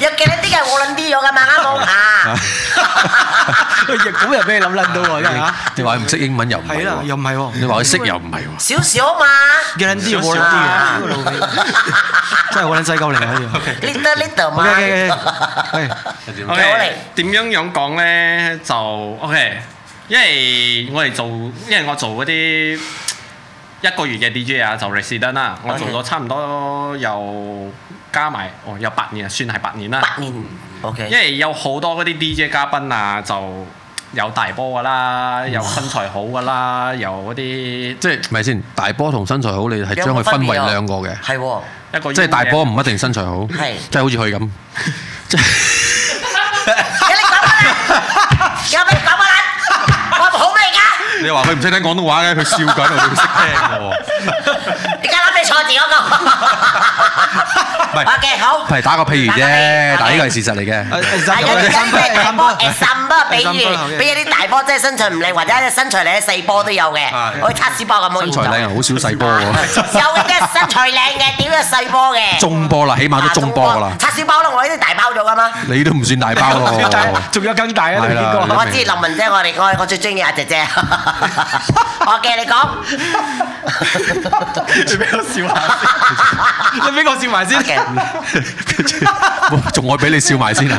又 grand 啲嘅我夠啲咗噶嘛，啱唔啱啊？咁又咩諗啦？你話佢唔識英文又唔係喎，又唔係喎。你話佢識又唔係喎。少少嘛，grand 啲我啦，真係我細過你一樣。little little 嘛。喂，點樣樣講咧就？OK，因為我哋做，因為我做嗰啲一個月嘅 DJ 啊，就 Resident 啦，我做咗差唔多又加埋，哦，有八年啊，算係八年啦。八年，OK。因為有好多嗰啲 DJ 嘉賓啊，就有大波㗎啦，有身材好㗎啦，有嗰啲哇。即係咪先？大波同身材好，你係將佢分為兩個嘅。係、啊、一個。即係大波唔一定身材好。係對。即係好似佢咁。 你話佢唔識聽廣東話嘅，佢笑緊，我哋識聽喎。你而家諗起錯字嗰個？O K 好。係打個譬如啫，但呢個係事實嚟嘅。有啲細波、細波、細波，比如，比如啲大波，即係身材唔靚或者身材靚嘅細波都有嘅。我擦小波咁冇嘢做。身材靚人好少細波嘅。有嘅身材靚嘅，屌啲細波嘅。中波啦，起碼都中波啦。擦小波咯，我呢啲大包咗㗎嘛。你都唔算大包喎。仲有更大啊？我知林文姐，我哋我最中意阿姐姐。我嘅、okay, 你講。你俾我笑下先，你俾我笑埋先。仲我俾你笑埋先啊！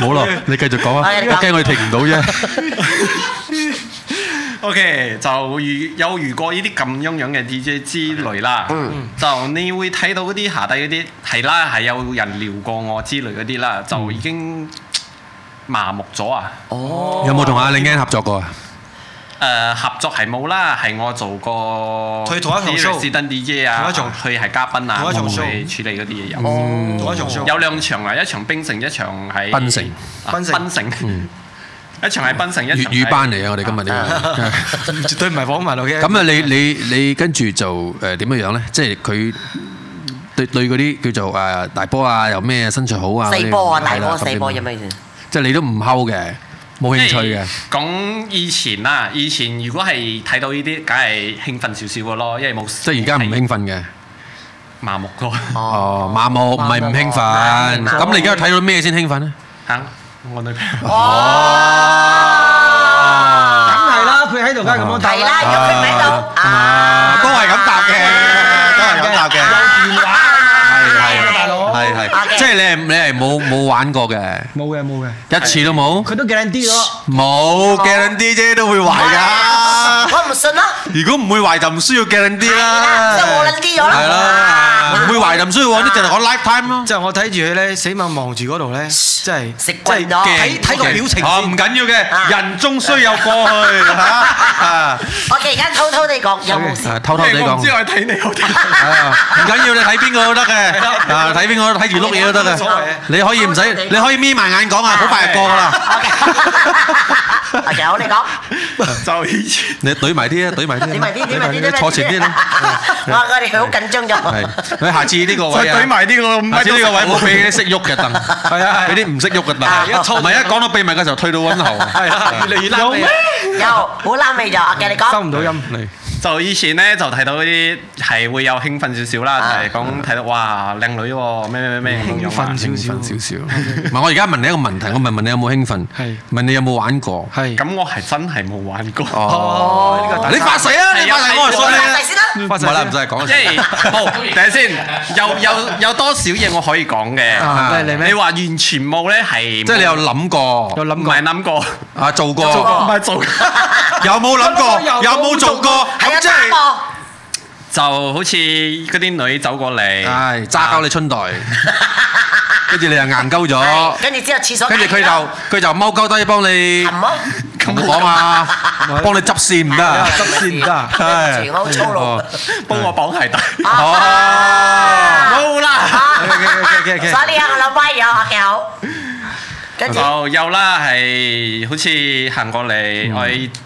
冇咯，你繼續講啊！Okay, 我驚我停唔到啫。O、okay, K，就如有如果呢啲咁樣樣嘅 D J 之類啦，okay. 就你會睇到嗰啲下底嗰啲係啦，係有人撩過我之類嗰啲啦，就已經麻木咗啊！哦、oh.，有冇同阿 l i 合作過？誒，合作係冇啦，係我做過啲啦，resident DJ 啊，佢係嘉賓啊，處理嗰啲嘢有。哦，有兩場啊，一場冰城，一場喺。檳城。檳城。檳城。嗯。一場係檳城，一場係粵語班嚟啊！我哋今日呢個絕對唔係訪問嚟嘅。咁啊，你你你跟住就誒點樣樣咧？即係佢對對嗰啲叫做誒大波啊，有咩身材好啊？細波啊，大波細波一米先。即係你都唔睺嘅。冇興趣嘅。咁以前啦，以前如果係睇到呢啲，梗係興奮少少嘅咯，因為冇。即係而家唔興奮嘅。麻木咯。哦，麻木，唔係唔興奮。咁你而家睇到咩先興奮咧？吓，我女朋友。哦。梗係啦，佢喺度梗係咁樣睇。係啦，如果佢喺度。啊，都係咁答嘅，都係咁答嘅。有見啦。係係。係係。即係你係你係冇冇玩過嘅，冇嘅冇嘅，一次都冇。佢都勁啲咯，冇勁啲啫，都會壞㗎。我唔信咯。如果唔會壞就唔需要勁啲啦。係啦，就冇勁啲咗啦。係啦，唔會壞就唔需要喎。呢就係我 lifetime 咯。即係我睇住佢咧，死望望住嗰度咧，真係，真係睇個表情。唔緊要嘅，人終須有過去嚇。我而家偷偷地講，偷偷地講，唔緊要你睇邊個都得嘅，啊，睇邊個睇住碌嘢。得嘅，你可以唔使，你可以眯埋眼講啊，好快就過㗎啦。好，你講。就以前，你懟埋啲啊，懟埋啲。懟埋啲，懟埋啲，你坐前面啦。我話我哋好緊張就。係。你下次呢個位啊？再懟埋啲我。下次呢個位，我俾啲識喐嘅凳。係啊係。俾啲唔識喐嘅凳。唔係一講到秘密嘅時候，退到溫喉。係啊。越嚟越拉咩？有，好拉味就。繼續講。收唔到音。就以前咧就睇到啲係會有興奮少少啦，就係講睇到哇，靚女喎咩咩咩咁樣嘛。興奮少少少少。唔係，我而家問你一個問題，我問問你有冇興奮？係。問你有冇玩過？係。咁我係真係冇玩過。哦。你發誓啊！你發誓，我信你。發誓啦！唔使講。即係好等下先，有有有多少嘢我可以講嘅？你話完全冇咧係？即係你有諗過？有諗過。唔係諗過。啊，做過。唔係做。有冇諗過？有冇做過？咁即係就好似嗰啲女走過嚟，揸鳩你春袋，跟住你又硬鳩咗，跟住之後廁所，跟住佢就佢就踎鳩低幫你，唔好講啊，幫你執線唔得啊，執線唔得啊，住屋粗魯，幫我綁鞋帶，好啦，OK OK OK，所以阿老闆有阿姣，跟住有啦，係好似行過嚟我。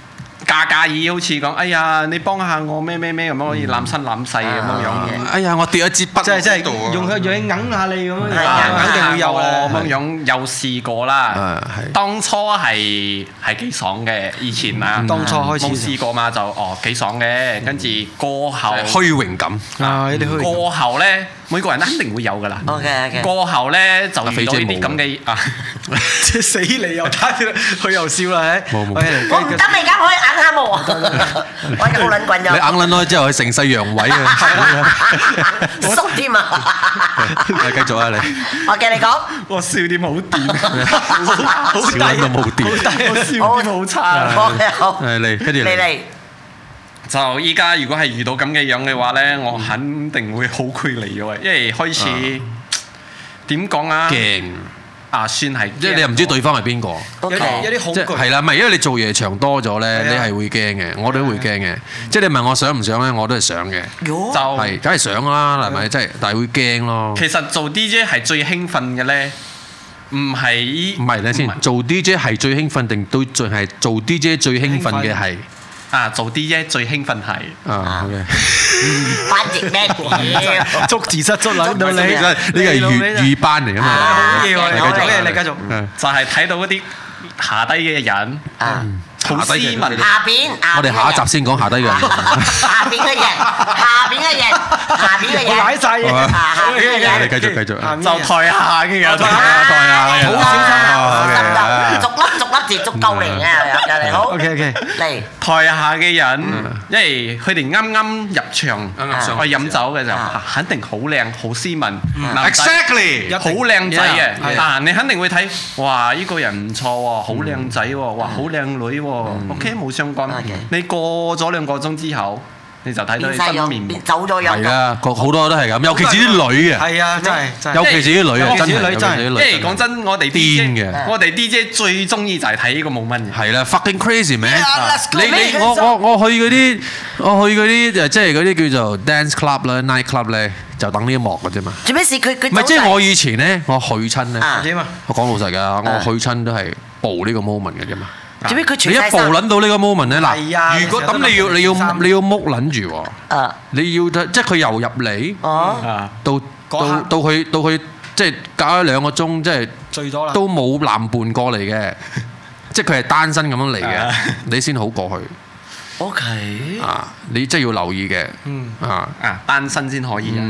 假假意好似講，哎呀，你幫下我咩咩咩咁可以攬身攬勢咁樣嘅。嗯、哎呀，我跌咗支筆喺度，用佢嘢揞下你咁、嗯、樣。啊、肯定會有喎，咁樣有試過啦。當初係係幾爽嘅，以前啊，的當初開始冇試過嘛，就哦幾爽嘅。跟住過後虛榮感，啊、榮感過後咧。每個人咧肯定會有㗎啦。Okay, okay。過後咧就肥咗啲咁嘅啊，即係死你又打，佢又笑啦，係。唔得你而家可以硬下冇啊？玩個烏卵棍又。你硬卵耐之後，佢成世陽痿啊，縮添啊。我繼續啊，你。我跟你講，我笑點好掂，笑到冇掂，笑點好差。係你，跟住你。就依家如果係遇到咁嘅樣嘅話咧，我肯定會好攰離咗喂！因為開始點講啊，驚啊算係，即係你又唔知對方係邊個，有啲有啲恐懼。係啦，唔係因為你做夜場多咗咧，你係會驚嘅，我都會驚嘅。即係你問我想唔想咧，我都係想嘅。就係梗係想啦，係咪？即係但係會驚咯。其實做 DJ 係最興奮嘅咧，唔係唔係你先。做 DJ 係最興奮定都仲係做 DJ 最興奮嘅係。啊！做 DJ 最興奮係啊！好嘅吧，班直咩嘢？捉字蝨捉到你，呢個呢個粵語班嚟㗎嘛！好嘅，好嘅，你繼續。就係睇到嗰啲下低嘅人、嗯、啊！好斯文，我哋下一集先講下低嘅人。下邊嘅人，下邊嘅人，下邊嘅人，我拉曬。下邊嘅人，你繼續繼續，就台下嘅人，台下嘅人，好小心啊！逐粒逐粒字逐鳩嚟啊！嚟好。OK OK，嚟台下嘅人，因為佢哋啱啱入場，我飲酒嘅時候，肯定好靚，好斯文，Exactly，好靚仔嘅。嗱，你肯定會睇，哇！呢個人唔錯喎，好靚仔喎，哇，好靚女喎。O.K. 冇相關，你過咗兩個鐘之後，你就睇到你塊面。走咗有去，係好多都係咁，尤其係啲女嘅。係啊，真係，尤其係啲女啊，真係，真係。講真，我哋癲嘅，我哋 DJ 最中意就係睇呢個 moment。係啦，fucking crazy 咩？你你我我我去嗰啲，我去嗰啲，即係嗰啲叫做 dance club 啦 night club 咧，就等呢一幕嘅啫嘛。做咩事？佢佢唔係即係我以前咧，我去親咧，我講老實㗎，我去親都係捕呢個 moment 嘅啫嘛。做咩佢全部撚到呢個 moment 咧？嗱，如果咁你要你要你要剝撚住喎，你要即係佢又入嚟，到到到佢到佢即係隔咗兩個鐘，即係都冇男伴過嚟嘅，即係佢係單身咁樣嚟嘅，你先好過去。O.K. 啊，你真係要留意嘅，啊啊單身先可以啊，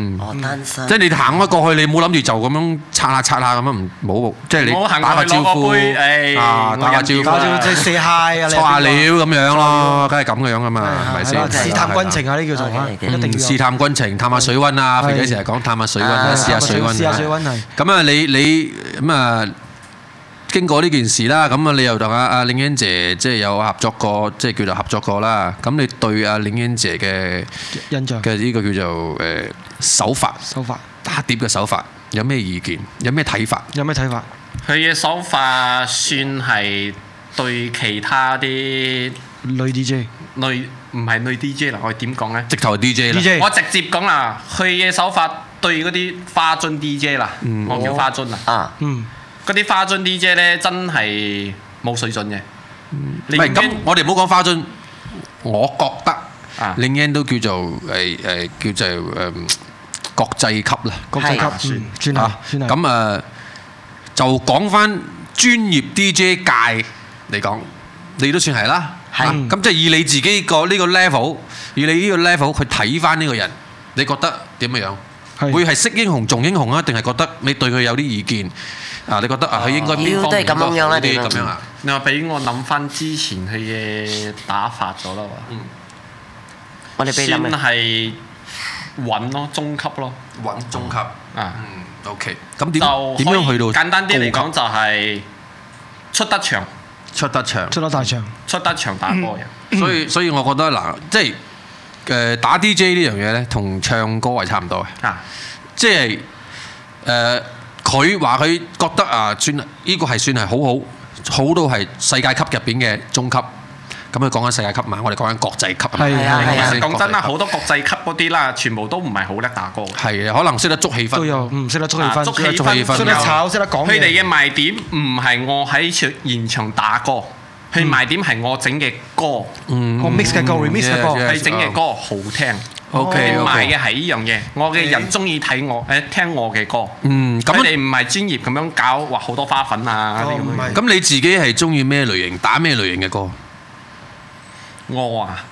即係你行開過去，你冇諗住就咁樣擦下擦下咁樣，唔冇即係你打個招呼，啊打個招呼，即係 say hi 啊話料咁樣咯，梗係咁嘅樣噶嘛，係咪先？試探軍情啊，呢叫做，一定要試探軍情，探下水溫啊。肥仔成日講探下水溫，試下水溫，試下水溫係。咁啊，你你咁啊。經過呢件事啦，咁啊，你又同阿阿玲英姐即係有合作過，即係叫做合作過啦。咁你對阿玲英姐嘅印象嘅呢個叫做誒手法手法打碟嘅手法有咩意見？有咩睇法？有咩睇法？佢嘅手法算係對其他啲女 DJ 女唔係女 DJ 啦，我點講咧？直頭係 DJ 啦，DJ 我直接講啦，佢嘅手法對嗰啲花樽 DJ 啦，嗯、我，我叫花樽啊，嗯。嗰啲花樽 DJ 咧，真係冇水準嘅。唔係咁，我哋唔好講花樽。我覺得 Linkin 都叫做誒誒，叫做誒國際級啦，國際級算算啦。咁啊，就講翻專業 DJ 界嚟講，你都算係啦。係咁，即係以你自己個呢個 level，以你呢個 level 去睇翻呢個人，你覺得點樣樣？會係識英雄重英雄啊？定係覺得你對佢有啲意見？啊！你覺得啊，佢應該邊方面多啲咁樣啊？你話俾我諗翻之前佢嘅打法咗啦喎。嗯。我哋先係穩咯，中級咯。穩中級。啊。嗯。OK。咁點點樣去到？簡單啲嚟講，就係出得場。出得場。出得大場。出得場打波嘅。所以所以，我覺得嗱，即係誒打 DJ 呢樣嘢咧，同唱歌係差唔多嘅。啊。即係誒。佢話佢覺得啊，算呢個係算係好好，好到係世界級入邊嘅中級。咁佢講緊世界級嘛，我哋講緊國際級。係係係係。講真啦，好多國際級嗰啲啦，全部都唔係好叻打歌。係啊，可能識得捉氣氛都有，唔識得捉氣氛，捉氣氛，炒，識得講。佢哋嘅賣點唔係我喺場現場打歌，佢賣點係我整嘅歌，我 mix 嘅歌，mix 嘅歌，係整嘅歌好聽。我賣嘅係呢樣嘢，我嘅人中意睇我，誒聽我嘅歌。嗯，咁你唔係專業咁樣搞，畫好多花粉啊咁、哦、你自己係中意咩類型，打咩類型嘅歌？我啊～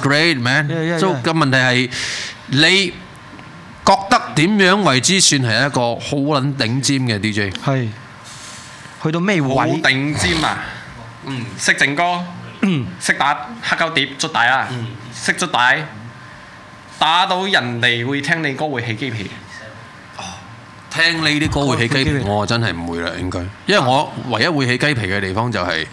great，man？咁問題係你覺得點樣為之算係一個好撚頂尖嘅 DJ？係去到咩位？好頂尖啊！嗯，識整歌，嗯，識打黑膠碟，捉底啦，嗯，識捉底，打到人哋會聽你歌會起雞皮。哦，聽你啲歌會起雞皮，我真係唔會啦，應該，因為我唯一會起雞皮嘅地方就係。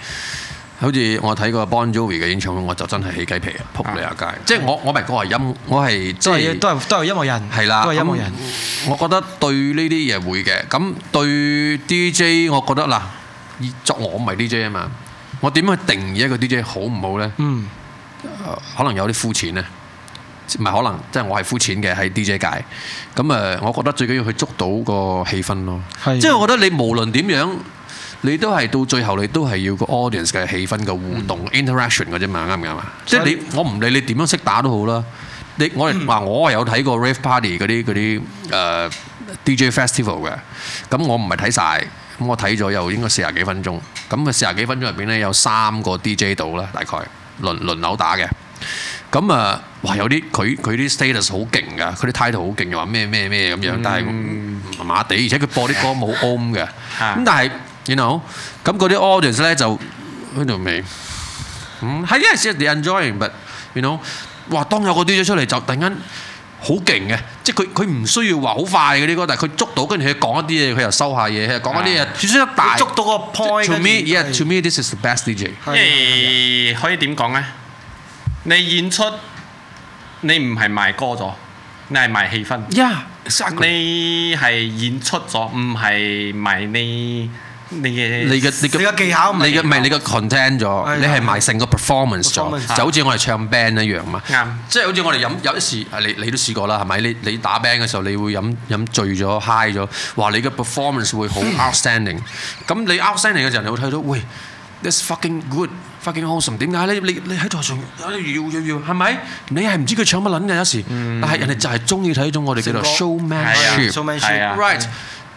好似我睇個 Bon Jovi 嘅演唱會，我就真係起雞皮啊，仆你下街！即係我，我咪係講話音，我係即係都係都係音樂人。係啦，都係音樂人，嗯。我覺得對呢啲嘢會嘅。咁對 DJ，我覺得嗱，作我唔係 DJ 啊嘛。我點樣去定義一個 DJ 好唔好咧？嗯、呃，可能有啲膚淺咧，唔係可能即係、就是、我係膚淺嘅喺 DJ 界。咁誒，我覺得最緊要去捉到個氣氛咯。是的 即係是 我覺得你無論點樣。你都係到最後，你都係要個 audience 嘅氣氛嘅互動 interaction 嘅啫嘛，啱唔啱啊？即係你我唔理你點樣識打都好啦。你我話我有睇過 rave party 嗰啲嗰啲誒 DJ festival 嘅，咁我唔係睇曬，咁我睇咗又應該四十幾分鐘。咁啊四十幾分鐘入邊咧有三個 DJ 度啦，大概輪輪流打嘅。咁啊哇有啲佢佢啲 status 好勁噶，佢啲 title 好勁又話咩咩咩咁樣，但係麻麻地，而且佢播啲歌冇 om 嘅咁，但係。you know，咁嗰啲 audience 咧就，喺度未，嗯係 yes yes they enjoying but，you know，哇當有個 DJ 出嚟就突然間好勁嘅，即係佢佢唔需要話好快嗰啲歌，但係佢捉到，跟住佢講一啲嘢，佢又收下嘢，佢講一啲嘢，輸出一大，捉到個 point 嘅，to me，yeah to me this is the best DJ，可以點講咧？你演出你唔係賣歌咗，你係賣氣氛，yeah，你係演出咗，唔係賣你。你嘅你嘅你嘅技巧唔係你嘅 content 咗，你係賣成個 performance 咗，就好似我哋唱 band 一樣嘛。即係好似我哋飲有時，你你都試過啦，係咪？你你打 band 嘅時候，你會飲飲醉咗 high 咗，哇！你嘅 performance 會好 outstanding。咁你 outstanding 嘅時候，你會睇到，喂，that's fucking good，fucking awesome。點解你你喺台上要要要，係咪？你係唔知佢唱乜撚嘅有時，但係人哋就係中意睇一種我哋叫做 showmanship，right？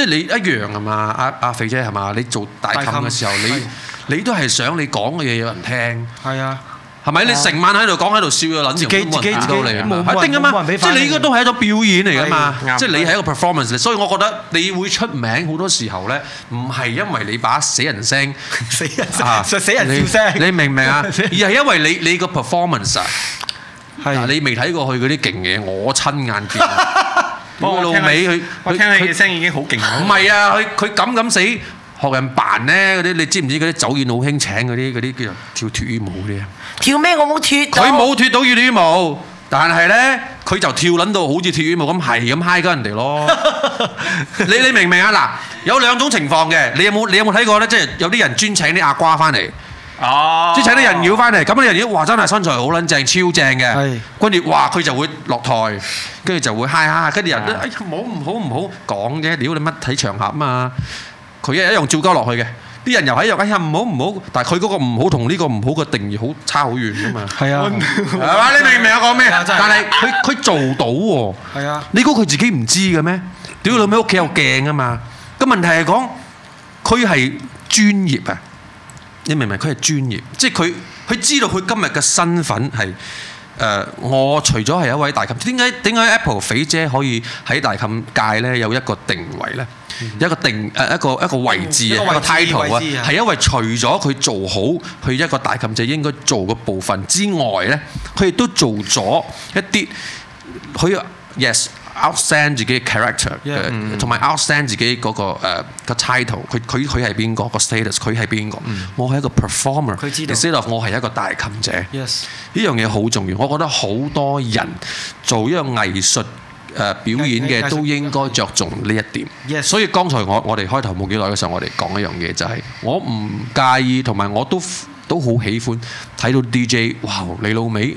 即係你一樣啊嘛？阿阿肥姐係嘛？你做大琴嘅時候，你你都係想你講嘅嘢有人聽。係啊，係咪？你成晚喺度講喺度笑，又諗住自己做到嚟啊嘛？一定啊嘛！即係你依個都係一種表演嚟㗎嘛！即係你係一個 performance。所以我覺得你會出名好多時候咧，唔係因為你把死人聲、死人聲、死人笑聲，你明唔明啊？而係因為你你個 performance，嗱你未睇過佢嗰啲勁嘢，我親眼見。我個老尾佢，不我聽佢嘅他他聲已經好勁。唔係啊，佢佢咁咁死學人扮咧嗰啲，你知唔知嗰啲酒宴好興請嗰啲嗰啲叫做跳脫羽毛？啲啊？跳咩？我冇脫。佢冇脫到脫羽毛。但係咧佢就跳捻到好似脫羽毛咁，係咁嗨 i 人哋咯。 你你明唔明啊？嗱，有兩種情況嘅，你有冇你有冇睇過咧？即係有啲人專請啲阿瓜翻嚟。哦，即係請啲人妖翻嚟，咁啊人妖話真係身材好撚正，超正嘅。跟住哇，佢就會落台，跟住就會 high high，跟住人哋，哎呀唔好唔好唔好講啫，屌你乜睇場合啊嘛。佢一樣照鳩落去嘅，啲人又喺度哎呀唔好唔好，但係佢嗰個唔好同呢個唔好嘅定義好差好遠噶嘛。係啊，係嘛？你明唔明我講咩啊？但係佢佢做到喎。係啊，你估佢自己唔知嘅咩？屌你媽屋企有鏡啊嘛。個問題係講佢係專業啊。你明唔明？佢係專業，即係佢佢知道佢今日嘅身份係誒，我除咗係一位 DJ，點解點解 Apple 肥姐可以喺 DJ 界呢有一個定位呢？一個定誒一個一個位置啊，一個 title 啊，係因為除咗佢做好佢一個 DJ 就應該做嘅部分之外呢，佢亦都做咗一啲佢 yes。outstand 自己嘅 character，同埋 outstand 自己嗰個誒 title，佢佢佢係邊個個 status，佢係邊個？我係一個 performer，你知道我係一個大妗姐。yes，呢樣嘢好重要，我覺得好多人做一個藝術誒表演嘅都應該着重呢一點。yes，所以剛才我我哋開頭冇幾耐嘅時候我、就是，我哋講一樣嘢就係我唔介意，同埋我都都好喜歡睇到 DJ，哇！你老味。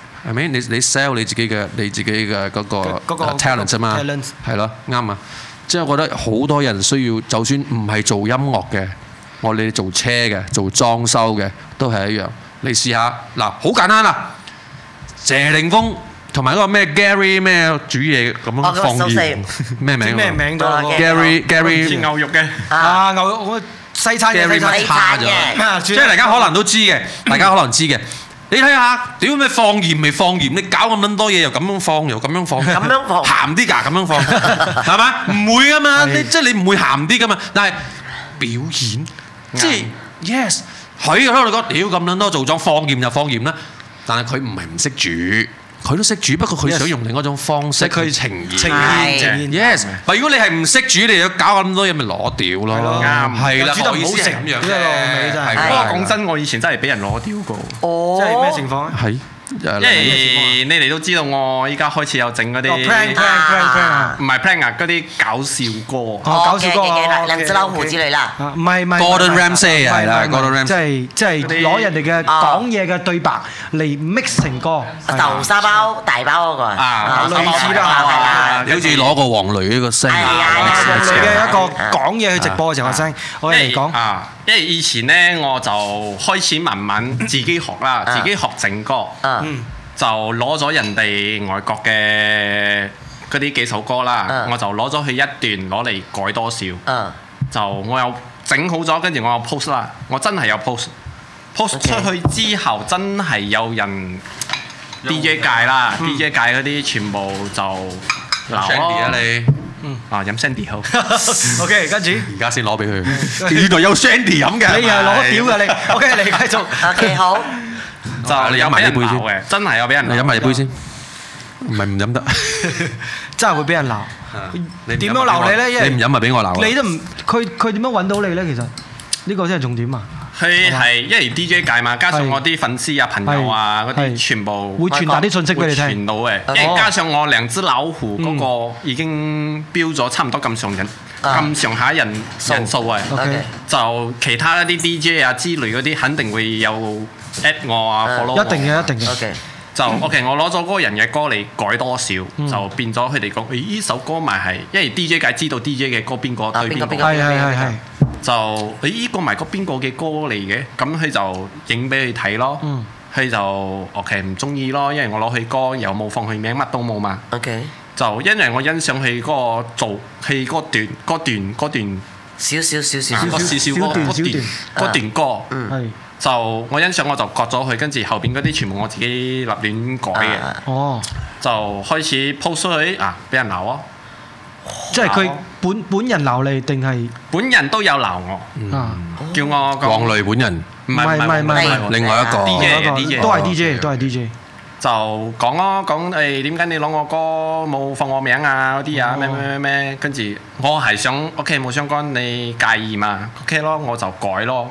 係咪？你你 sell 你自己嘅你自己嘅嗰個 talent 吖嘛，係咯，啱啊！即係我覺得好多人需要，就算唔係做音樂嘅，我哋做車嘅、做裝修嘅都係一樣。你試下嗱，好簡單啊！謝霆鋒同埋嗰個咩 Gary 咩煮嘢咁樣放現咩名？Gary Gary 煮牛肉嘅啊牛肉西餐嘅，即係大家可能都知嘅，大家可能知嘅。你睇下，屌咩放鹽咪放鹽，你搞咁撚多嘢又咁樣放又咁樣放，鹹啲㗎咁樣放，係咪？唔會㗎嘛，你即係你唔會鹹啲㗎嘛。但係的表演，即係、就是、硬 Yes，佢喺度講屌咁撚多做咗放鹽就放鹽啦，但係佢唔係唔識煮。佢都識煮，不過佢想用另一種方式去呈現。呈現呈現，對，呈現。Yes，如果你係唔識煮，你又搞咁多嘢，咪攞掉咯。啱，係啦，煮到唔好食咁樣。真係，不過講真，我以前真係俾人攞掉過。哦，即係咩情況啊？係。因為你哋都知道我依家開始有整嗰啲 plan plan plan plan 啊，唔係 plan 啊，嗰啲搞笑歌，搞笑歌啦，兩隻老虎之類啦，唔係唔係，Gordon Ramsay 係啦，即係即係攞人哋嘅講嘢嘅對白嚟 mix 成歌，豆沙包大包嗰個啊，類似啦，你好似攞個黃磊呢個聲，女嘅一個講嘢去直播嘅時候嘅聲，我嚟講啊，因為以前咧我就開始慢慢，自己學啦，自己學整歌。嗯，就攞咗人哋外國嘅嗰啲幾首歌啦，我就攞咗佢一段攞嚟改多少，就我又整好咗，跟住我又 post 啦，我真係有 post，post 出去之後真係有人 DJ 界啦，DJ 界嗰啲全部就嗱 Shandy 啊你，啊飲 Shandy 好，OK 跟住而家先攞俾佢，呢度有 Shandy 飲嘅，你又攞屌嘅你，OK 你繼續，OK 好。就你飲埋一杯先，真係有俾人。你飲埋一杯先，唔係唔飲得。真係會俾人鬧。你點樣鬧你咧？你唔飲咪俾我鬧。你都唔，佢佢點樣揾到你咧？其實呢個真係重點啊！佢係因為 DJ 界嘛，加上我啲粉絲啊、朋友啊嗰啲，全部會傳達啲信息俾你聽。傳到誒，加上我兩隻老虎嗰個已經標咗差唔多咁上緊，咁上下人人數啊。就其他一啲 DJ 啊之類嗰啲，肯定會有。at 我啊，follow 我，一定嘅，一定嘅。就 OK，我攞咗嗰個人嘅歌嚟改多少，就變咗佢哋講，咦，呢首歌咪係，因為 DJ 梗係知道 DJ 嘅歌邊個對邊個，係係係。就，哎，依個咪邊個嘅歌嚟嘅，咁佢就影俾佢睇咯。佢就 OK 唔中意咯，因為我攞佢歌，又冇放佢名，乜都冇嘛。OK。就因為我欣賞佢嗰個做，戲嗰段，嗰段，嗰段，少少少少少少少段少段，嗰段歌，嗯。就我欣賞，我就割咗佢，跟住後邊嗰啲全部我自己立亂改嘅，哦，就開始 po 出去啊，俾人鬧咯！即係佢本本人鬧你定係？本人都有鬧我，叫我黃磊本人，唔係唔係唔係，另外一個，D J，都係 D J，都係 D J。就講咯講誒，點解你攞我歌冇放我名啊嗰啲啊咩咩咩咩？跟住我係想 OK 冇相干，你介意嘛？OK 咯，我就改咯。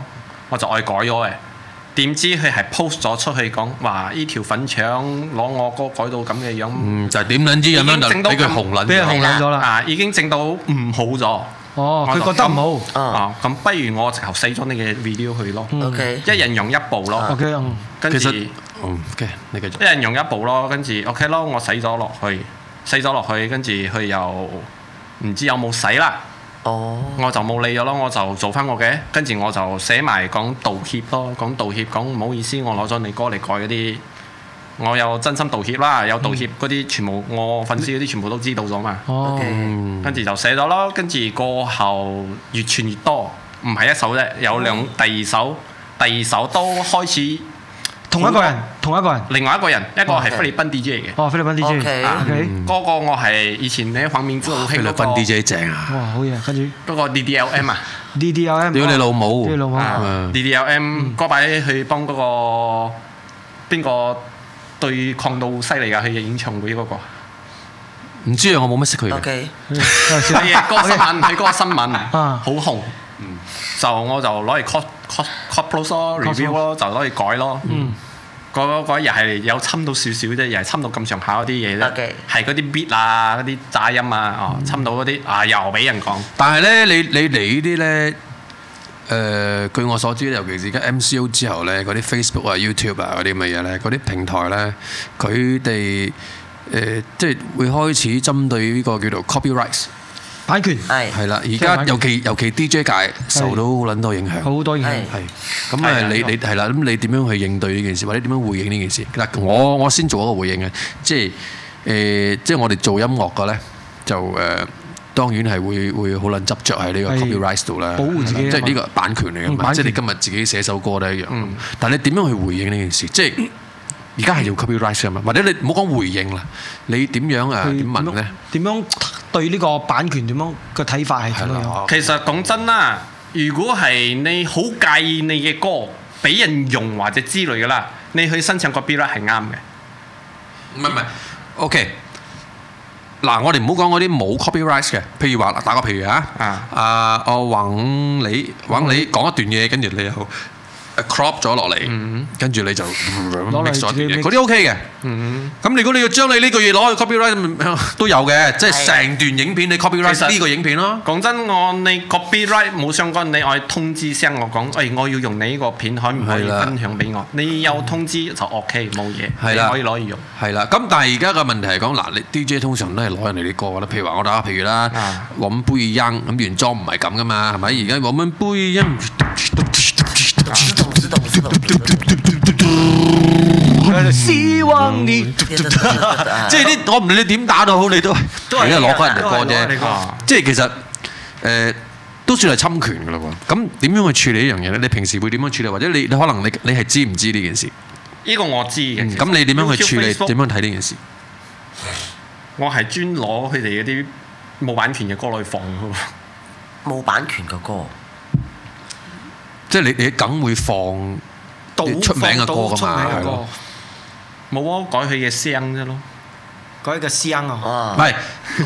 我就愛改咗嘅，點知佢係 post 咗出去講話呢條粉腸攞我哥改到咁嘅樣，就點撚知咁樣就俾佢紅撚，俾佢紅撚咗啦，啊已經整到唔好咗，哦佢覺得唔好，啊咁不如我直頭洗咗你嘅 video 去咯，一人用一部咯，跟住一人用一部咯，跟住 OK 咯，我洗咗落去，洗咗落去，跟住佢又唔知有冇洗啦。哦，oh. 我就冇理咗咯，我就做翻我嘅，跟住我就寫埋講道歉咯，講道歉，講唔好意思，我攞咗你歌嚟改嗰啲，我有真心道歉啦，有道歉嗰啲全部、mm. 我粉絲嗰啲全部都知道咗嘛，跟住、oh. Okay. 就寫咗咯，跟住過後越傳越多，唔係一首啫，有兩，第二首，第二首都開始。同一個人，同一個人，另外一個人，一個係菲律賓 DJ 嚟嘅。哦，菲律賓 DJ。O K，O K，嗰個我係以前咧畫面都好興。菲律賓 DJ 正啊！哇，好嘢，跟住。嗰個 D D L M 啊，D D L M。屌你老母！屌你老母啊！D D L M，嗰排去幫嗰個邊個對抗到犀利㗎，佢嘅演唱會嗰個。唔知啊，我冇乜識佢。O K。嗰新聞，佢嗰個新聞啊，好紅。嗯。就我就攞嚟 cut。copy，copy 咯，review 咯，就可以改咯。嗯，改改又係有侵到少少啫，又係侵到咁上下嗰啲嘢咧，係嗰啲 beat 啊，嗰啲炸音啊，哦，侵到嗰啲啊，又俾人講。但係咧，你你嚟呢啲咧，誒，據我所知，尤其是而家 MCO 之後咧，嗰啲 Facebook 啊、YouTube 啊嗰啲乜嘢咧，嗰啲平台咧，佢哋誒即係會開始針對呢個叫做 copyrights。版權，係係啦，而家尤其尤其 DJ 界受到好撚多影響，好多影響係。咁啊，你你係啦，咁你點樣去應對呢件事，或者點樣回應呢件事？嗱，我我先做一個回應嘅，即係誒，即係我哋做音樂嘅咧，就誒當然係會會好撚執著喺呢個 copyright 度啦，保護自己，即係呢個版權嚟㗎嘛。即係你今日自己寫首歌都一樣。但係你點樣去回應呢件事？即係而家係要 copyright 啊嘛，或者你唔好講回應啦，你點樣誒點問咧？點樣？對呢個版權點樣個睇法係點樣？其實講真啦，如果係你好介意你嘅歌俾人用或者之類嘅啦，你去申請個 B 啦，係啱嘅。唔係唔係，OK。嗱，我哋唔好講嗰啲冇 copyright 嘅，譬如話打個譬如啊，啊，我揾你揾你講一段嘢，跟住你又。crop 咗落嚟，跟住你就啲嗰啲 O K 嘅。咁如果你要將你呢個月攞去 copyright 都有嘅，即係成段影片你 copyright 呢個影片咯。講真，我你 copyright 冇相關，你我通知聲我講，哎，我要用你呢個片，可唔可以分享俾我？你有通知就 O K，冇嘢，你可以攞嚟用。係啦，咁但係而家嘅問題係講嗱，你 DJ 通常都係攞人哋啲歌啦，譬如話我打譬如啦，《忘杯音》，咁原裝唔係咁噶嘛，係咪？而家《忘杯音》。希望你即係啲我唔理你點打都好，你都都係攞翻人嘅歌啫。即係其實誒都算係侵權噶啦。咁點樣去處理呢樣嘢咧？你平時會點樣處理？或者你你可能你你係知唔知呢件事？呢個我知嘅。咁你點樣去處理？點樣睇呢件事？我係專攞佢哋一啲冇版權嘅歌去放噶喎。冇版權嘅歌。即係你，你梗會放啲出名嘅歌㗎嘛？係咯，冇啊、哦，改佢嘅聲啫咯，改佢個聲啊！唔係，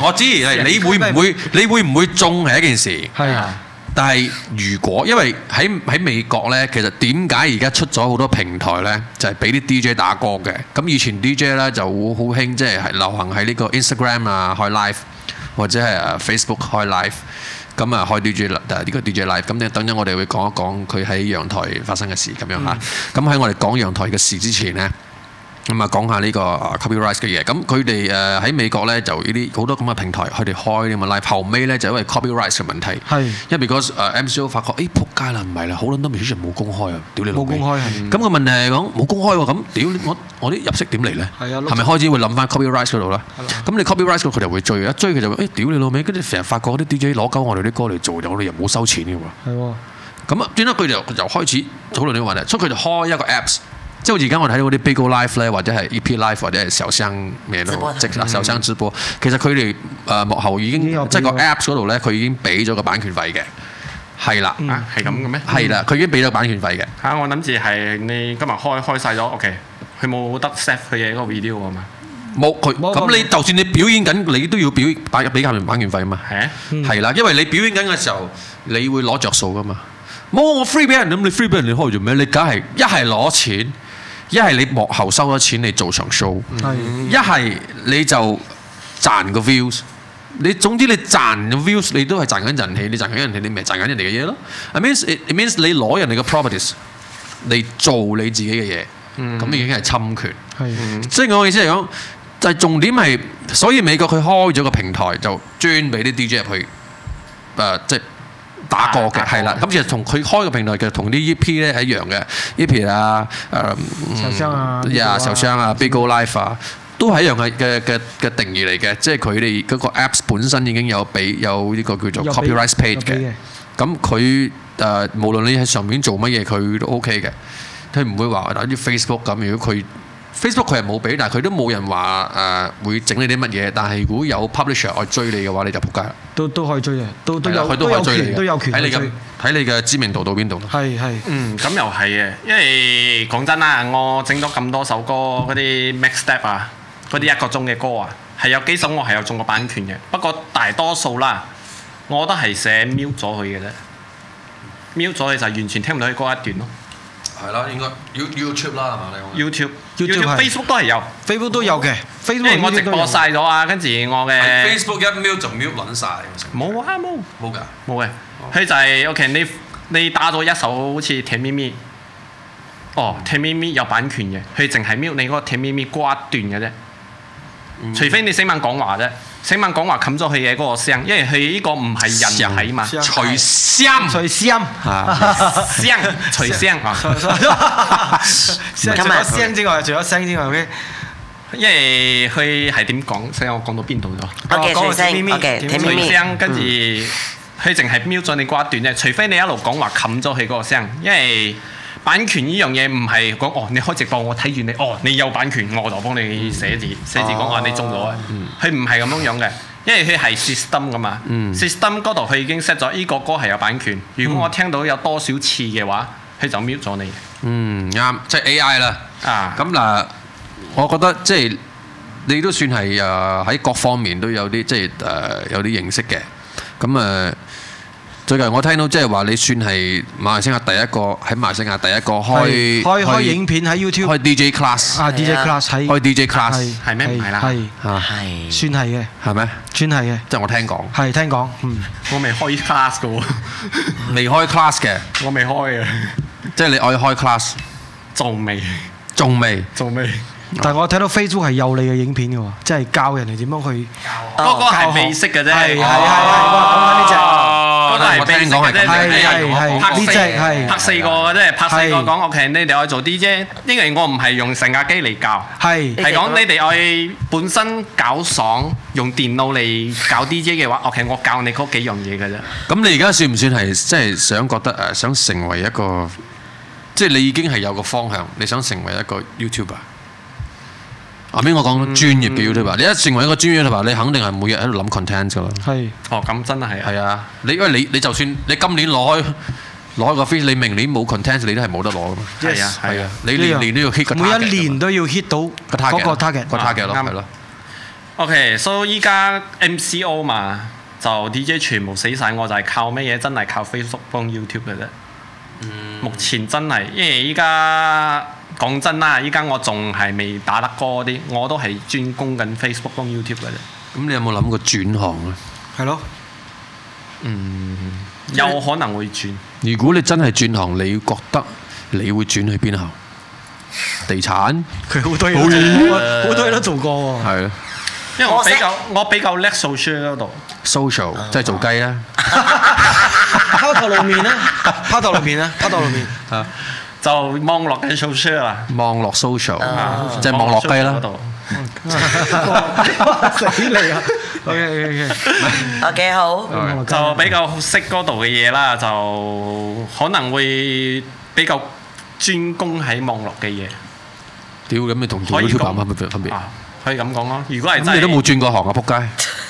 我知 你會唔會？ 你會唔會中係一件事？係啊，但係如果因為喺喺美國咧，其實點解而家出咗好多平台咧，就係俾啲 DJ 打歌嘅？咁以前 DJ 咧就好好興，即係流行喺呢個 Instagram 啊開 live，或者係 Facebook 開 live。咁啊，開 DJ 啦，呢個 DJ live，咁咧，等陣我哋會講一講佢喺陽台發生嘅事咁樣嚇。咁喺、嗯、我哋講陽台嘅事之前呢，咁啊，講下呢個 copyright 嘅嘢。咁佢哋誒喺美國咧，就呢啲好多咁嘅平台，佢哋開啲咁嘅 live。後尾咧就因為 copyright 嘅問題，係因為嗰時誒 MCO 發覺，誒仆街啦，唔係啦，好多都冇公開啊，屌你老！冇公開係。咁個問題係講冇公開喎，咁屌我我啲入息點嚟咧？係啊，係咪開始會諗翻 copyright 嗰度咧？係啦。咁你 copyright 嘅佢就會追，一追佢就會誒屌你老味，跟住成日發覺啲 DJ 攞鳩我哋啲歌嚟做，我哋又冇收錢嘅喎。係喎。咁啊，變咗佢就就開始討論呢個問題，所以佢就開一個 apps。即係而家我睇到嗰啲 Bigo Life 咧，或者係 EP Life 或者係小生咩咯，即係小生直播。其實佢哋誒幕後已經即係個 Apps 嗰度咧，佢已經俾咗個版權費嘅。係啦，啊，係咁嘅咩？係啦，佢已經俾咗版權費嘅。嚇，我諗住係你今日開開晒咗，OK。佢冇得 set 佢嘅嗰個 video 啊嘛。冇佢，咁你就算你表演緊，你都要表俾俾人版權費啊嘛。嚇，係啦，因為你表演緊嘅時候，你會攞着數噶嘛。冇我 free 俾人，咁你 free 俾人你開做咩？你梗係一係攞錢。一係你幕後收咗錢你做場 show，一係你就賺個 views，你總之你賺個 views 你都係賺緊人氣，你賺緊人氣你咪賺緊人哋嘅嘢咯。I mean it means 你攞人哋嘅 properties 嚟做你自己嘅嘢，咁、mm hmm. 已經係侵權。即係、mm hmm. 我意思係講，就係重點係，所以美國佢開咗個平台就專俾啲 DJ 入去，誒、呃、即打過嘅係啦，咁其實同佢開個平台其實同啲 EP 咧係一樣嘅，EP、嗯、啊誒，呀、呃，受傷啊 Bigo Live 啊，都係一樣嘅嘅嘅嘅定義嚟嘅，即係佢哋嗰個 apps 本身已經有俾有呢個叫做 copyright page 嘅，咁佢誒無論你喺上面做乜嘢佢都 OK 嘅，佢唔會話嗱啲 Facebook 咁如果佢。Facebook 佢係冇俾，但係佢都冇人話誒會整你啲乜嘢。但係如果有 publisher 去追你嘅話，你就仆街啦。都都可以追嘅，都都有權都有權睇你嘅知名度到邊度。係係。嗯，咁又係嘅，因為講真啦，我整咗咁多首歌，嗰啲 mixtape 啊，嗰啲一個鐘嘅歌啊，係有幾首我係有中過版權嘅。不過大多數啦，我都係寫 mute 咗佢嘅啫，mute 咗佢就完全聽唔到佢嗰一段咯。係啦，應該 You YouTube 啦係嘛？你講 YouTube，YouTube、Facebook 都係有，Facebook 都有嘅。Facebook 我直播曬咗啊，跟住我嘅 Facebook 一 Mute 就 Mute 撚曬。冇啊，冇。冇㗎。冇嘅。佢就係 OK，你你打咗一首好似《甜咪咪》。哦，《甜咪咪》有版權嘅，佢淨係 Mute 你嗰個《甜咪咪》瓜段嘅啫。除非你成晚講話啫，成晚講話冚咗佢嘅嗰個聲，因為佢呢個唔係人體啊嘛，隨聲，隨聲，聲，隨聲啊。除咗聲之外，除咗聲之外，咩？因為佢係點講？所以我講到邊度咗？哦，講個聲，講個聲，跟住佢淨係瞄咗你嗰一段啫。除非你一路講話冚咗佢嗰個聲，因為。版權呢樣嘢唔係講哦，你開直播我睇住你哦，你有版權我就幫你寫字寫字講話你中咗啊！佢唔係咁樣樣嘅，因為佢係 system 噶嘛，system 嗰度佢已經 set 咗呢個歌係有版權。如果我聽到有多少次嘅話，佢就 mute 咗你。嗯，啱，即係 AI 啦。啊，咁嗱，我覺得即係你都算係誒喺各方面都有啲即係誒有啲認識嘅。咁誒。最近我聽到即係話你算係馬來西亞第一個喺馬來西亞第一個開開開影片喺 YouTube 開 DJ class 啊 DJ class 喺開 DJ class 係咩唔係啦係算係嘅係咩算係嘅即係我聽講係聽講嗯我未開 class 嘅未開 class 嘅我未開嘅即係你愛開 class 仲未仲未仲未。但係我睇到 Facebook 係有你嘅影片嘅喎，即係教人哋點樣去。嗰個係未識嘅啫，係係係。我講緊呢隻，都係未識嘅啫。拍四個，拍四個嘅啫，拍四個講。OK，你哋愛做 DJ，因為我唔係用成架機嚟教，係係講你哋愛本身搞爽，用電腦嚟搞 DJ 嘅話，OK，我教你嗰幾樣嘢嘅啫。咁你而家算唔算係即係想覺得誒想成為一個，即係你已經係有個方向，你想成為一個 YouTuber。後邊我講專業嘅 YouTuber 啊，你一成為一個專業嘅話，你肯定係每日喺度諗 content 噶啦。係，哦咁真係係啊！你因為你你就算你今年攞攞個 face，你明年冇 content，你都係冇得攞噶嘛。係啊係啊，你年年都要 hit 個每一年都要 hit 到嗰個 target 個 target 咯，係咯。OK，所以依家 MCO 嘛，就 DJ 全部死晒。我就係靠咩嘢？真係靠 Facebook 幫 YouTube 嘅啫。嗯。目前真係，因為依家。講真啦，依家我仲係未打得過啲，我都係專攻緊 Facebook 同 YouTube 嘅啫。咁你有冇諗過轉行啊？係咯，嗯，嗯有可能會轉。如果你真係轉行，你覺得你會轉去邊行？地產？佢好多嘢，好多嘢都做過喎。係咯、uh，uh, 啊、因為我比較我比較叻 social 嗰度。social、uh, 即係做雞啦、啊啊，拋頭露面啦，拋頭露面啦，拋頭露面。就網絡嘅 social 啦，網絡 social，即係網絡雞啦。死你啊！OK OK OK，我幾好，就比較識嗰度嘅嘢啦，就可能會比較專攻喺網絡嘅嘢。屌，咁你同 YouTuber 有咩分別啊？可以咁講咯，如果係真係。咁你都冇轉過行啊，仆街！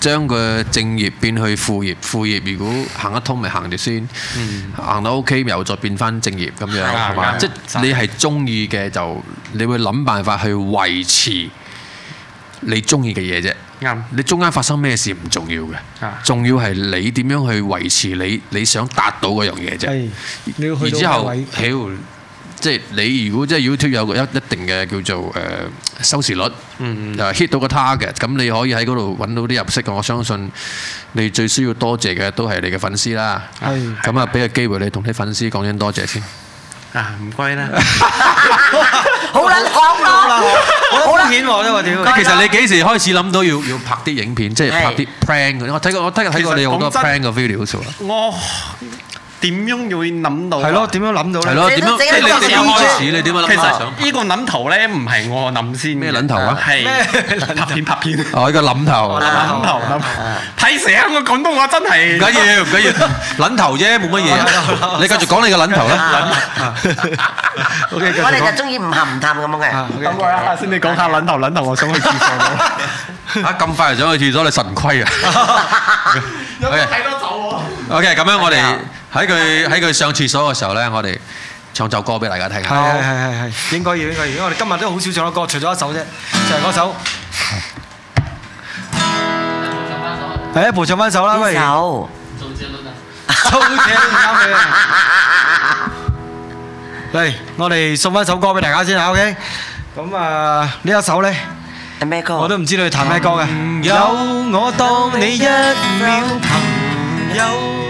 將個正業變去副業，副業如果行一通咪行住先，行到 OK 又再變返正業咁樣，係嘛？即係你係中意嘅就，你會諗辦法去維持你中意嘅嘢啫。啱，你中間發生咩事唔重要嘅，重要係你點樣去維持你你想達到嗰樣嘢啫。係，你要去到咩位？即係你如果即係 YouTube 有一一定嘅叫做誒收視率，誒 hit 到個 target，咁你可以喺嗰度揾到啲入息嘅。我相信你最需要多謝嘅都係你嘅粉絲啦。係，咁啊俾個機會你同啲粉絲講聲多謝先。啊唔該啦，好撚爽啦，好，好片喎真係我屌。其實你幾時開始諗到要要拍啲影片，即係拍啲 prank 嘅？我睇過，我睇睇過你好多 prank 嘅 videos 喎。我。點樣會諗到？係咯，點樣諗到咧？係咯，點樣？你你你你你，其實呢個諗頭咧，唔係我諗先。咩諗頭啊？係拍片拍片。哦，呢個諗頭。諗頭諗頭。睇成個廣東話真係。唔緊要，唔緊要。諗頭啫，冇乜嘢。你繼續講你個諗頭啦。我哋就中意唔鹹唔淡咁樣嘅。咁講啦，先你講下諗頭諗頭，我想去廁所。啊，咁快就想去廁所，你神規啊！有冇睇到手喎？OK，咁樣我哋。喺佢喺佢上廁所嘅時候咧，我哋唱首歌俾大家聽。係係係係，應該要應該要。我哋今日都好少唱到歌，除咗一首啫，就係嗰首。誒，補唱翻首啦，不如。周杰倫啊！周杰倫啊！嚟，我哋送翻首歌俾大家先嚇，OK？咁啊，呢一首咧，係咩歌？我都唔知你彈咩歌嘅。朋友，我當你一秒朋友。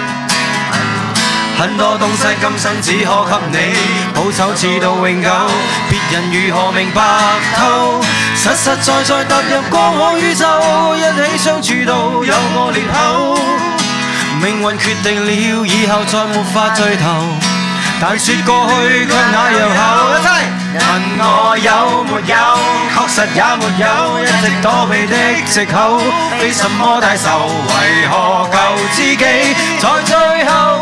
很多東西今生只可給你，保守至到永久，別人如何明白透？實實在在踏入過我宇宙，一起相處到有個裂口。命運決定了以後再沒法聚頭，但説過去卻那樣厚。問我有沒有，確實也沒有，一直躲避的藉口，非什麼大仇，為何舊知己在最後？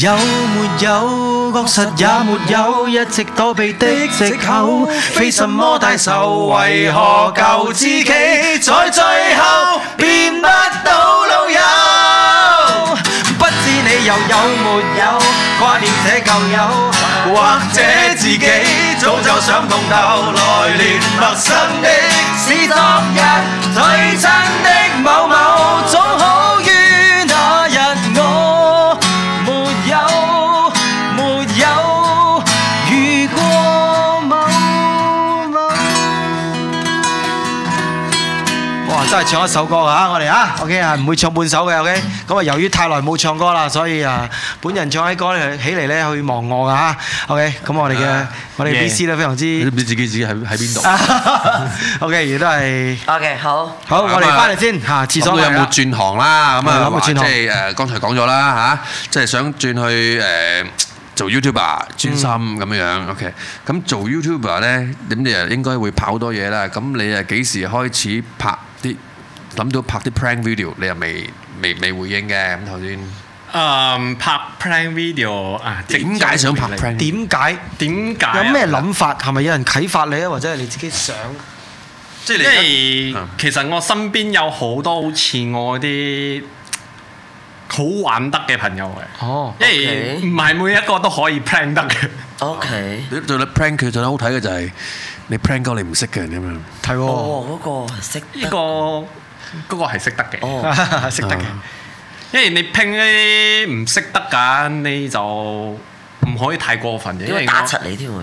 有沒有？確實也沒有，一直躲避的藉口，非什麼大仇，為何舊知己在最後變不到老友？不知你又有，有沒有掛念這舊友？或者自己早就想共頭，來年陌生的是昨日最親的某某。唱一首歌啊！我哋啊，OK 啊，唔會唱半首嘅，OK。咁啊，由於太耐冇唱歌啦，所以啊，本人唱起歌咧起嚟咧，去忘我噶嚇。OK，咁我哋嘅我哋 Bee C 咧，非常之唔知自己自己喺喺邊度。OK，亦都係 OK，好好，我哋翻嚟先嚇。廁所有冇轉行啦？咁啊，即係誒，剛才講咗啦嚇，即係想轉去誒做 YouTuber 專心咁樣樣。OK，咁做 YouTuber 咧，點你啊應該會跑多嘢啦。咁你啊幾時開始拍？諗到拍啲 prank video，你又未未未回應嘅咁頭先。誒，拍 prank video 啊，點解想拍？點解？點解？有咩諗法？係咪有人啟發你啊？或者係你自己想？即係，你。其實我身邊有好多好似我啲好玩得嘅朋友嘅。哦，因為唔係每一個都可以 prank 得嘅。OK。你做你 prank 佢最好睇嘅就係你 prank 個你唔識嘅人咁樣。睇過。哦，嗰個識呢個，嗰個係識得嘅，識、oh. 得嘅。Oh. 因為你拼呢啲唔識得㗎，你就唔可以太過分嘅，因為打柒你添喎。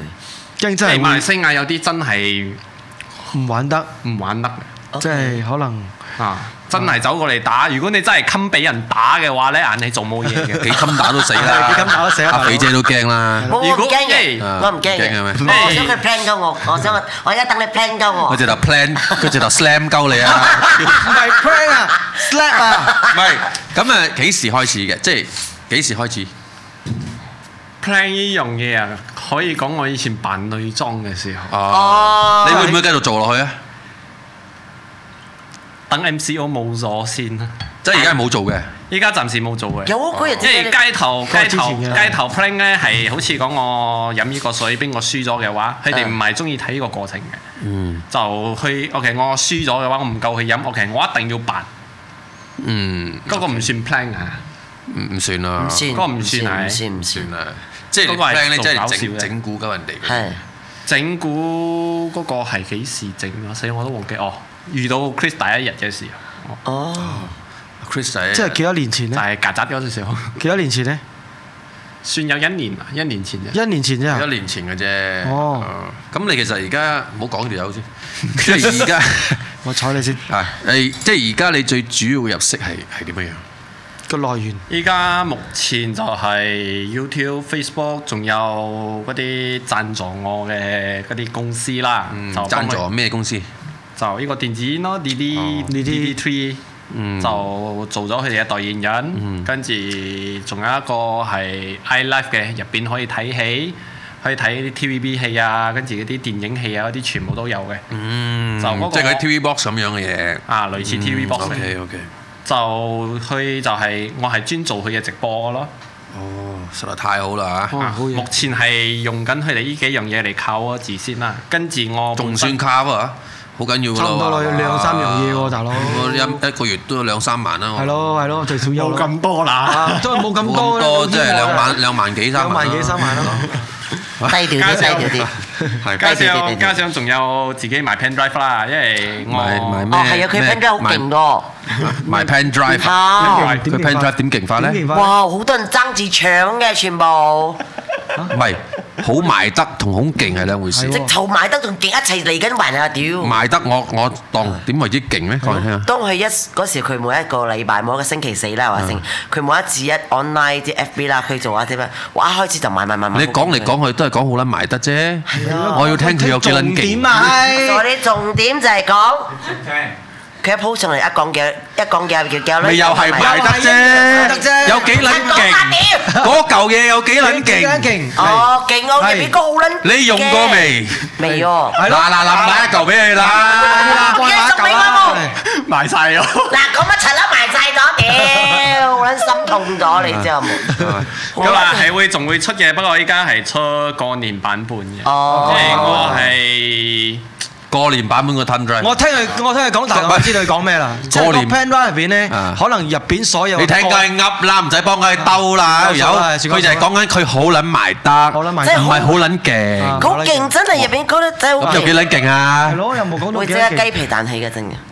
即係真係、哎、馬來西亞有啲真係唔玩得，唔玩得，即係 Okay. 可能。啊！真係走過嚟打，如果你真係襟俾人打嘅話咧，啊你做冇嘢嘅，幾襟打都死啦！襟打都死啦！阿肥姐都驚啦。我唔驚嘅，我唔驚嘅。我唔驚嘅咩？我想佢 plan 鳩我，我想我而家等你 plan 鳩我。我就答 plan，佢就答 slam 鳩你啊。唔係 plan 啊，slam 啊。唔係。咁啊幾時開始嘅？即係幾時開始？plan 呢樣嘢啊，可以講我以前扮女裝嘅時候。哦。你會唔會繼續做落去啊？等 MCO 冇咗先啦，即係而家冇做嘅，依家暫時冇做嘅。有嗰日，即係街頭街頭街頭 plan 咧，係好似講我飲呢個水，邊個輸咗嘅話，佢哋唔係中意睇呢個過程嘅。嗯，就去 OK，我輸咗嘅話，我唔夠佢飲。OK，我一定要辦。嗯，嗰個唔算 plan 啊，唔算啦，嗰個唔算係，唔算唔算啦。即係 plan 咧，真係整整蠱嗰人哋嘅。係整蠱嗰個係幾時整啊？死我都忘記哦。遇到 Chris 第一日嘅時候，哦，Chris 仔，即係幾多年前呢？就係曱甴嗰陣時。幾多年前呢？算有一年啊，一年前啫。 一年前啫。一年前嘅啫。哦，咁你其實而家唔好講條友先，即係而家。我睬你先。係。誒，即係而家你最主要入息係係點樣？個來源。依家目前就係 YouTube、Facebook，仲有嗰啲贊助我嘅嗰啲公司啦。嗯。贊、 嗯、助咩公司？就呢個電子煙咯，D D D D three，就做咗佢哋嘅代言人，跟住仲有一個係 iLife 嘅，入邊可以睇戲，可以睇啲 T V B 戲啊，跟住嗰啲電影戲啊，嗰啲全部都有嘅。嗯，就嗰即係喺 T V Box 咁樣嘅嘢。啊，類似 T V Box。O K O K。就去就係我係專做佢嘅直播咯。哦，實在太好啦嚇！目前係用緊佢哋呢幾樣嘢嚟靠我自身先啦，跟住我仲算靠啊。好緊要喎，兩三樣嘢喎，大佬。我一一個月都有兩三萬啦。係咯，係咯，最少有咁多啦，都係冇咁多。好多即係兩萬兩萬幾三萬啦。低調啲，低調啲。係。加上加上仲有自己賣 pen drive 啦，因為唔係唔係，係啊，佢 pen drive 好勁嘅。賣 pen drive。點賣？佢 pen drive 點勁法咧？哇！好多人爭住搶嘅，全部。唔係好賣得同好勁係兩回事。直頭賣得同勁一齊嚟緊還啊屌！賣得，我我當點為之勁咧？講嚟聽下。當佢一嗰時，佢每一個禮拜，每一個星期四啦話成，佢每一次一 online 啲 FB 啦，佢做下啲咩？我一開始就買買買買。你講嚟講去都係講好啦，賣得啫。我要聽佢有幾撚勁。點啊？我啲重點就係講。佢一鋪上嚟一講嘅一講嘅叫叫咩？咪又係唔係得啫？有幾撚勁？嗰嚿嘢有幾撚勁？勁哦！勁哦！你用過未？未喎。嗱嗱嗱，買一嚿俾你啦！買一嚿啦，買曬咯。嗱咁啊，全部買曬咗，屌！我撚心痛咗，你知有冇？咁啊，係會仲會出嘅，不過我依家係出過年版本嘅，即係我係。過年版本個 trend，我聽佢我聽佢講頭，我唔知道佢講咩啦。過年個入邊咧，可能入邊所有你聽佢噏啦，唔使幫佢兜啦。有，佢就係講緊佢好撚埋得，即係唔係好撚勁。好勁真係入邊嗰粒仔好。咁又幾撚勁啊？係咯，有冇講到即係雞皮蛋氣嘅真嘅。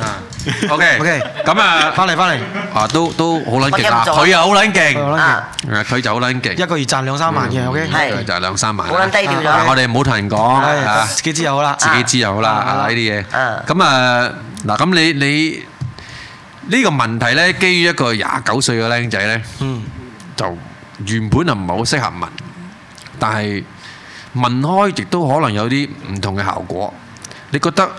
啊，OK，OK，咁啊，翻嚟翻嚟，啊，都都好撚勁啊，佢又好撚勁，啊，佢就好撚勁，一個月賺兩三萬嘅，OK，係就係兩三萬，冇撚低調咗，但係我哋唔好同人講吓，自己知就好啦，自己知就好啦，啊，呢啲嘢，啊，咁啊，嗱，咁你你呢個問題咧，基於一個廿九歲嘅僆仔咧，嗯，就原本就唔係好適合問，但係問開亦都可能有啲唔同嘅效果，你覺得？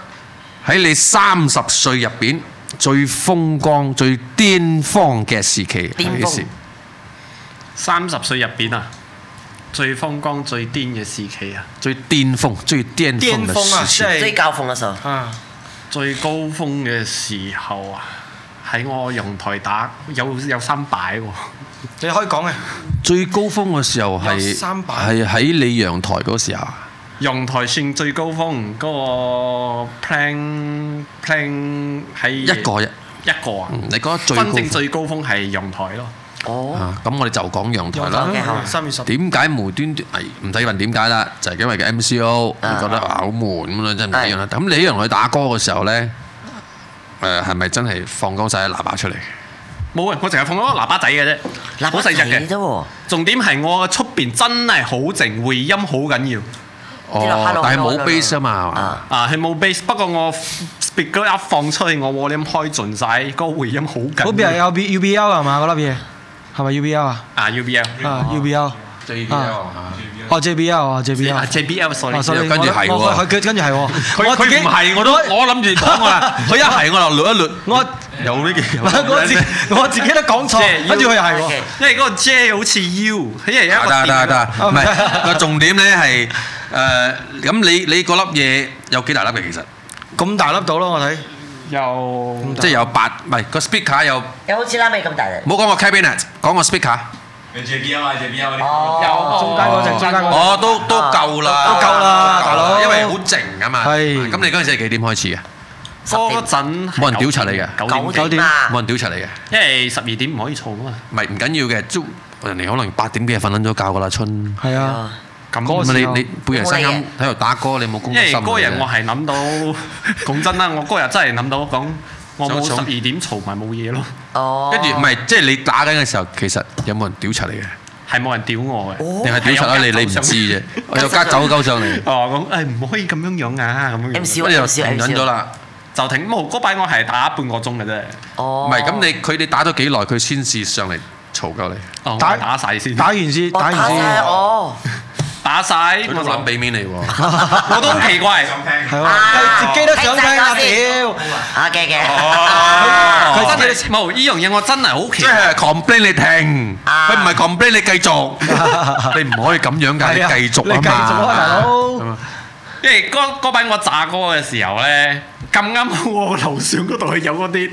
喺你三十歲入邊最風光最巔峯嘅時期，幾峰時？三十歲入邊啊，最風光最巔嘅時期啊，最巔峯最巔峯嘅時期，即係是最高峰嘅時候。嗯，最高峰嘅時候啊，喺、啊啊、我陽台打有有三百喎、啊， 你可以講嘅。最高峰嘅時候係係喺你陽台嗰時啊。陽台算最高峰，嗰個 plan plan 喺一個一一個啊！你覺得最高峰係陽台咯。哦，咁我哋就講陽台啦。三月十點解無端端係唔使問點解啦？就係因為嘅 MCO，覺得好悶咁樣真係唔一樣啦。咁你用佢打歌嘅時候咧，誒係咪真係放高曬啲喇叭出嚟？冇啊，我淨係放咗個喇叭仔嘅啫，好細隻嘅。重點係我嘅出邊真係好靜，迴音好緊要。哦，但係冇 base 啊嘛，啊係冇、啊、base，不過我 speaker 一放出去，我 wool 音開盡曬，個回音好緊。嗰邊係 U B U B L 啊嘛，嗰粒嘢係咪 U B L 啊？啊 U B L 啊 U B L。J B L 嚇，哦 J B L 喎，J B L，J B L，sorry，sorry，跟住係喎，佢佢跟住係喎，佢佢已經唔係我都，我諗住講噶啦，佢一係我就捋一捋，我有啲嘅，我自我自己都講錯，跟住佢又係喎，因為個 J 好似 U，佢又一唔記得。唔係，個重點咧係誒，咁你你嗰粒嘢有幾大粒嘅其實？咁大粒到咯，我睇，有，即係有八，唔係個 speaker 有，有好似拉尾咁大嘅，唔好講個 cabinet，講個 speaker。你住喺邊啊？住喺邊啊？有中間嗰陣，哦都都夠啦，都夠啦，大佬，因為好靜啊嘛。咁你嗰陣時係幾點開始啊？嗰陣冇人屌柒你嘅，九點冇人屌柒你嘅。因為十二點唔可以嘈啊嘛。唔係唔緊要嘅，中人哋可能八點幾就瞓撚咗覺噶啦，春。係啊，咁。你你半夜聲音喺度打歌，你冇公德心。因為嗰日我係諗到，講真啦，我嗰日真係諗到講。我冇十二點嘈埋冇嘢咯，跟住唔係即係你打緊嘅時候，其實有冇人屌柒你嘅？係冇人屌我嘅，定係屌柒啊你？你唔知啫，我就加走鳩上嚟。哦，咁誒唔可以咁樣樣啊，咁樣樣，MCO MCO 咗啦，就停冇嗰擺我係打半個鐘嘅啫。哦，唔係咁你佢哋打咗幾耐，佢先至上嚟嘈夠你。哦，打打曬先，打完先，打完先。哦。打曬，都啊、 我諗俾面你喎，我都好奇怪，係喎，自己都想聽、啊，我嘅，OK 嘅，佢真係冇依樣嘢，啊哎、我真係好奇怪，complain 你停，佢唔係 complain 你繼續， 你唔可以咁樣㗎、哎，你繼續啊嘛，啊 因為嗰嗰班我炸歌嘅時候咧，咁啱我樓上嗰度係有嗰啲。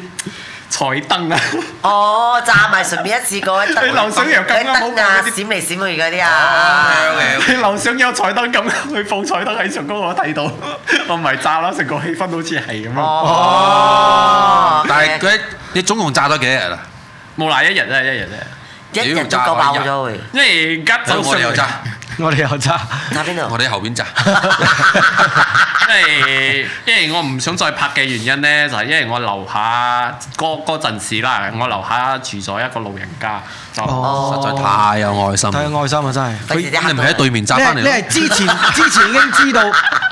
彩燈啊！哦，炸埋順便一次過一燈啊！你樓上又咁啱好閃嚟閃去嗰啲啊！你樓上有彩燈咁，你放彩燈喺上高我睇到，我咪炸啦！成個氣氛好似係咁咯。哦，但係佢你總共炸咗幾日呀？無賴一日啫，一日啫，一日都夠爆咗佢。因為吉走，我哋又炸。我哋又揸，我哋後邊揸，因為因為我唔想再拍嘅原因呢，就係因為我樓下嗰嗰陣時啦，我樓下住咗一個老人家。哦，實在太有愛心，太有愛心啊！真係，佢係唔係喺對面揸翻嚟？你係之前之前已經知道，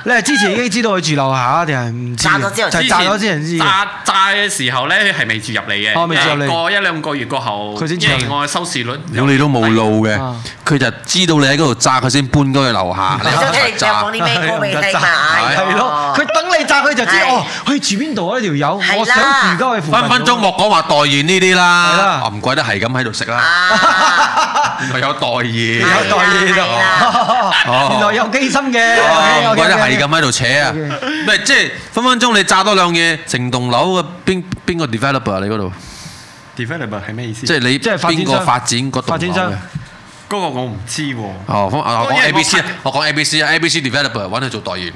你係之前已經知道佢住樓下定係唔知？揸咗之後，之前揸揸嘅時候咧係未住入嚟嘅，未過一兩個月過後，佢先知。我收視率有你都冇路嘅，佢就知道你喺嗰度揸，佢先搬咗去樓下。你都聽啲咩高咩低嘛？係咯，佢等你揸，佢就知哦，佢住邊度呢條友，我想住家去。分分鐘莫講話代言呢啲啦，唔怪得係咁喺度食啦。原來有待遇，有待遇得哦。原來有機心嘅，唔怪得係咁喺度扯啊！咩即係分分鐘你炸多兩嘢，成棟樓嘅邊邊個 developer 啊？你嗰度？developer 係咩意思？即係你即係邊個發展嗰棟樓？嗰個我唔知喎。哦，我講 A B C 啊，我講 A B C 啊，A B C developer 搵你做代言。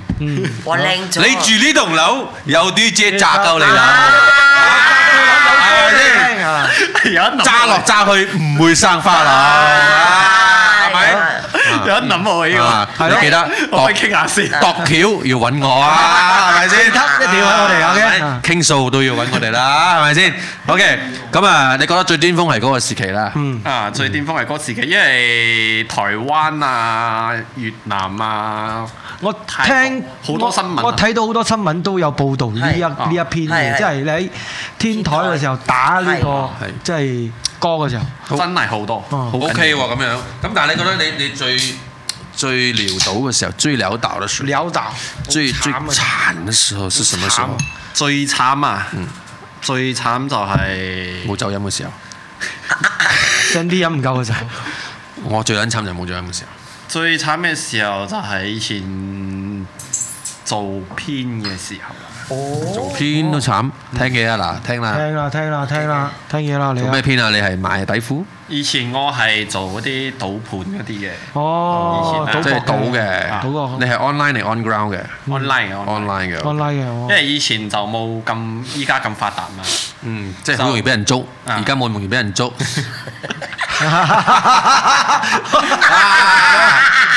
我靚咗。你住呢棟樓，有啲嘢炸夠你啦。揸落揸去唔 會生花啦，係咪？有得諗喎呢個，你記得我以傾下先。度橋要揾我啊，係咪先？得一點啊，我哋 OK。傾訴都要揾我哋啦，係咪先？OK。咁啊，你覺得最巔峰係嗰個時期啦。嗯。啊，最巔峰係嗰個時期，因為台灣啊、越南啊，我聽好多新聞，我睇到好多新聞都有報導呢一呢一篇嘢，即係你喺天台嘅時候打呢個，即係。歌嘅時候真係好多，OK 喎咁樣。咁但係你覺得你你最最潦倒嘅時候，最潦倒嘅時候？潦倒最最慘嘅時候係什麼時候？最慘啊！最慘就係冇走音嘅時候，真啲音唔夠嘅時候。我最撚慘就係冇走音嘅時候。最慘嘅時候就係以前。做編嘅時候啊，做編都慘，聽嘢啊嗱，聽啦，聽啦，聽啦，聽嘢啦，你做咩編啊？你係賣底褲？以前我係做一啲賭盤嗰啲嘅，哦，以前，即係賭嘅，賭嘅，你係 online 定 on ground 嘅？online 嘅，online 嘅，online 嘅，因為以前就冇咁，依家咁發達嘛。嗯，即係好容易俾人捉，而家冇咁容易俾人捉。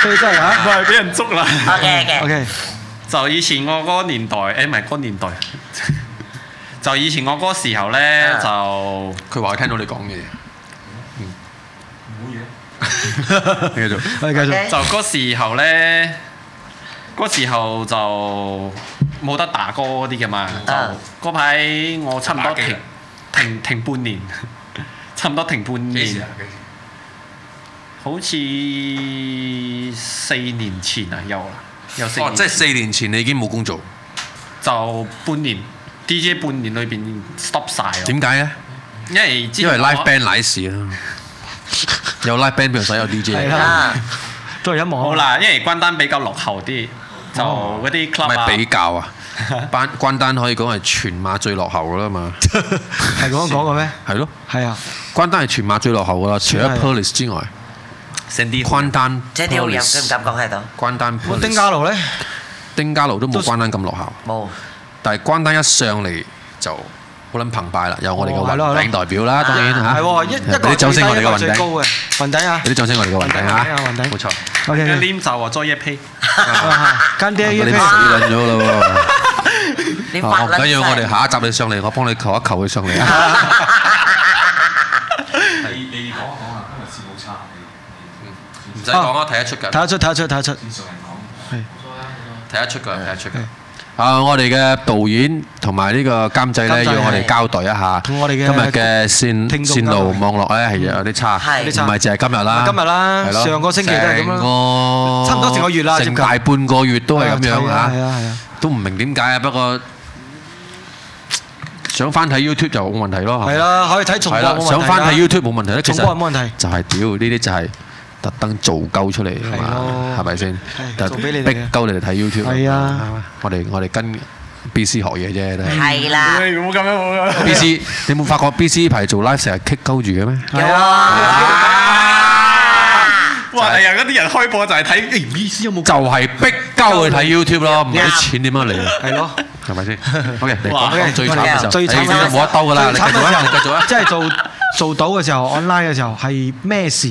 所以真係啊，我係俾人捉啦。OK，OK。就以前我嗰年代，誒唔係嗰年代， 就以前我嗰時候咧 就，佢話聽到你講嘢，嗯，好嘢。繼續，可以繼續。就嗰時候咧，嗰時候就冇得打歌嗰啲嘅嘛，就嗰排我差唔多停停停半年， 差唔多停半年，啊、好似四年前啊又。有哦、即係四年前你已經冇工做，就半年 DJ 半年裏邊 stop 曬。點解咧？因為因為 live band 瀨屎啦，又 live band 邊度使有 DJ 嚟、 啊？係啦、啊，做音樂好啦，因為關丹比較落後啲，哦、就嗰啲 club、啊、比較啊，關關丹可以講係全馬最落後噶啦嘛，係咁講嘅咩？係咯，係啊，關丹係全馬最落後噶啦，除咗 Perlis 之外。關丹，即係講喺度。關丹，丁加奴咧？丁加奴都冇關丹咁落後。冇。但係關丹一上嚟，就好捻澎湃啦！有我哋嘅雲頂代表啦，當然嚇。係喎，一一個我哋嘅雲頂。係啊，雲頂。啲掌聲我哋嘅雲頂嚇。冇錯。OK。一連就話再一批。跟爹一我哋水準咗咯喎。好緊要，我哋下一集你上嚟，我幫你求一求佢上嚟。唔使講啦，睇得出㗎。睇得出，睇得出，睇得出。正常人講。係。好多啦，好多。睇得出㗎，睇得出㗎。啊，我哋嘅導演同埋呢個監製咧，要我哋交代一下。我哋嘅今日嘅線線路網絡咧係有啲差。係。唔係淨係今日啦。今日啦。係咯。上個星期都係咁咯。差唔多成個月啦。成大半個月都係咁樣㗎。係啊係啊。都唔明點解啊？不過想翻睇 YouTube 就冇問題咯。係啦，可以睇重播。係啦，想翻睇 YouTube 冇問題啦。其實冇問題。就係屌呢啲就係。特登做鳩出嚟嘛，係咪先？逼鳩你哋睇 YouTube 啊！我哋我哋跟 BC 學嘢啫，係啦。唔好咁樣，BC 你冇發覺 BC 呢排做 live 成日棘鳩住嘅咩？係啊！哇！係啊！嗰啲人開播就係睇，哎，BC 有冇？就係逼鳩佢睇 YouTube 咯，唔係啲錢點樣嚟？係咯，係咪先？OK，你講得最慘嘅時候，最慘就冇得兜噶啦！最慘嘅時候，即係做做到嘅時候，online 嘅時候係咩事？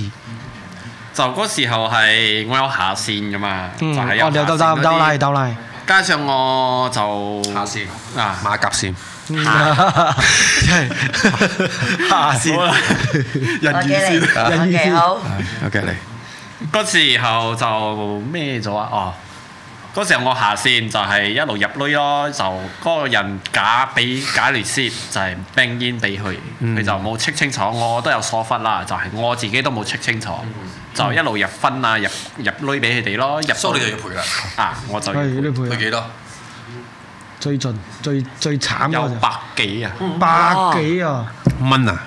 就嗰時候係我有下線㗎嘛，就係有下線嗰啲，加上我就下線啊，馬甲線，即係下線啦，人魚線，人魚線，OK 你嗰時候就咩咗啊？哦。嗰時候我下線就係一路入虧咯，就嗰個人假俾假律師就係 bank in 俾佢，佢、嗯、就冇 check 清楚，我都有疏忽啦，就係、是、我自己都冇 check 清楚，嗯、就一路入分啊，入入虧俾佢哋咯，入。所以你就要賠啦。啊，我就要賠。要幾多最？最盡最最慘有百幾啊？哦、百幾啊？蚊啊？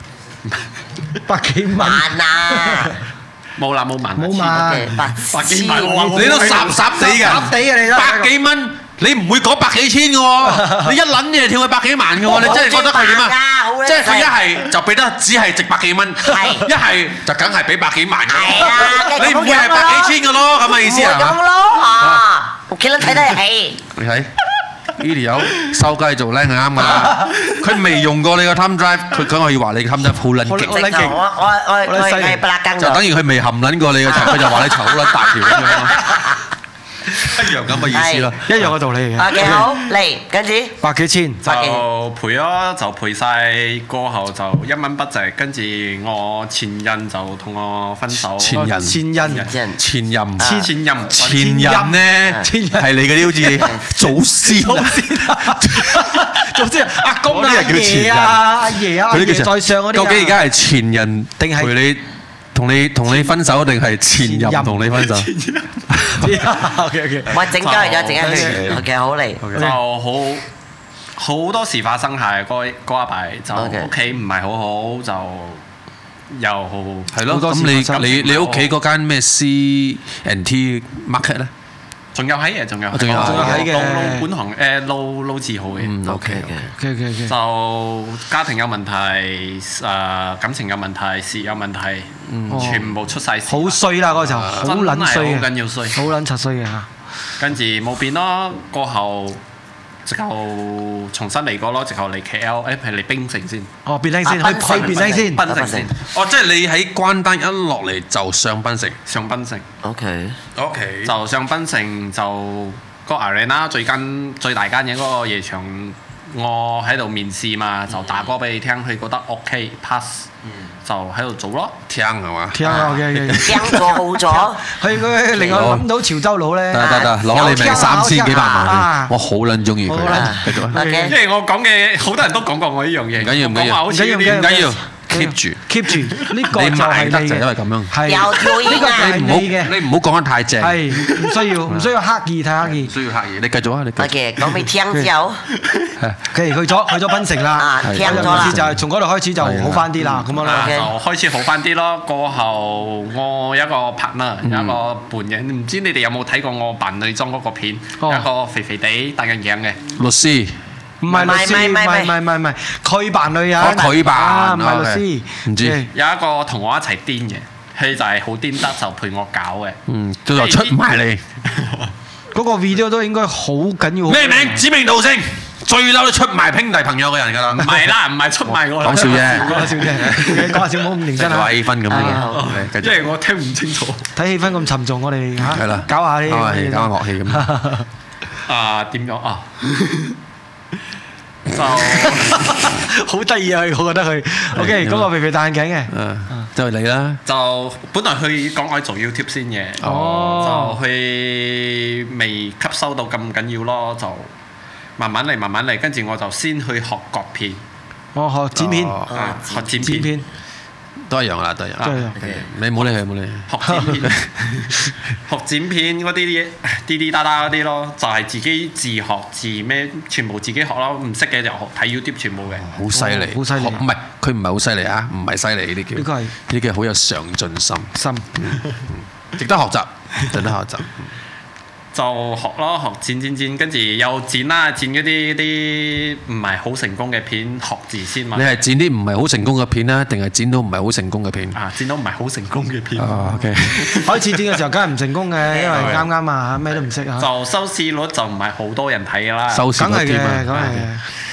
百幾萬啊？冇啦，冇萬，冇萬百百幾蚊，你都慘慘地嘅，慘百幾蚊，你唔會講百幾千嘅喎，你一撚你就跳去百幾萬嘅喎，你真係覺得佢點啊？即係佢一係就俾得只係值百幾蚊，一係就梗係俾百幾萬嘅。係啊，梗係唔會係百幾千嘅咯，咁嘅意思啊？唔講咯，啊，我見到睇你睇。呢條友收雞做僆係啱㗎喇，佢未 用過你個 Time Drive，佢梗係要話你 Time Drive 好撚勁。 我我我我我拉筋 就，等於佢未含撚過你嘅，佢就話你醜撚大條咁樣。 一樣咁嘅意思啦，一樣嘅道理嚟嘅。好，嚟跟住，百幾千就賠咗，就賠晒。過後就一蚊不值。跟住我前任就同我分手。前任。前任。前任。前任。前任。前任咧，前任係你嗰啲好似祖先啊，祖先啊，祖先啊，阿公啊，阿爺啊，嗰啲叫在上嗰啲。究竟而家係前任定係？同你同你分手定係前任同你分手？唔係整交換咗，整一串。其實好離，就好好多事發生係嗰嗰一排，就屋企唔係好好，就又好好。係咯，咁你你你屋企嗰間咩 C and T market 咧？仲有喺嘅，仲有，仲有喺嘅，老本行，誒，老老字號嘅。嗯，OK OK OK OK。就家庭有問題，誒，感情有問題，事有問題，嗯，全部出曬事。好衰啦嗰時候，好撚衰，好撚柒衰嘅。跟住冇變囉，過後。直頭重新嚟過咯，直頭嚟 KL，誒係嚟檳城先。哦、啊，檳城，城，城，城，城先，係去檳城先。哦，即係你喺關單一落嚟就上檳城。上檳城。O K O K 就上檳城，就嗰個 Arena 最近最大間嘅嗰個夜場，我喺度面試嘛，就打歌俾你聽，佢覺得 O、OK, K pass、嗯。嗯就喺度做咯，聽係嘛？聽 OK，聽過好咗，佢佢令我諗到潮州佬咧，攞你命，三千幾百萬！我好撚中意佢啦，繼續。因為我講嘅好多人都講過我呢樣嘢，唔緊要，唔緊要，唔緊要。keep 住，keep 住，呢個就係你。你唔係得就因為咁樣。係，有注意啊。你唔好，你唔好講得太正。係，唔需要，唔需要刻意太刻意。唔需要刻意，你繼續啊，你繼續。OK，講俾聽之後，OK，去咗去咗檳城啦，聽咗啦。意思就係從嗰度開始就好翻啲啦，咁樣啦。開始好翻啲咯，過後我有一個拍啦，一個伴嘅。唔知你哋有冇睇過我扮女裝嗰個片？一個肥肥地戴眼鏡嘅律師。唔係律師，唔係唔係唔係唔係唔係，佢扮女人，我佢扮，唔係律師。唔知有一個同我一齊癲嘅，佢就係好癲得就陪我搞嘅。嗯，就又出賣你。嗰個 video 都應該好緊要。咩名？指名道姓，最嬲都出賣兄弟朋友嘅人㗎啦。唔係啦，唔係出賣我。講笑啫，講下笑啫，講下笑冇咁認真。睇氣氛咁，因為我聽唔清楚。睇氣氛咁沉重，我哋係啦搞下啲搞下樂器咁。啊，點樣啊？就好得意啊！我覺得佢，OK，嗰個肥肥戴眼鏡嘅，就係你啦。就本來去講愛仲要貼先嘅，就去未吸收到咁緊要咯，就慢慢嚟，慢慢嚟。跟住我就先去學角片，哦，學剪片，學剪片，都係一樣啦，都係一樣。你冇理佢，冇理。學剪片，學剪片嗰啲嘢。滴滴答答嗰啲噠噠咯，就係自己自，己自己學自咩，全部自己學咯，唔識嘅就學睇 YouTube 全部嘅。好犀利！好犀利！唔係，佢唔係好犀利啊，唔係犀利呢啲叫呢個，係呢個好有上進心心、嗯嗯，值得學習，值得學習。 嗯就學咯，學剪剪剪，跟住又剪啦，剪嗰啲啲唔係好成功嘅片，學字先嘛。你係剪啲唔係好成功嘅片咧，定係剪到唔係好成功嘅片？啊，剪到唔係好成功嘅片。Oh, OK，okay. 開始剪嘅時候梗係唔成功嘅，okay，因為啱啱啊，咩 okay. 都唔識啊。就收視率就唔係好多人睇噶啦，收視率梗係嘅。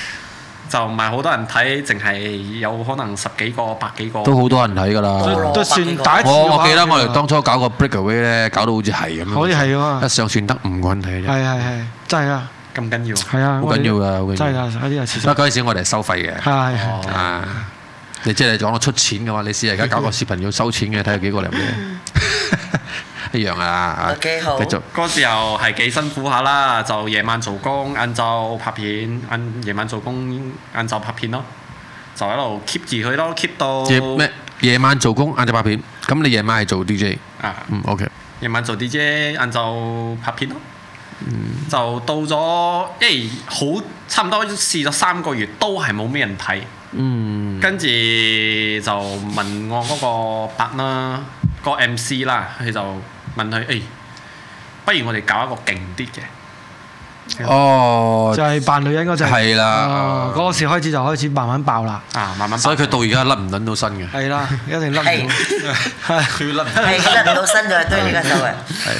就唔係好多人睇，淨係有可能十幾個、百幾個都好多人睇㗎啦，都算第一次。我我記得我哋當初搞個 breakaway 咧，搞到好似係咁樣！好似係喎，一上算得五個睇嘅人。係係係，真係啊！咁緊要，係啊，好緊要㗎，真係啊！嗰啲啊，嗰陣時我哋係收費嘅，係啊，你即係講到出錢嘅話，你試下而家搞個視頻要收錢嘅，睇下幾個嚟咩？一樣啊！繼續嗰個時候係幾辛苦下啦，就夜晚做工，晏晝拍片，晏夜晚做工，晏晝拍片咯，就喺度 keep 住佢咯，keep 到夜咩？夜晚做工，晏晝拍片。咁你夜晚係做 DJ 啊？嗯，OK。夜晚做 DJ，晏晝拍片咯。嗯。就到咗，因為好差唔多試咗三個月，都係冇咩人睇。嗯。跟住就問我嗰個伯啦，個 MC 啦，佢就。問佢誒，不如我哋搞一個勁啲嘅。哦，就係扮女人嗰陣係啦，嗰個時開始就開始慢慢爆啦。啊，慢慢爆。所以佢到而家甩唔甩到身嘅。係啦，一定甩。係佢甩唔甩唔到身就係對而家就係。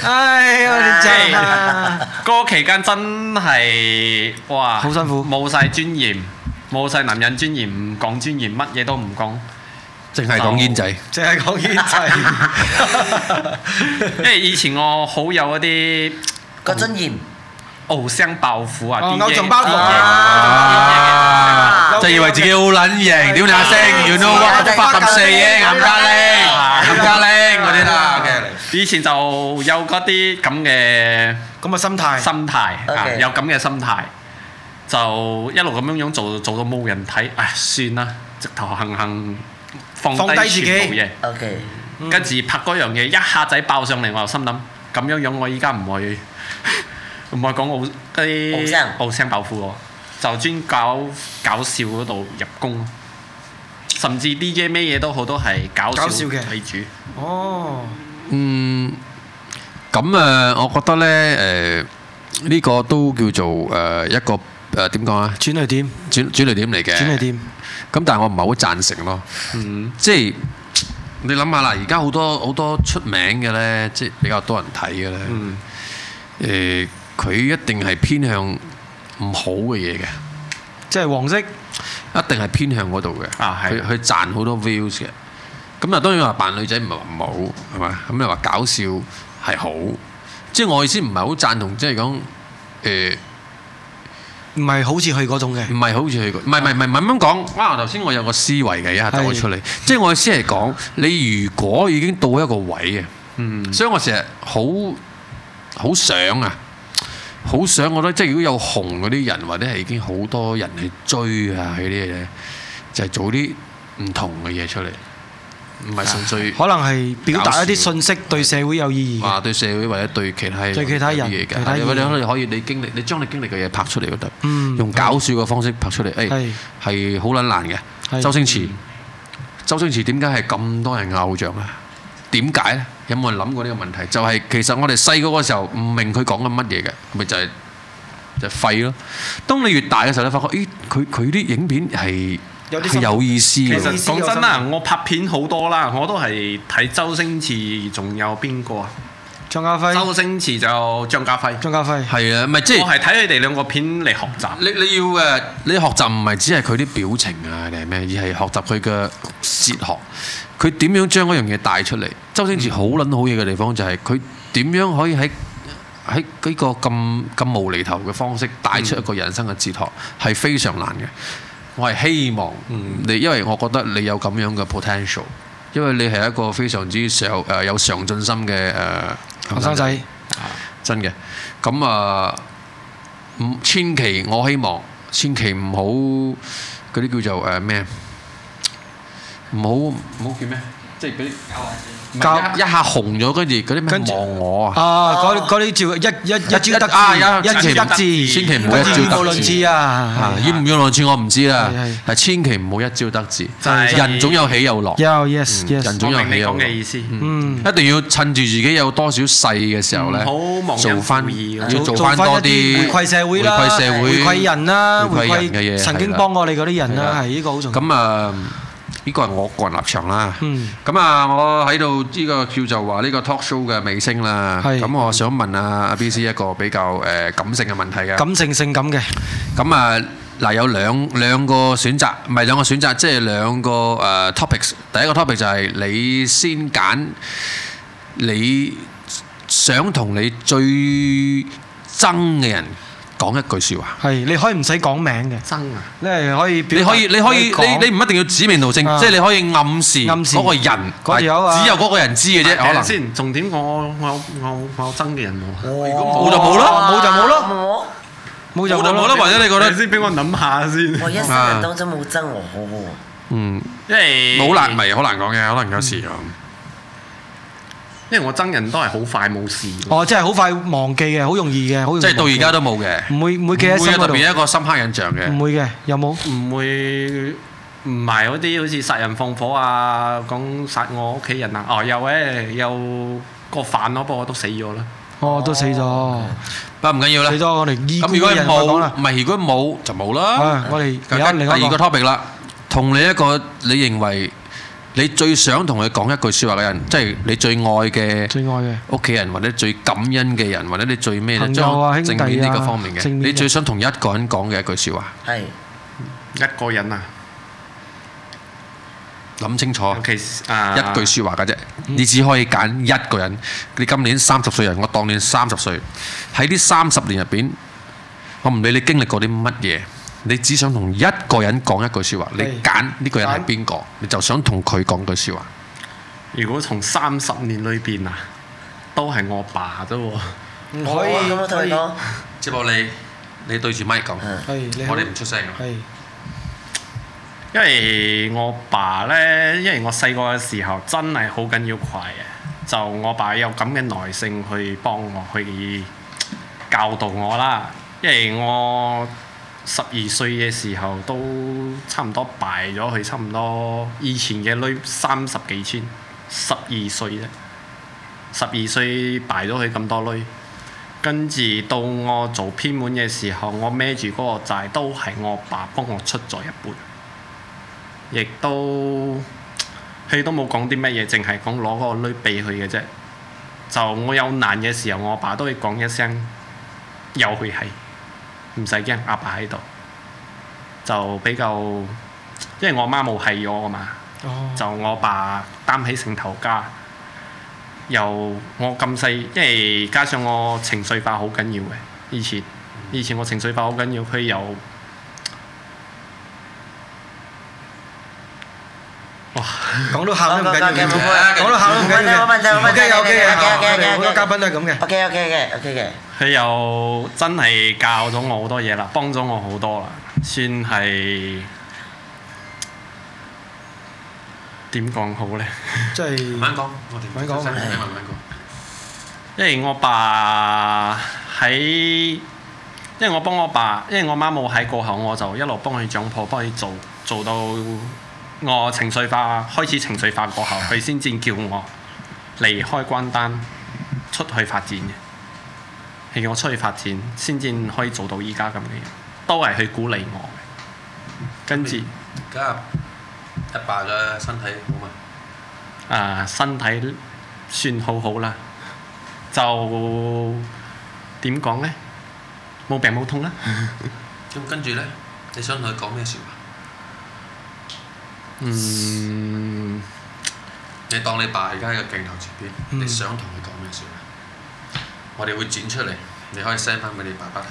係。哎呀！我哋真係，嗰個期間真係哇，好辛苦，冇晒尊嚴，冇晒男人尊嚴，唔講尊嚴乜嘢都唔講。淨係講煙仔，淨係講煙仔。因為以前我好有一啲嗰種尊嚴傲聲爆虎啊啲嘢，就以為自己好撚型，屌你阿星，you know what？八十四英，冚家拎，冚家拎嗰啲啦。以前就有嗰啲咁嘅咁嘅心態，心態啊，有咁嘅心態，就一路咁樣樣做，做到冇人睇，唉，算啦，直頭行行。放低全部嘢，OK，跟住拍嗰樣嘢一下仔爆上嚟，我就心諗咁樣樣，我依家唔會唔會講好啲好聲爆富喎，就專搞搞笑嗰度入攻，甚至 DJ 咩嘢都好多係搞笑嘅題主。哦，嗯，咁誒，我覺得咧誒呢個都叫做誒一個誒點講啊，轉捩點轉轉捩點嚟嘅。咁但係我唔係好贊成咯，嗯、即係你諗下啦，而家好多好多出名嘅咧，即係比較多人睇嘅咧，誒佢、嗯呃、一定係偏向唔好嘅嘢嘅，即係黃色，一定係偏向嗰度嘅，佢佢、啊、賺好多 views 嘅，咁啊當然話扮女仔唔係話唔好係嘛，咁你話搞笑係好，即係我意思唔係好贊同即係講誒。就是唔係好似佢嗰種嘅、嗰個，唔係好似佢，唔係唔係唔係，咁慢講。哇！頭先我有個思維嘅，一下帶出嚟。是的 即係我意思係講，你如果已經到一個位嘅，嗯，所以我成日好好想啊，好想我覺得，即係如果有紅嗰啲人，或者係已經好多人去追啊，佢啲嘢就係、是、做啲唔同嘅嘢出嚟。唔係純粹，可能係表達一啲信息對社會有意義。話對社會或者對其他對其他人嘅嘢嘅。如果你可以，你經歷你將你經歷嘅嘢拍出嚟都得。嗯。用搞笑嘅方式拍出嚟，誒係係好撚難嘅。周星馳，周星馳點解係咁多人偶像啊？點解咧？有冇人諗過呢個問題？就係其實我哋細個嗰時候唔明佢講緊乜嘢嘅，咪就係就係廢咯。當你越大嘅時候，你發覺，咦，佢佢啲影片係。有，有意思其實講真啦，我拍片好多啦，我都係睇周星馳，仲有邊個啊？張家輝、周星馳就張家輝、張家輝係啊，唔係即係我係睇你哋兩個片嚟學習。你你要誒，你學習唔係只係佢啲表情啊定係咩，而係學習佢嘅哲學。佢點樣將嗰樣嘢帶出嚟？周星馳好撚好嘢嘅地方就係佢點樣可以喺喺一個咁咁無厘頭嘅方式帶出一個人生嘅哲學，係、嗯、非常難嘅。我係希望你，因為我覺得你有咁樣嘅 potential，因為你係一個非常之有，有上進心嘅誒，學生仔，真嘅。咁啊、呃，千祈我希望，千祈唔好嗰啲叫做誒咩？唔好、呃、唔好叫咩？即係啲。嗯咁一下紅咗，跟住嗰啲咩望我啊？哦，嗰嗰啲叫一一一朝得志，千祈唔好一朝得志。千祈唔好一朝得志啊！要唔要論字我唔知啦，係千祈唔好一朝得志。人總有喜有樂。有 yes yes。我明你講嘅意思。嗯，一定要趁住自己有多少勢嘅時候咧，做翻要做翻多啲回饋社會啦，回饋人啦，回饋曾經幫過你嗰啲人啦，係呢個好重要。咁啊～呢個係我個人立場啦。嗯。咁啊，我喺度呢個叫做話呢個 talk show 嘅尾聲啦。咁我想問啊，阿 Bee C 一個比較誒感性嘅問題嘅。感性性感嘅。咁啊，嗱有兩兩個選擇，唔係兩個選擇，即係兩個誒 topics。第一個 topic 就係你先揀你想同你最憎嘅人。講一句說話係，你可以唔使講名嘅，憎啊，你係可以。你可以，你可以，你你唔一定要指名道姓，即係你可以暗示暗示嗰個人，只有嗰個人知嘅啫。可能先？重點我我我我憎嘅人冇就冇咯，冇就冇咯，冇就冇咯，或者你覺得先俾我諗下先。我一生當中冇憎我，嗯，因為冇難，咪好難講嘅，可能有時因為我憎人都係好快冇事。哦，即係好快忘記嘅，好容易嘅，好容易。即係到而家都冇嘅。唔會唔會記喺心度。唔會特別一個深刻印象嘅。唔會嘅，有冇？唔會，唔係嗰啲好似殺人放火啊，講殺我屋企人啊。哦，有誒，有個飯囉，不過我都死咗啦。哦，都死咗。不過唔緊要啦。死咗我哋醫。咁如果冇，唔係如果冇就冇啦。我哋而家嚟講第二個 topic 啦，同你一個你認為。你最想同佢講一句説話嘅人，即係你最愛嘅，最愛嘅屋企人，或者最感恩嘅人，或者你最咩咧？朋友啊，兄弟啊，正面呢個方面嘅。正面。你最想同一個人講嘅一句説話？係一個人啊，諗清楚，其 Okay，uh, 一句説話嘅啫，你只可以揀一個人。你今年三十歲人，我當年三十歲，喺呢三十年入邊，我唔理你經歷過啲乜嘢。你只想同一個人講一句説話，的你揀呢個人係邊個？想你就想同佢講句説話。如果從三十年裏邊啊，都係我爸啫喎。可以可以，只 說不過你你對住咪講，的我哋唔出聲。因為我爸呢，因為我細個嘅時候真係好緊要攜啊，就我爸有咁嘅耐性去幫我去教導我啦，因為我。十二歲嘅時候都差唔多敗咗佢，差唔多以前嘅女三十幾千，十二歲啫，十二歲敗咗佢咁多女，跟住到我做偏門嘅時候，我孭住嗰個債都係我爸幫我出咗一半，亦都佢都冇講啲乜嘢，淨係講攞嗰個女俾佢嘅啫，就我有難嘅時候，我爸都會講一聲有佢係。唔使驚，阿爸喺度就比較，因為我媽冇係我㗎嘛，oh. 就我爸擔起成頭家，由我咁細，即係加上我情緒化好緊要嘅，以前以前我情緒化好緊要，佢又。哇！講到喊都唔緊要，講到喊都唔緊要。O K O K，好多嘉賓都係咁嘅。O K O K 嘅，O K 嘅。佢又真係教咗我好多嘢啦，幫咗我好多啦，算係點講好咧？即係。慢慢講，我哋慢慢講。因為我爸喺，因為我幫我爸，因為我媽冇喺過後，我就一路幫佢掌鋪，幫佢做做到。我情緒化，開始情緒化過後，佢先至叫我離開關丹，出去發展嘅。係叫我出去發展，先至可以做到依家咁嘅嘢，都係佢鼓勵我嘅。跟住，而家阿爸嘅身體好嘛？啊、呃，身體算好好啦，就點講呢？冇病冇痛啦、啊。咁 跟住咧，你想同佢講咩説話？嗯，你當你爸而家喺個鏡頭前邊，嗯、你想同佢講咩事啊？我哋會剪出嚟，你可以 send 翻俾你爸爸睇。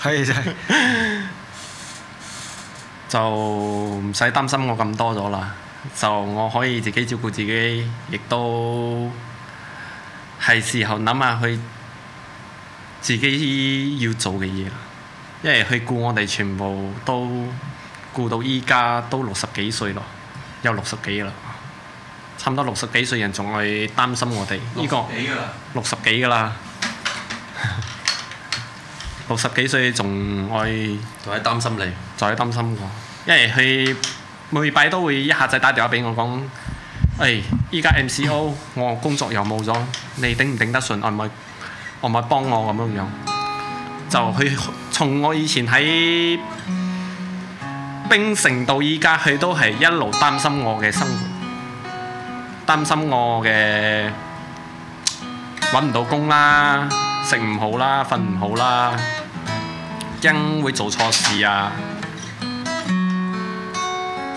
可係 就唔使擔心我咁多咗啦，就我可以自己照顧自己，亦都係時候諗下佢自己要做嘅嘢啦，因為佢顧我哋全部都。顧到依家都六十幾歲咯，有六十幾啦，差唔多六十幾歲人仲會擔心我哋。呢個，六十幾噶啦，六十幾歲仲會仲喺擔心你，仲喺擔心我。因為佢每拜都會一下子打電話俾我講，誒，依家 MCO，我工作又冇咗，你頂唔頂得順？我唔係我唔係幫我咁樣樣？就佢從我以前喺。冰城到依家佢都係一路擔心我嘅生活，擔心我嘅揾唔到工啦，食唔好啦，瞓唔好啦，驚會做錯事啊！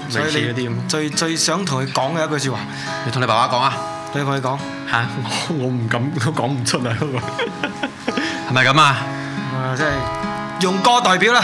所以你最最想同佢講嘅一句説話，你同你爸爸講啊，對佢講吓，我唔敢都講唔出嚟，係咪咁啊？啊，即係用歌代表啦！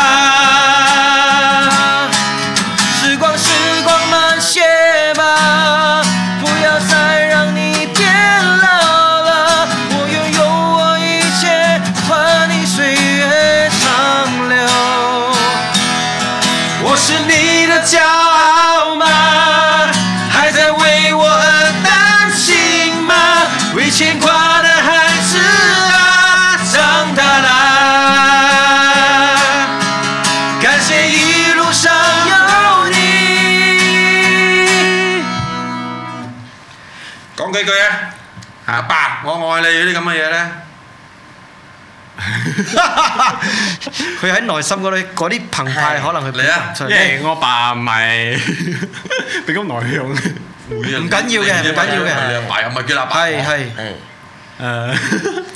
講幾句啊！阿爸，我愛你呢啲咁嘅嘢咧，佢喺內心嗰啲嗰啲澎湃，可能佢嚟啊！因為我爸咪比較內向，唔緊要嘅，唔緊要嘅。你阿爸又唔係叫阿爸？係係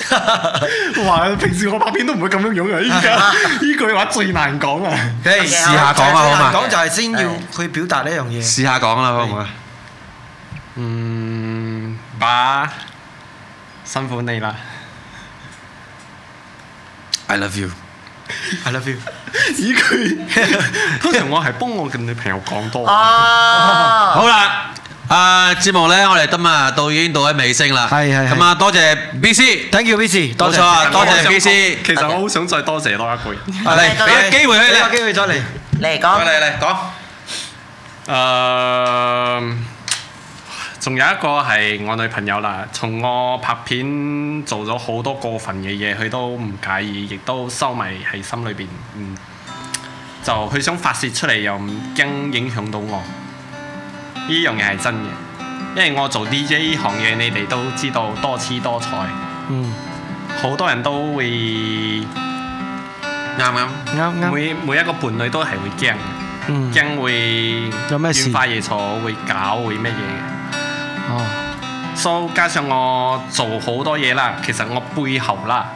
誒，話平時我旁邊都唔會咁樣樣啊！依家呢句話最難講啊！試下講嘛，好嘛？講就係先要去表達呢樣嘢。試下講啦，好唔好啊？嗯。哇！辛苦你啦！I love you，I love you。依句通常我係幫我嘅女朋友講多。哦，好啦，誒，節目咧，我哋今日到已經到咗尾聲啦。係係，咁啊，多謝 Bee C，thank you Bee C，多謝。多謝，多謝 Bee C。其實我好想再多謝多一句。嚟，俾個機會佢啦。機會再嚟，嚟講嚟嚟講。嗯。仲有一個係我女朋友啦，從我拍片做咗好多過分嘅嘢，佢都唔介意，亦都收埋喺心裏邊。嗯，就佢想發泄出嚟，又唔驚影響到我。呢樣嘢係真嘅，因為我做 DJ 呢行嘢，你哋都知道多姿多彩。嗯，好多人都會啱啱啱啱。對對，嗯、每、嗯、每一個伴侶都係會驚嘅，驚會有咩事，嗯、會搞會乜嘢嘅。哦、oh.，so 加上我做好多嘢啦，其實我背後啦，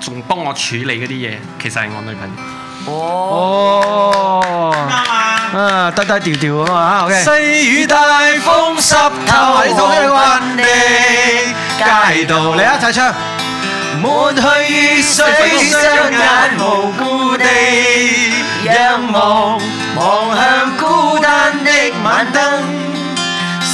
仲幫我處理嗰啲嘢，其實係我女朋友。哦，啱啊，啊，低低調調啊嘛，OK。細雨大風濕透，呢首出嚟過地街道，你一齊唱，抹去雨水，雙眼無故地仰望，望向孤單的晚燈。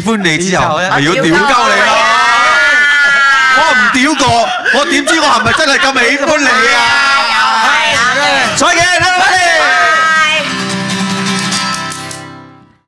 喜歡你之後，係、啊、要屌鳩你咯？啊、我唔屌過， 我點知我係咪真係咁喜歡你啊？啊啊再見。啊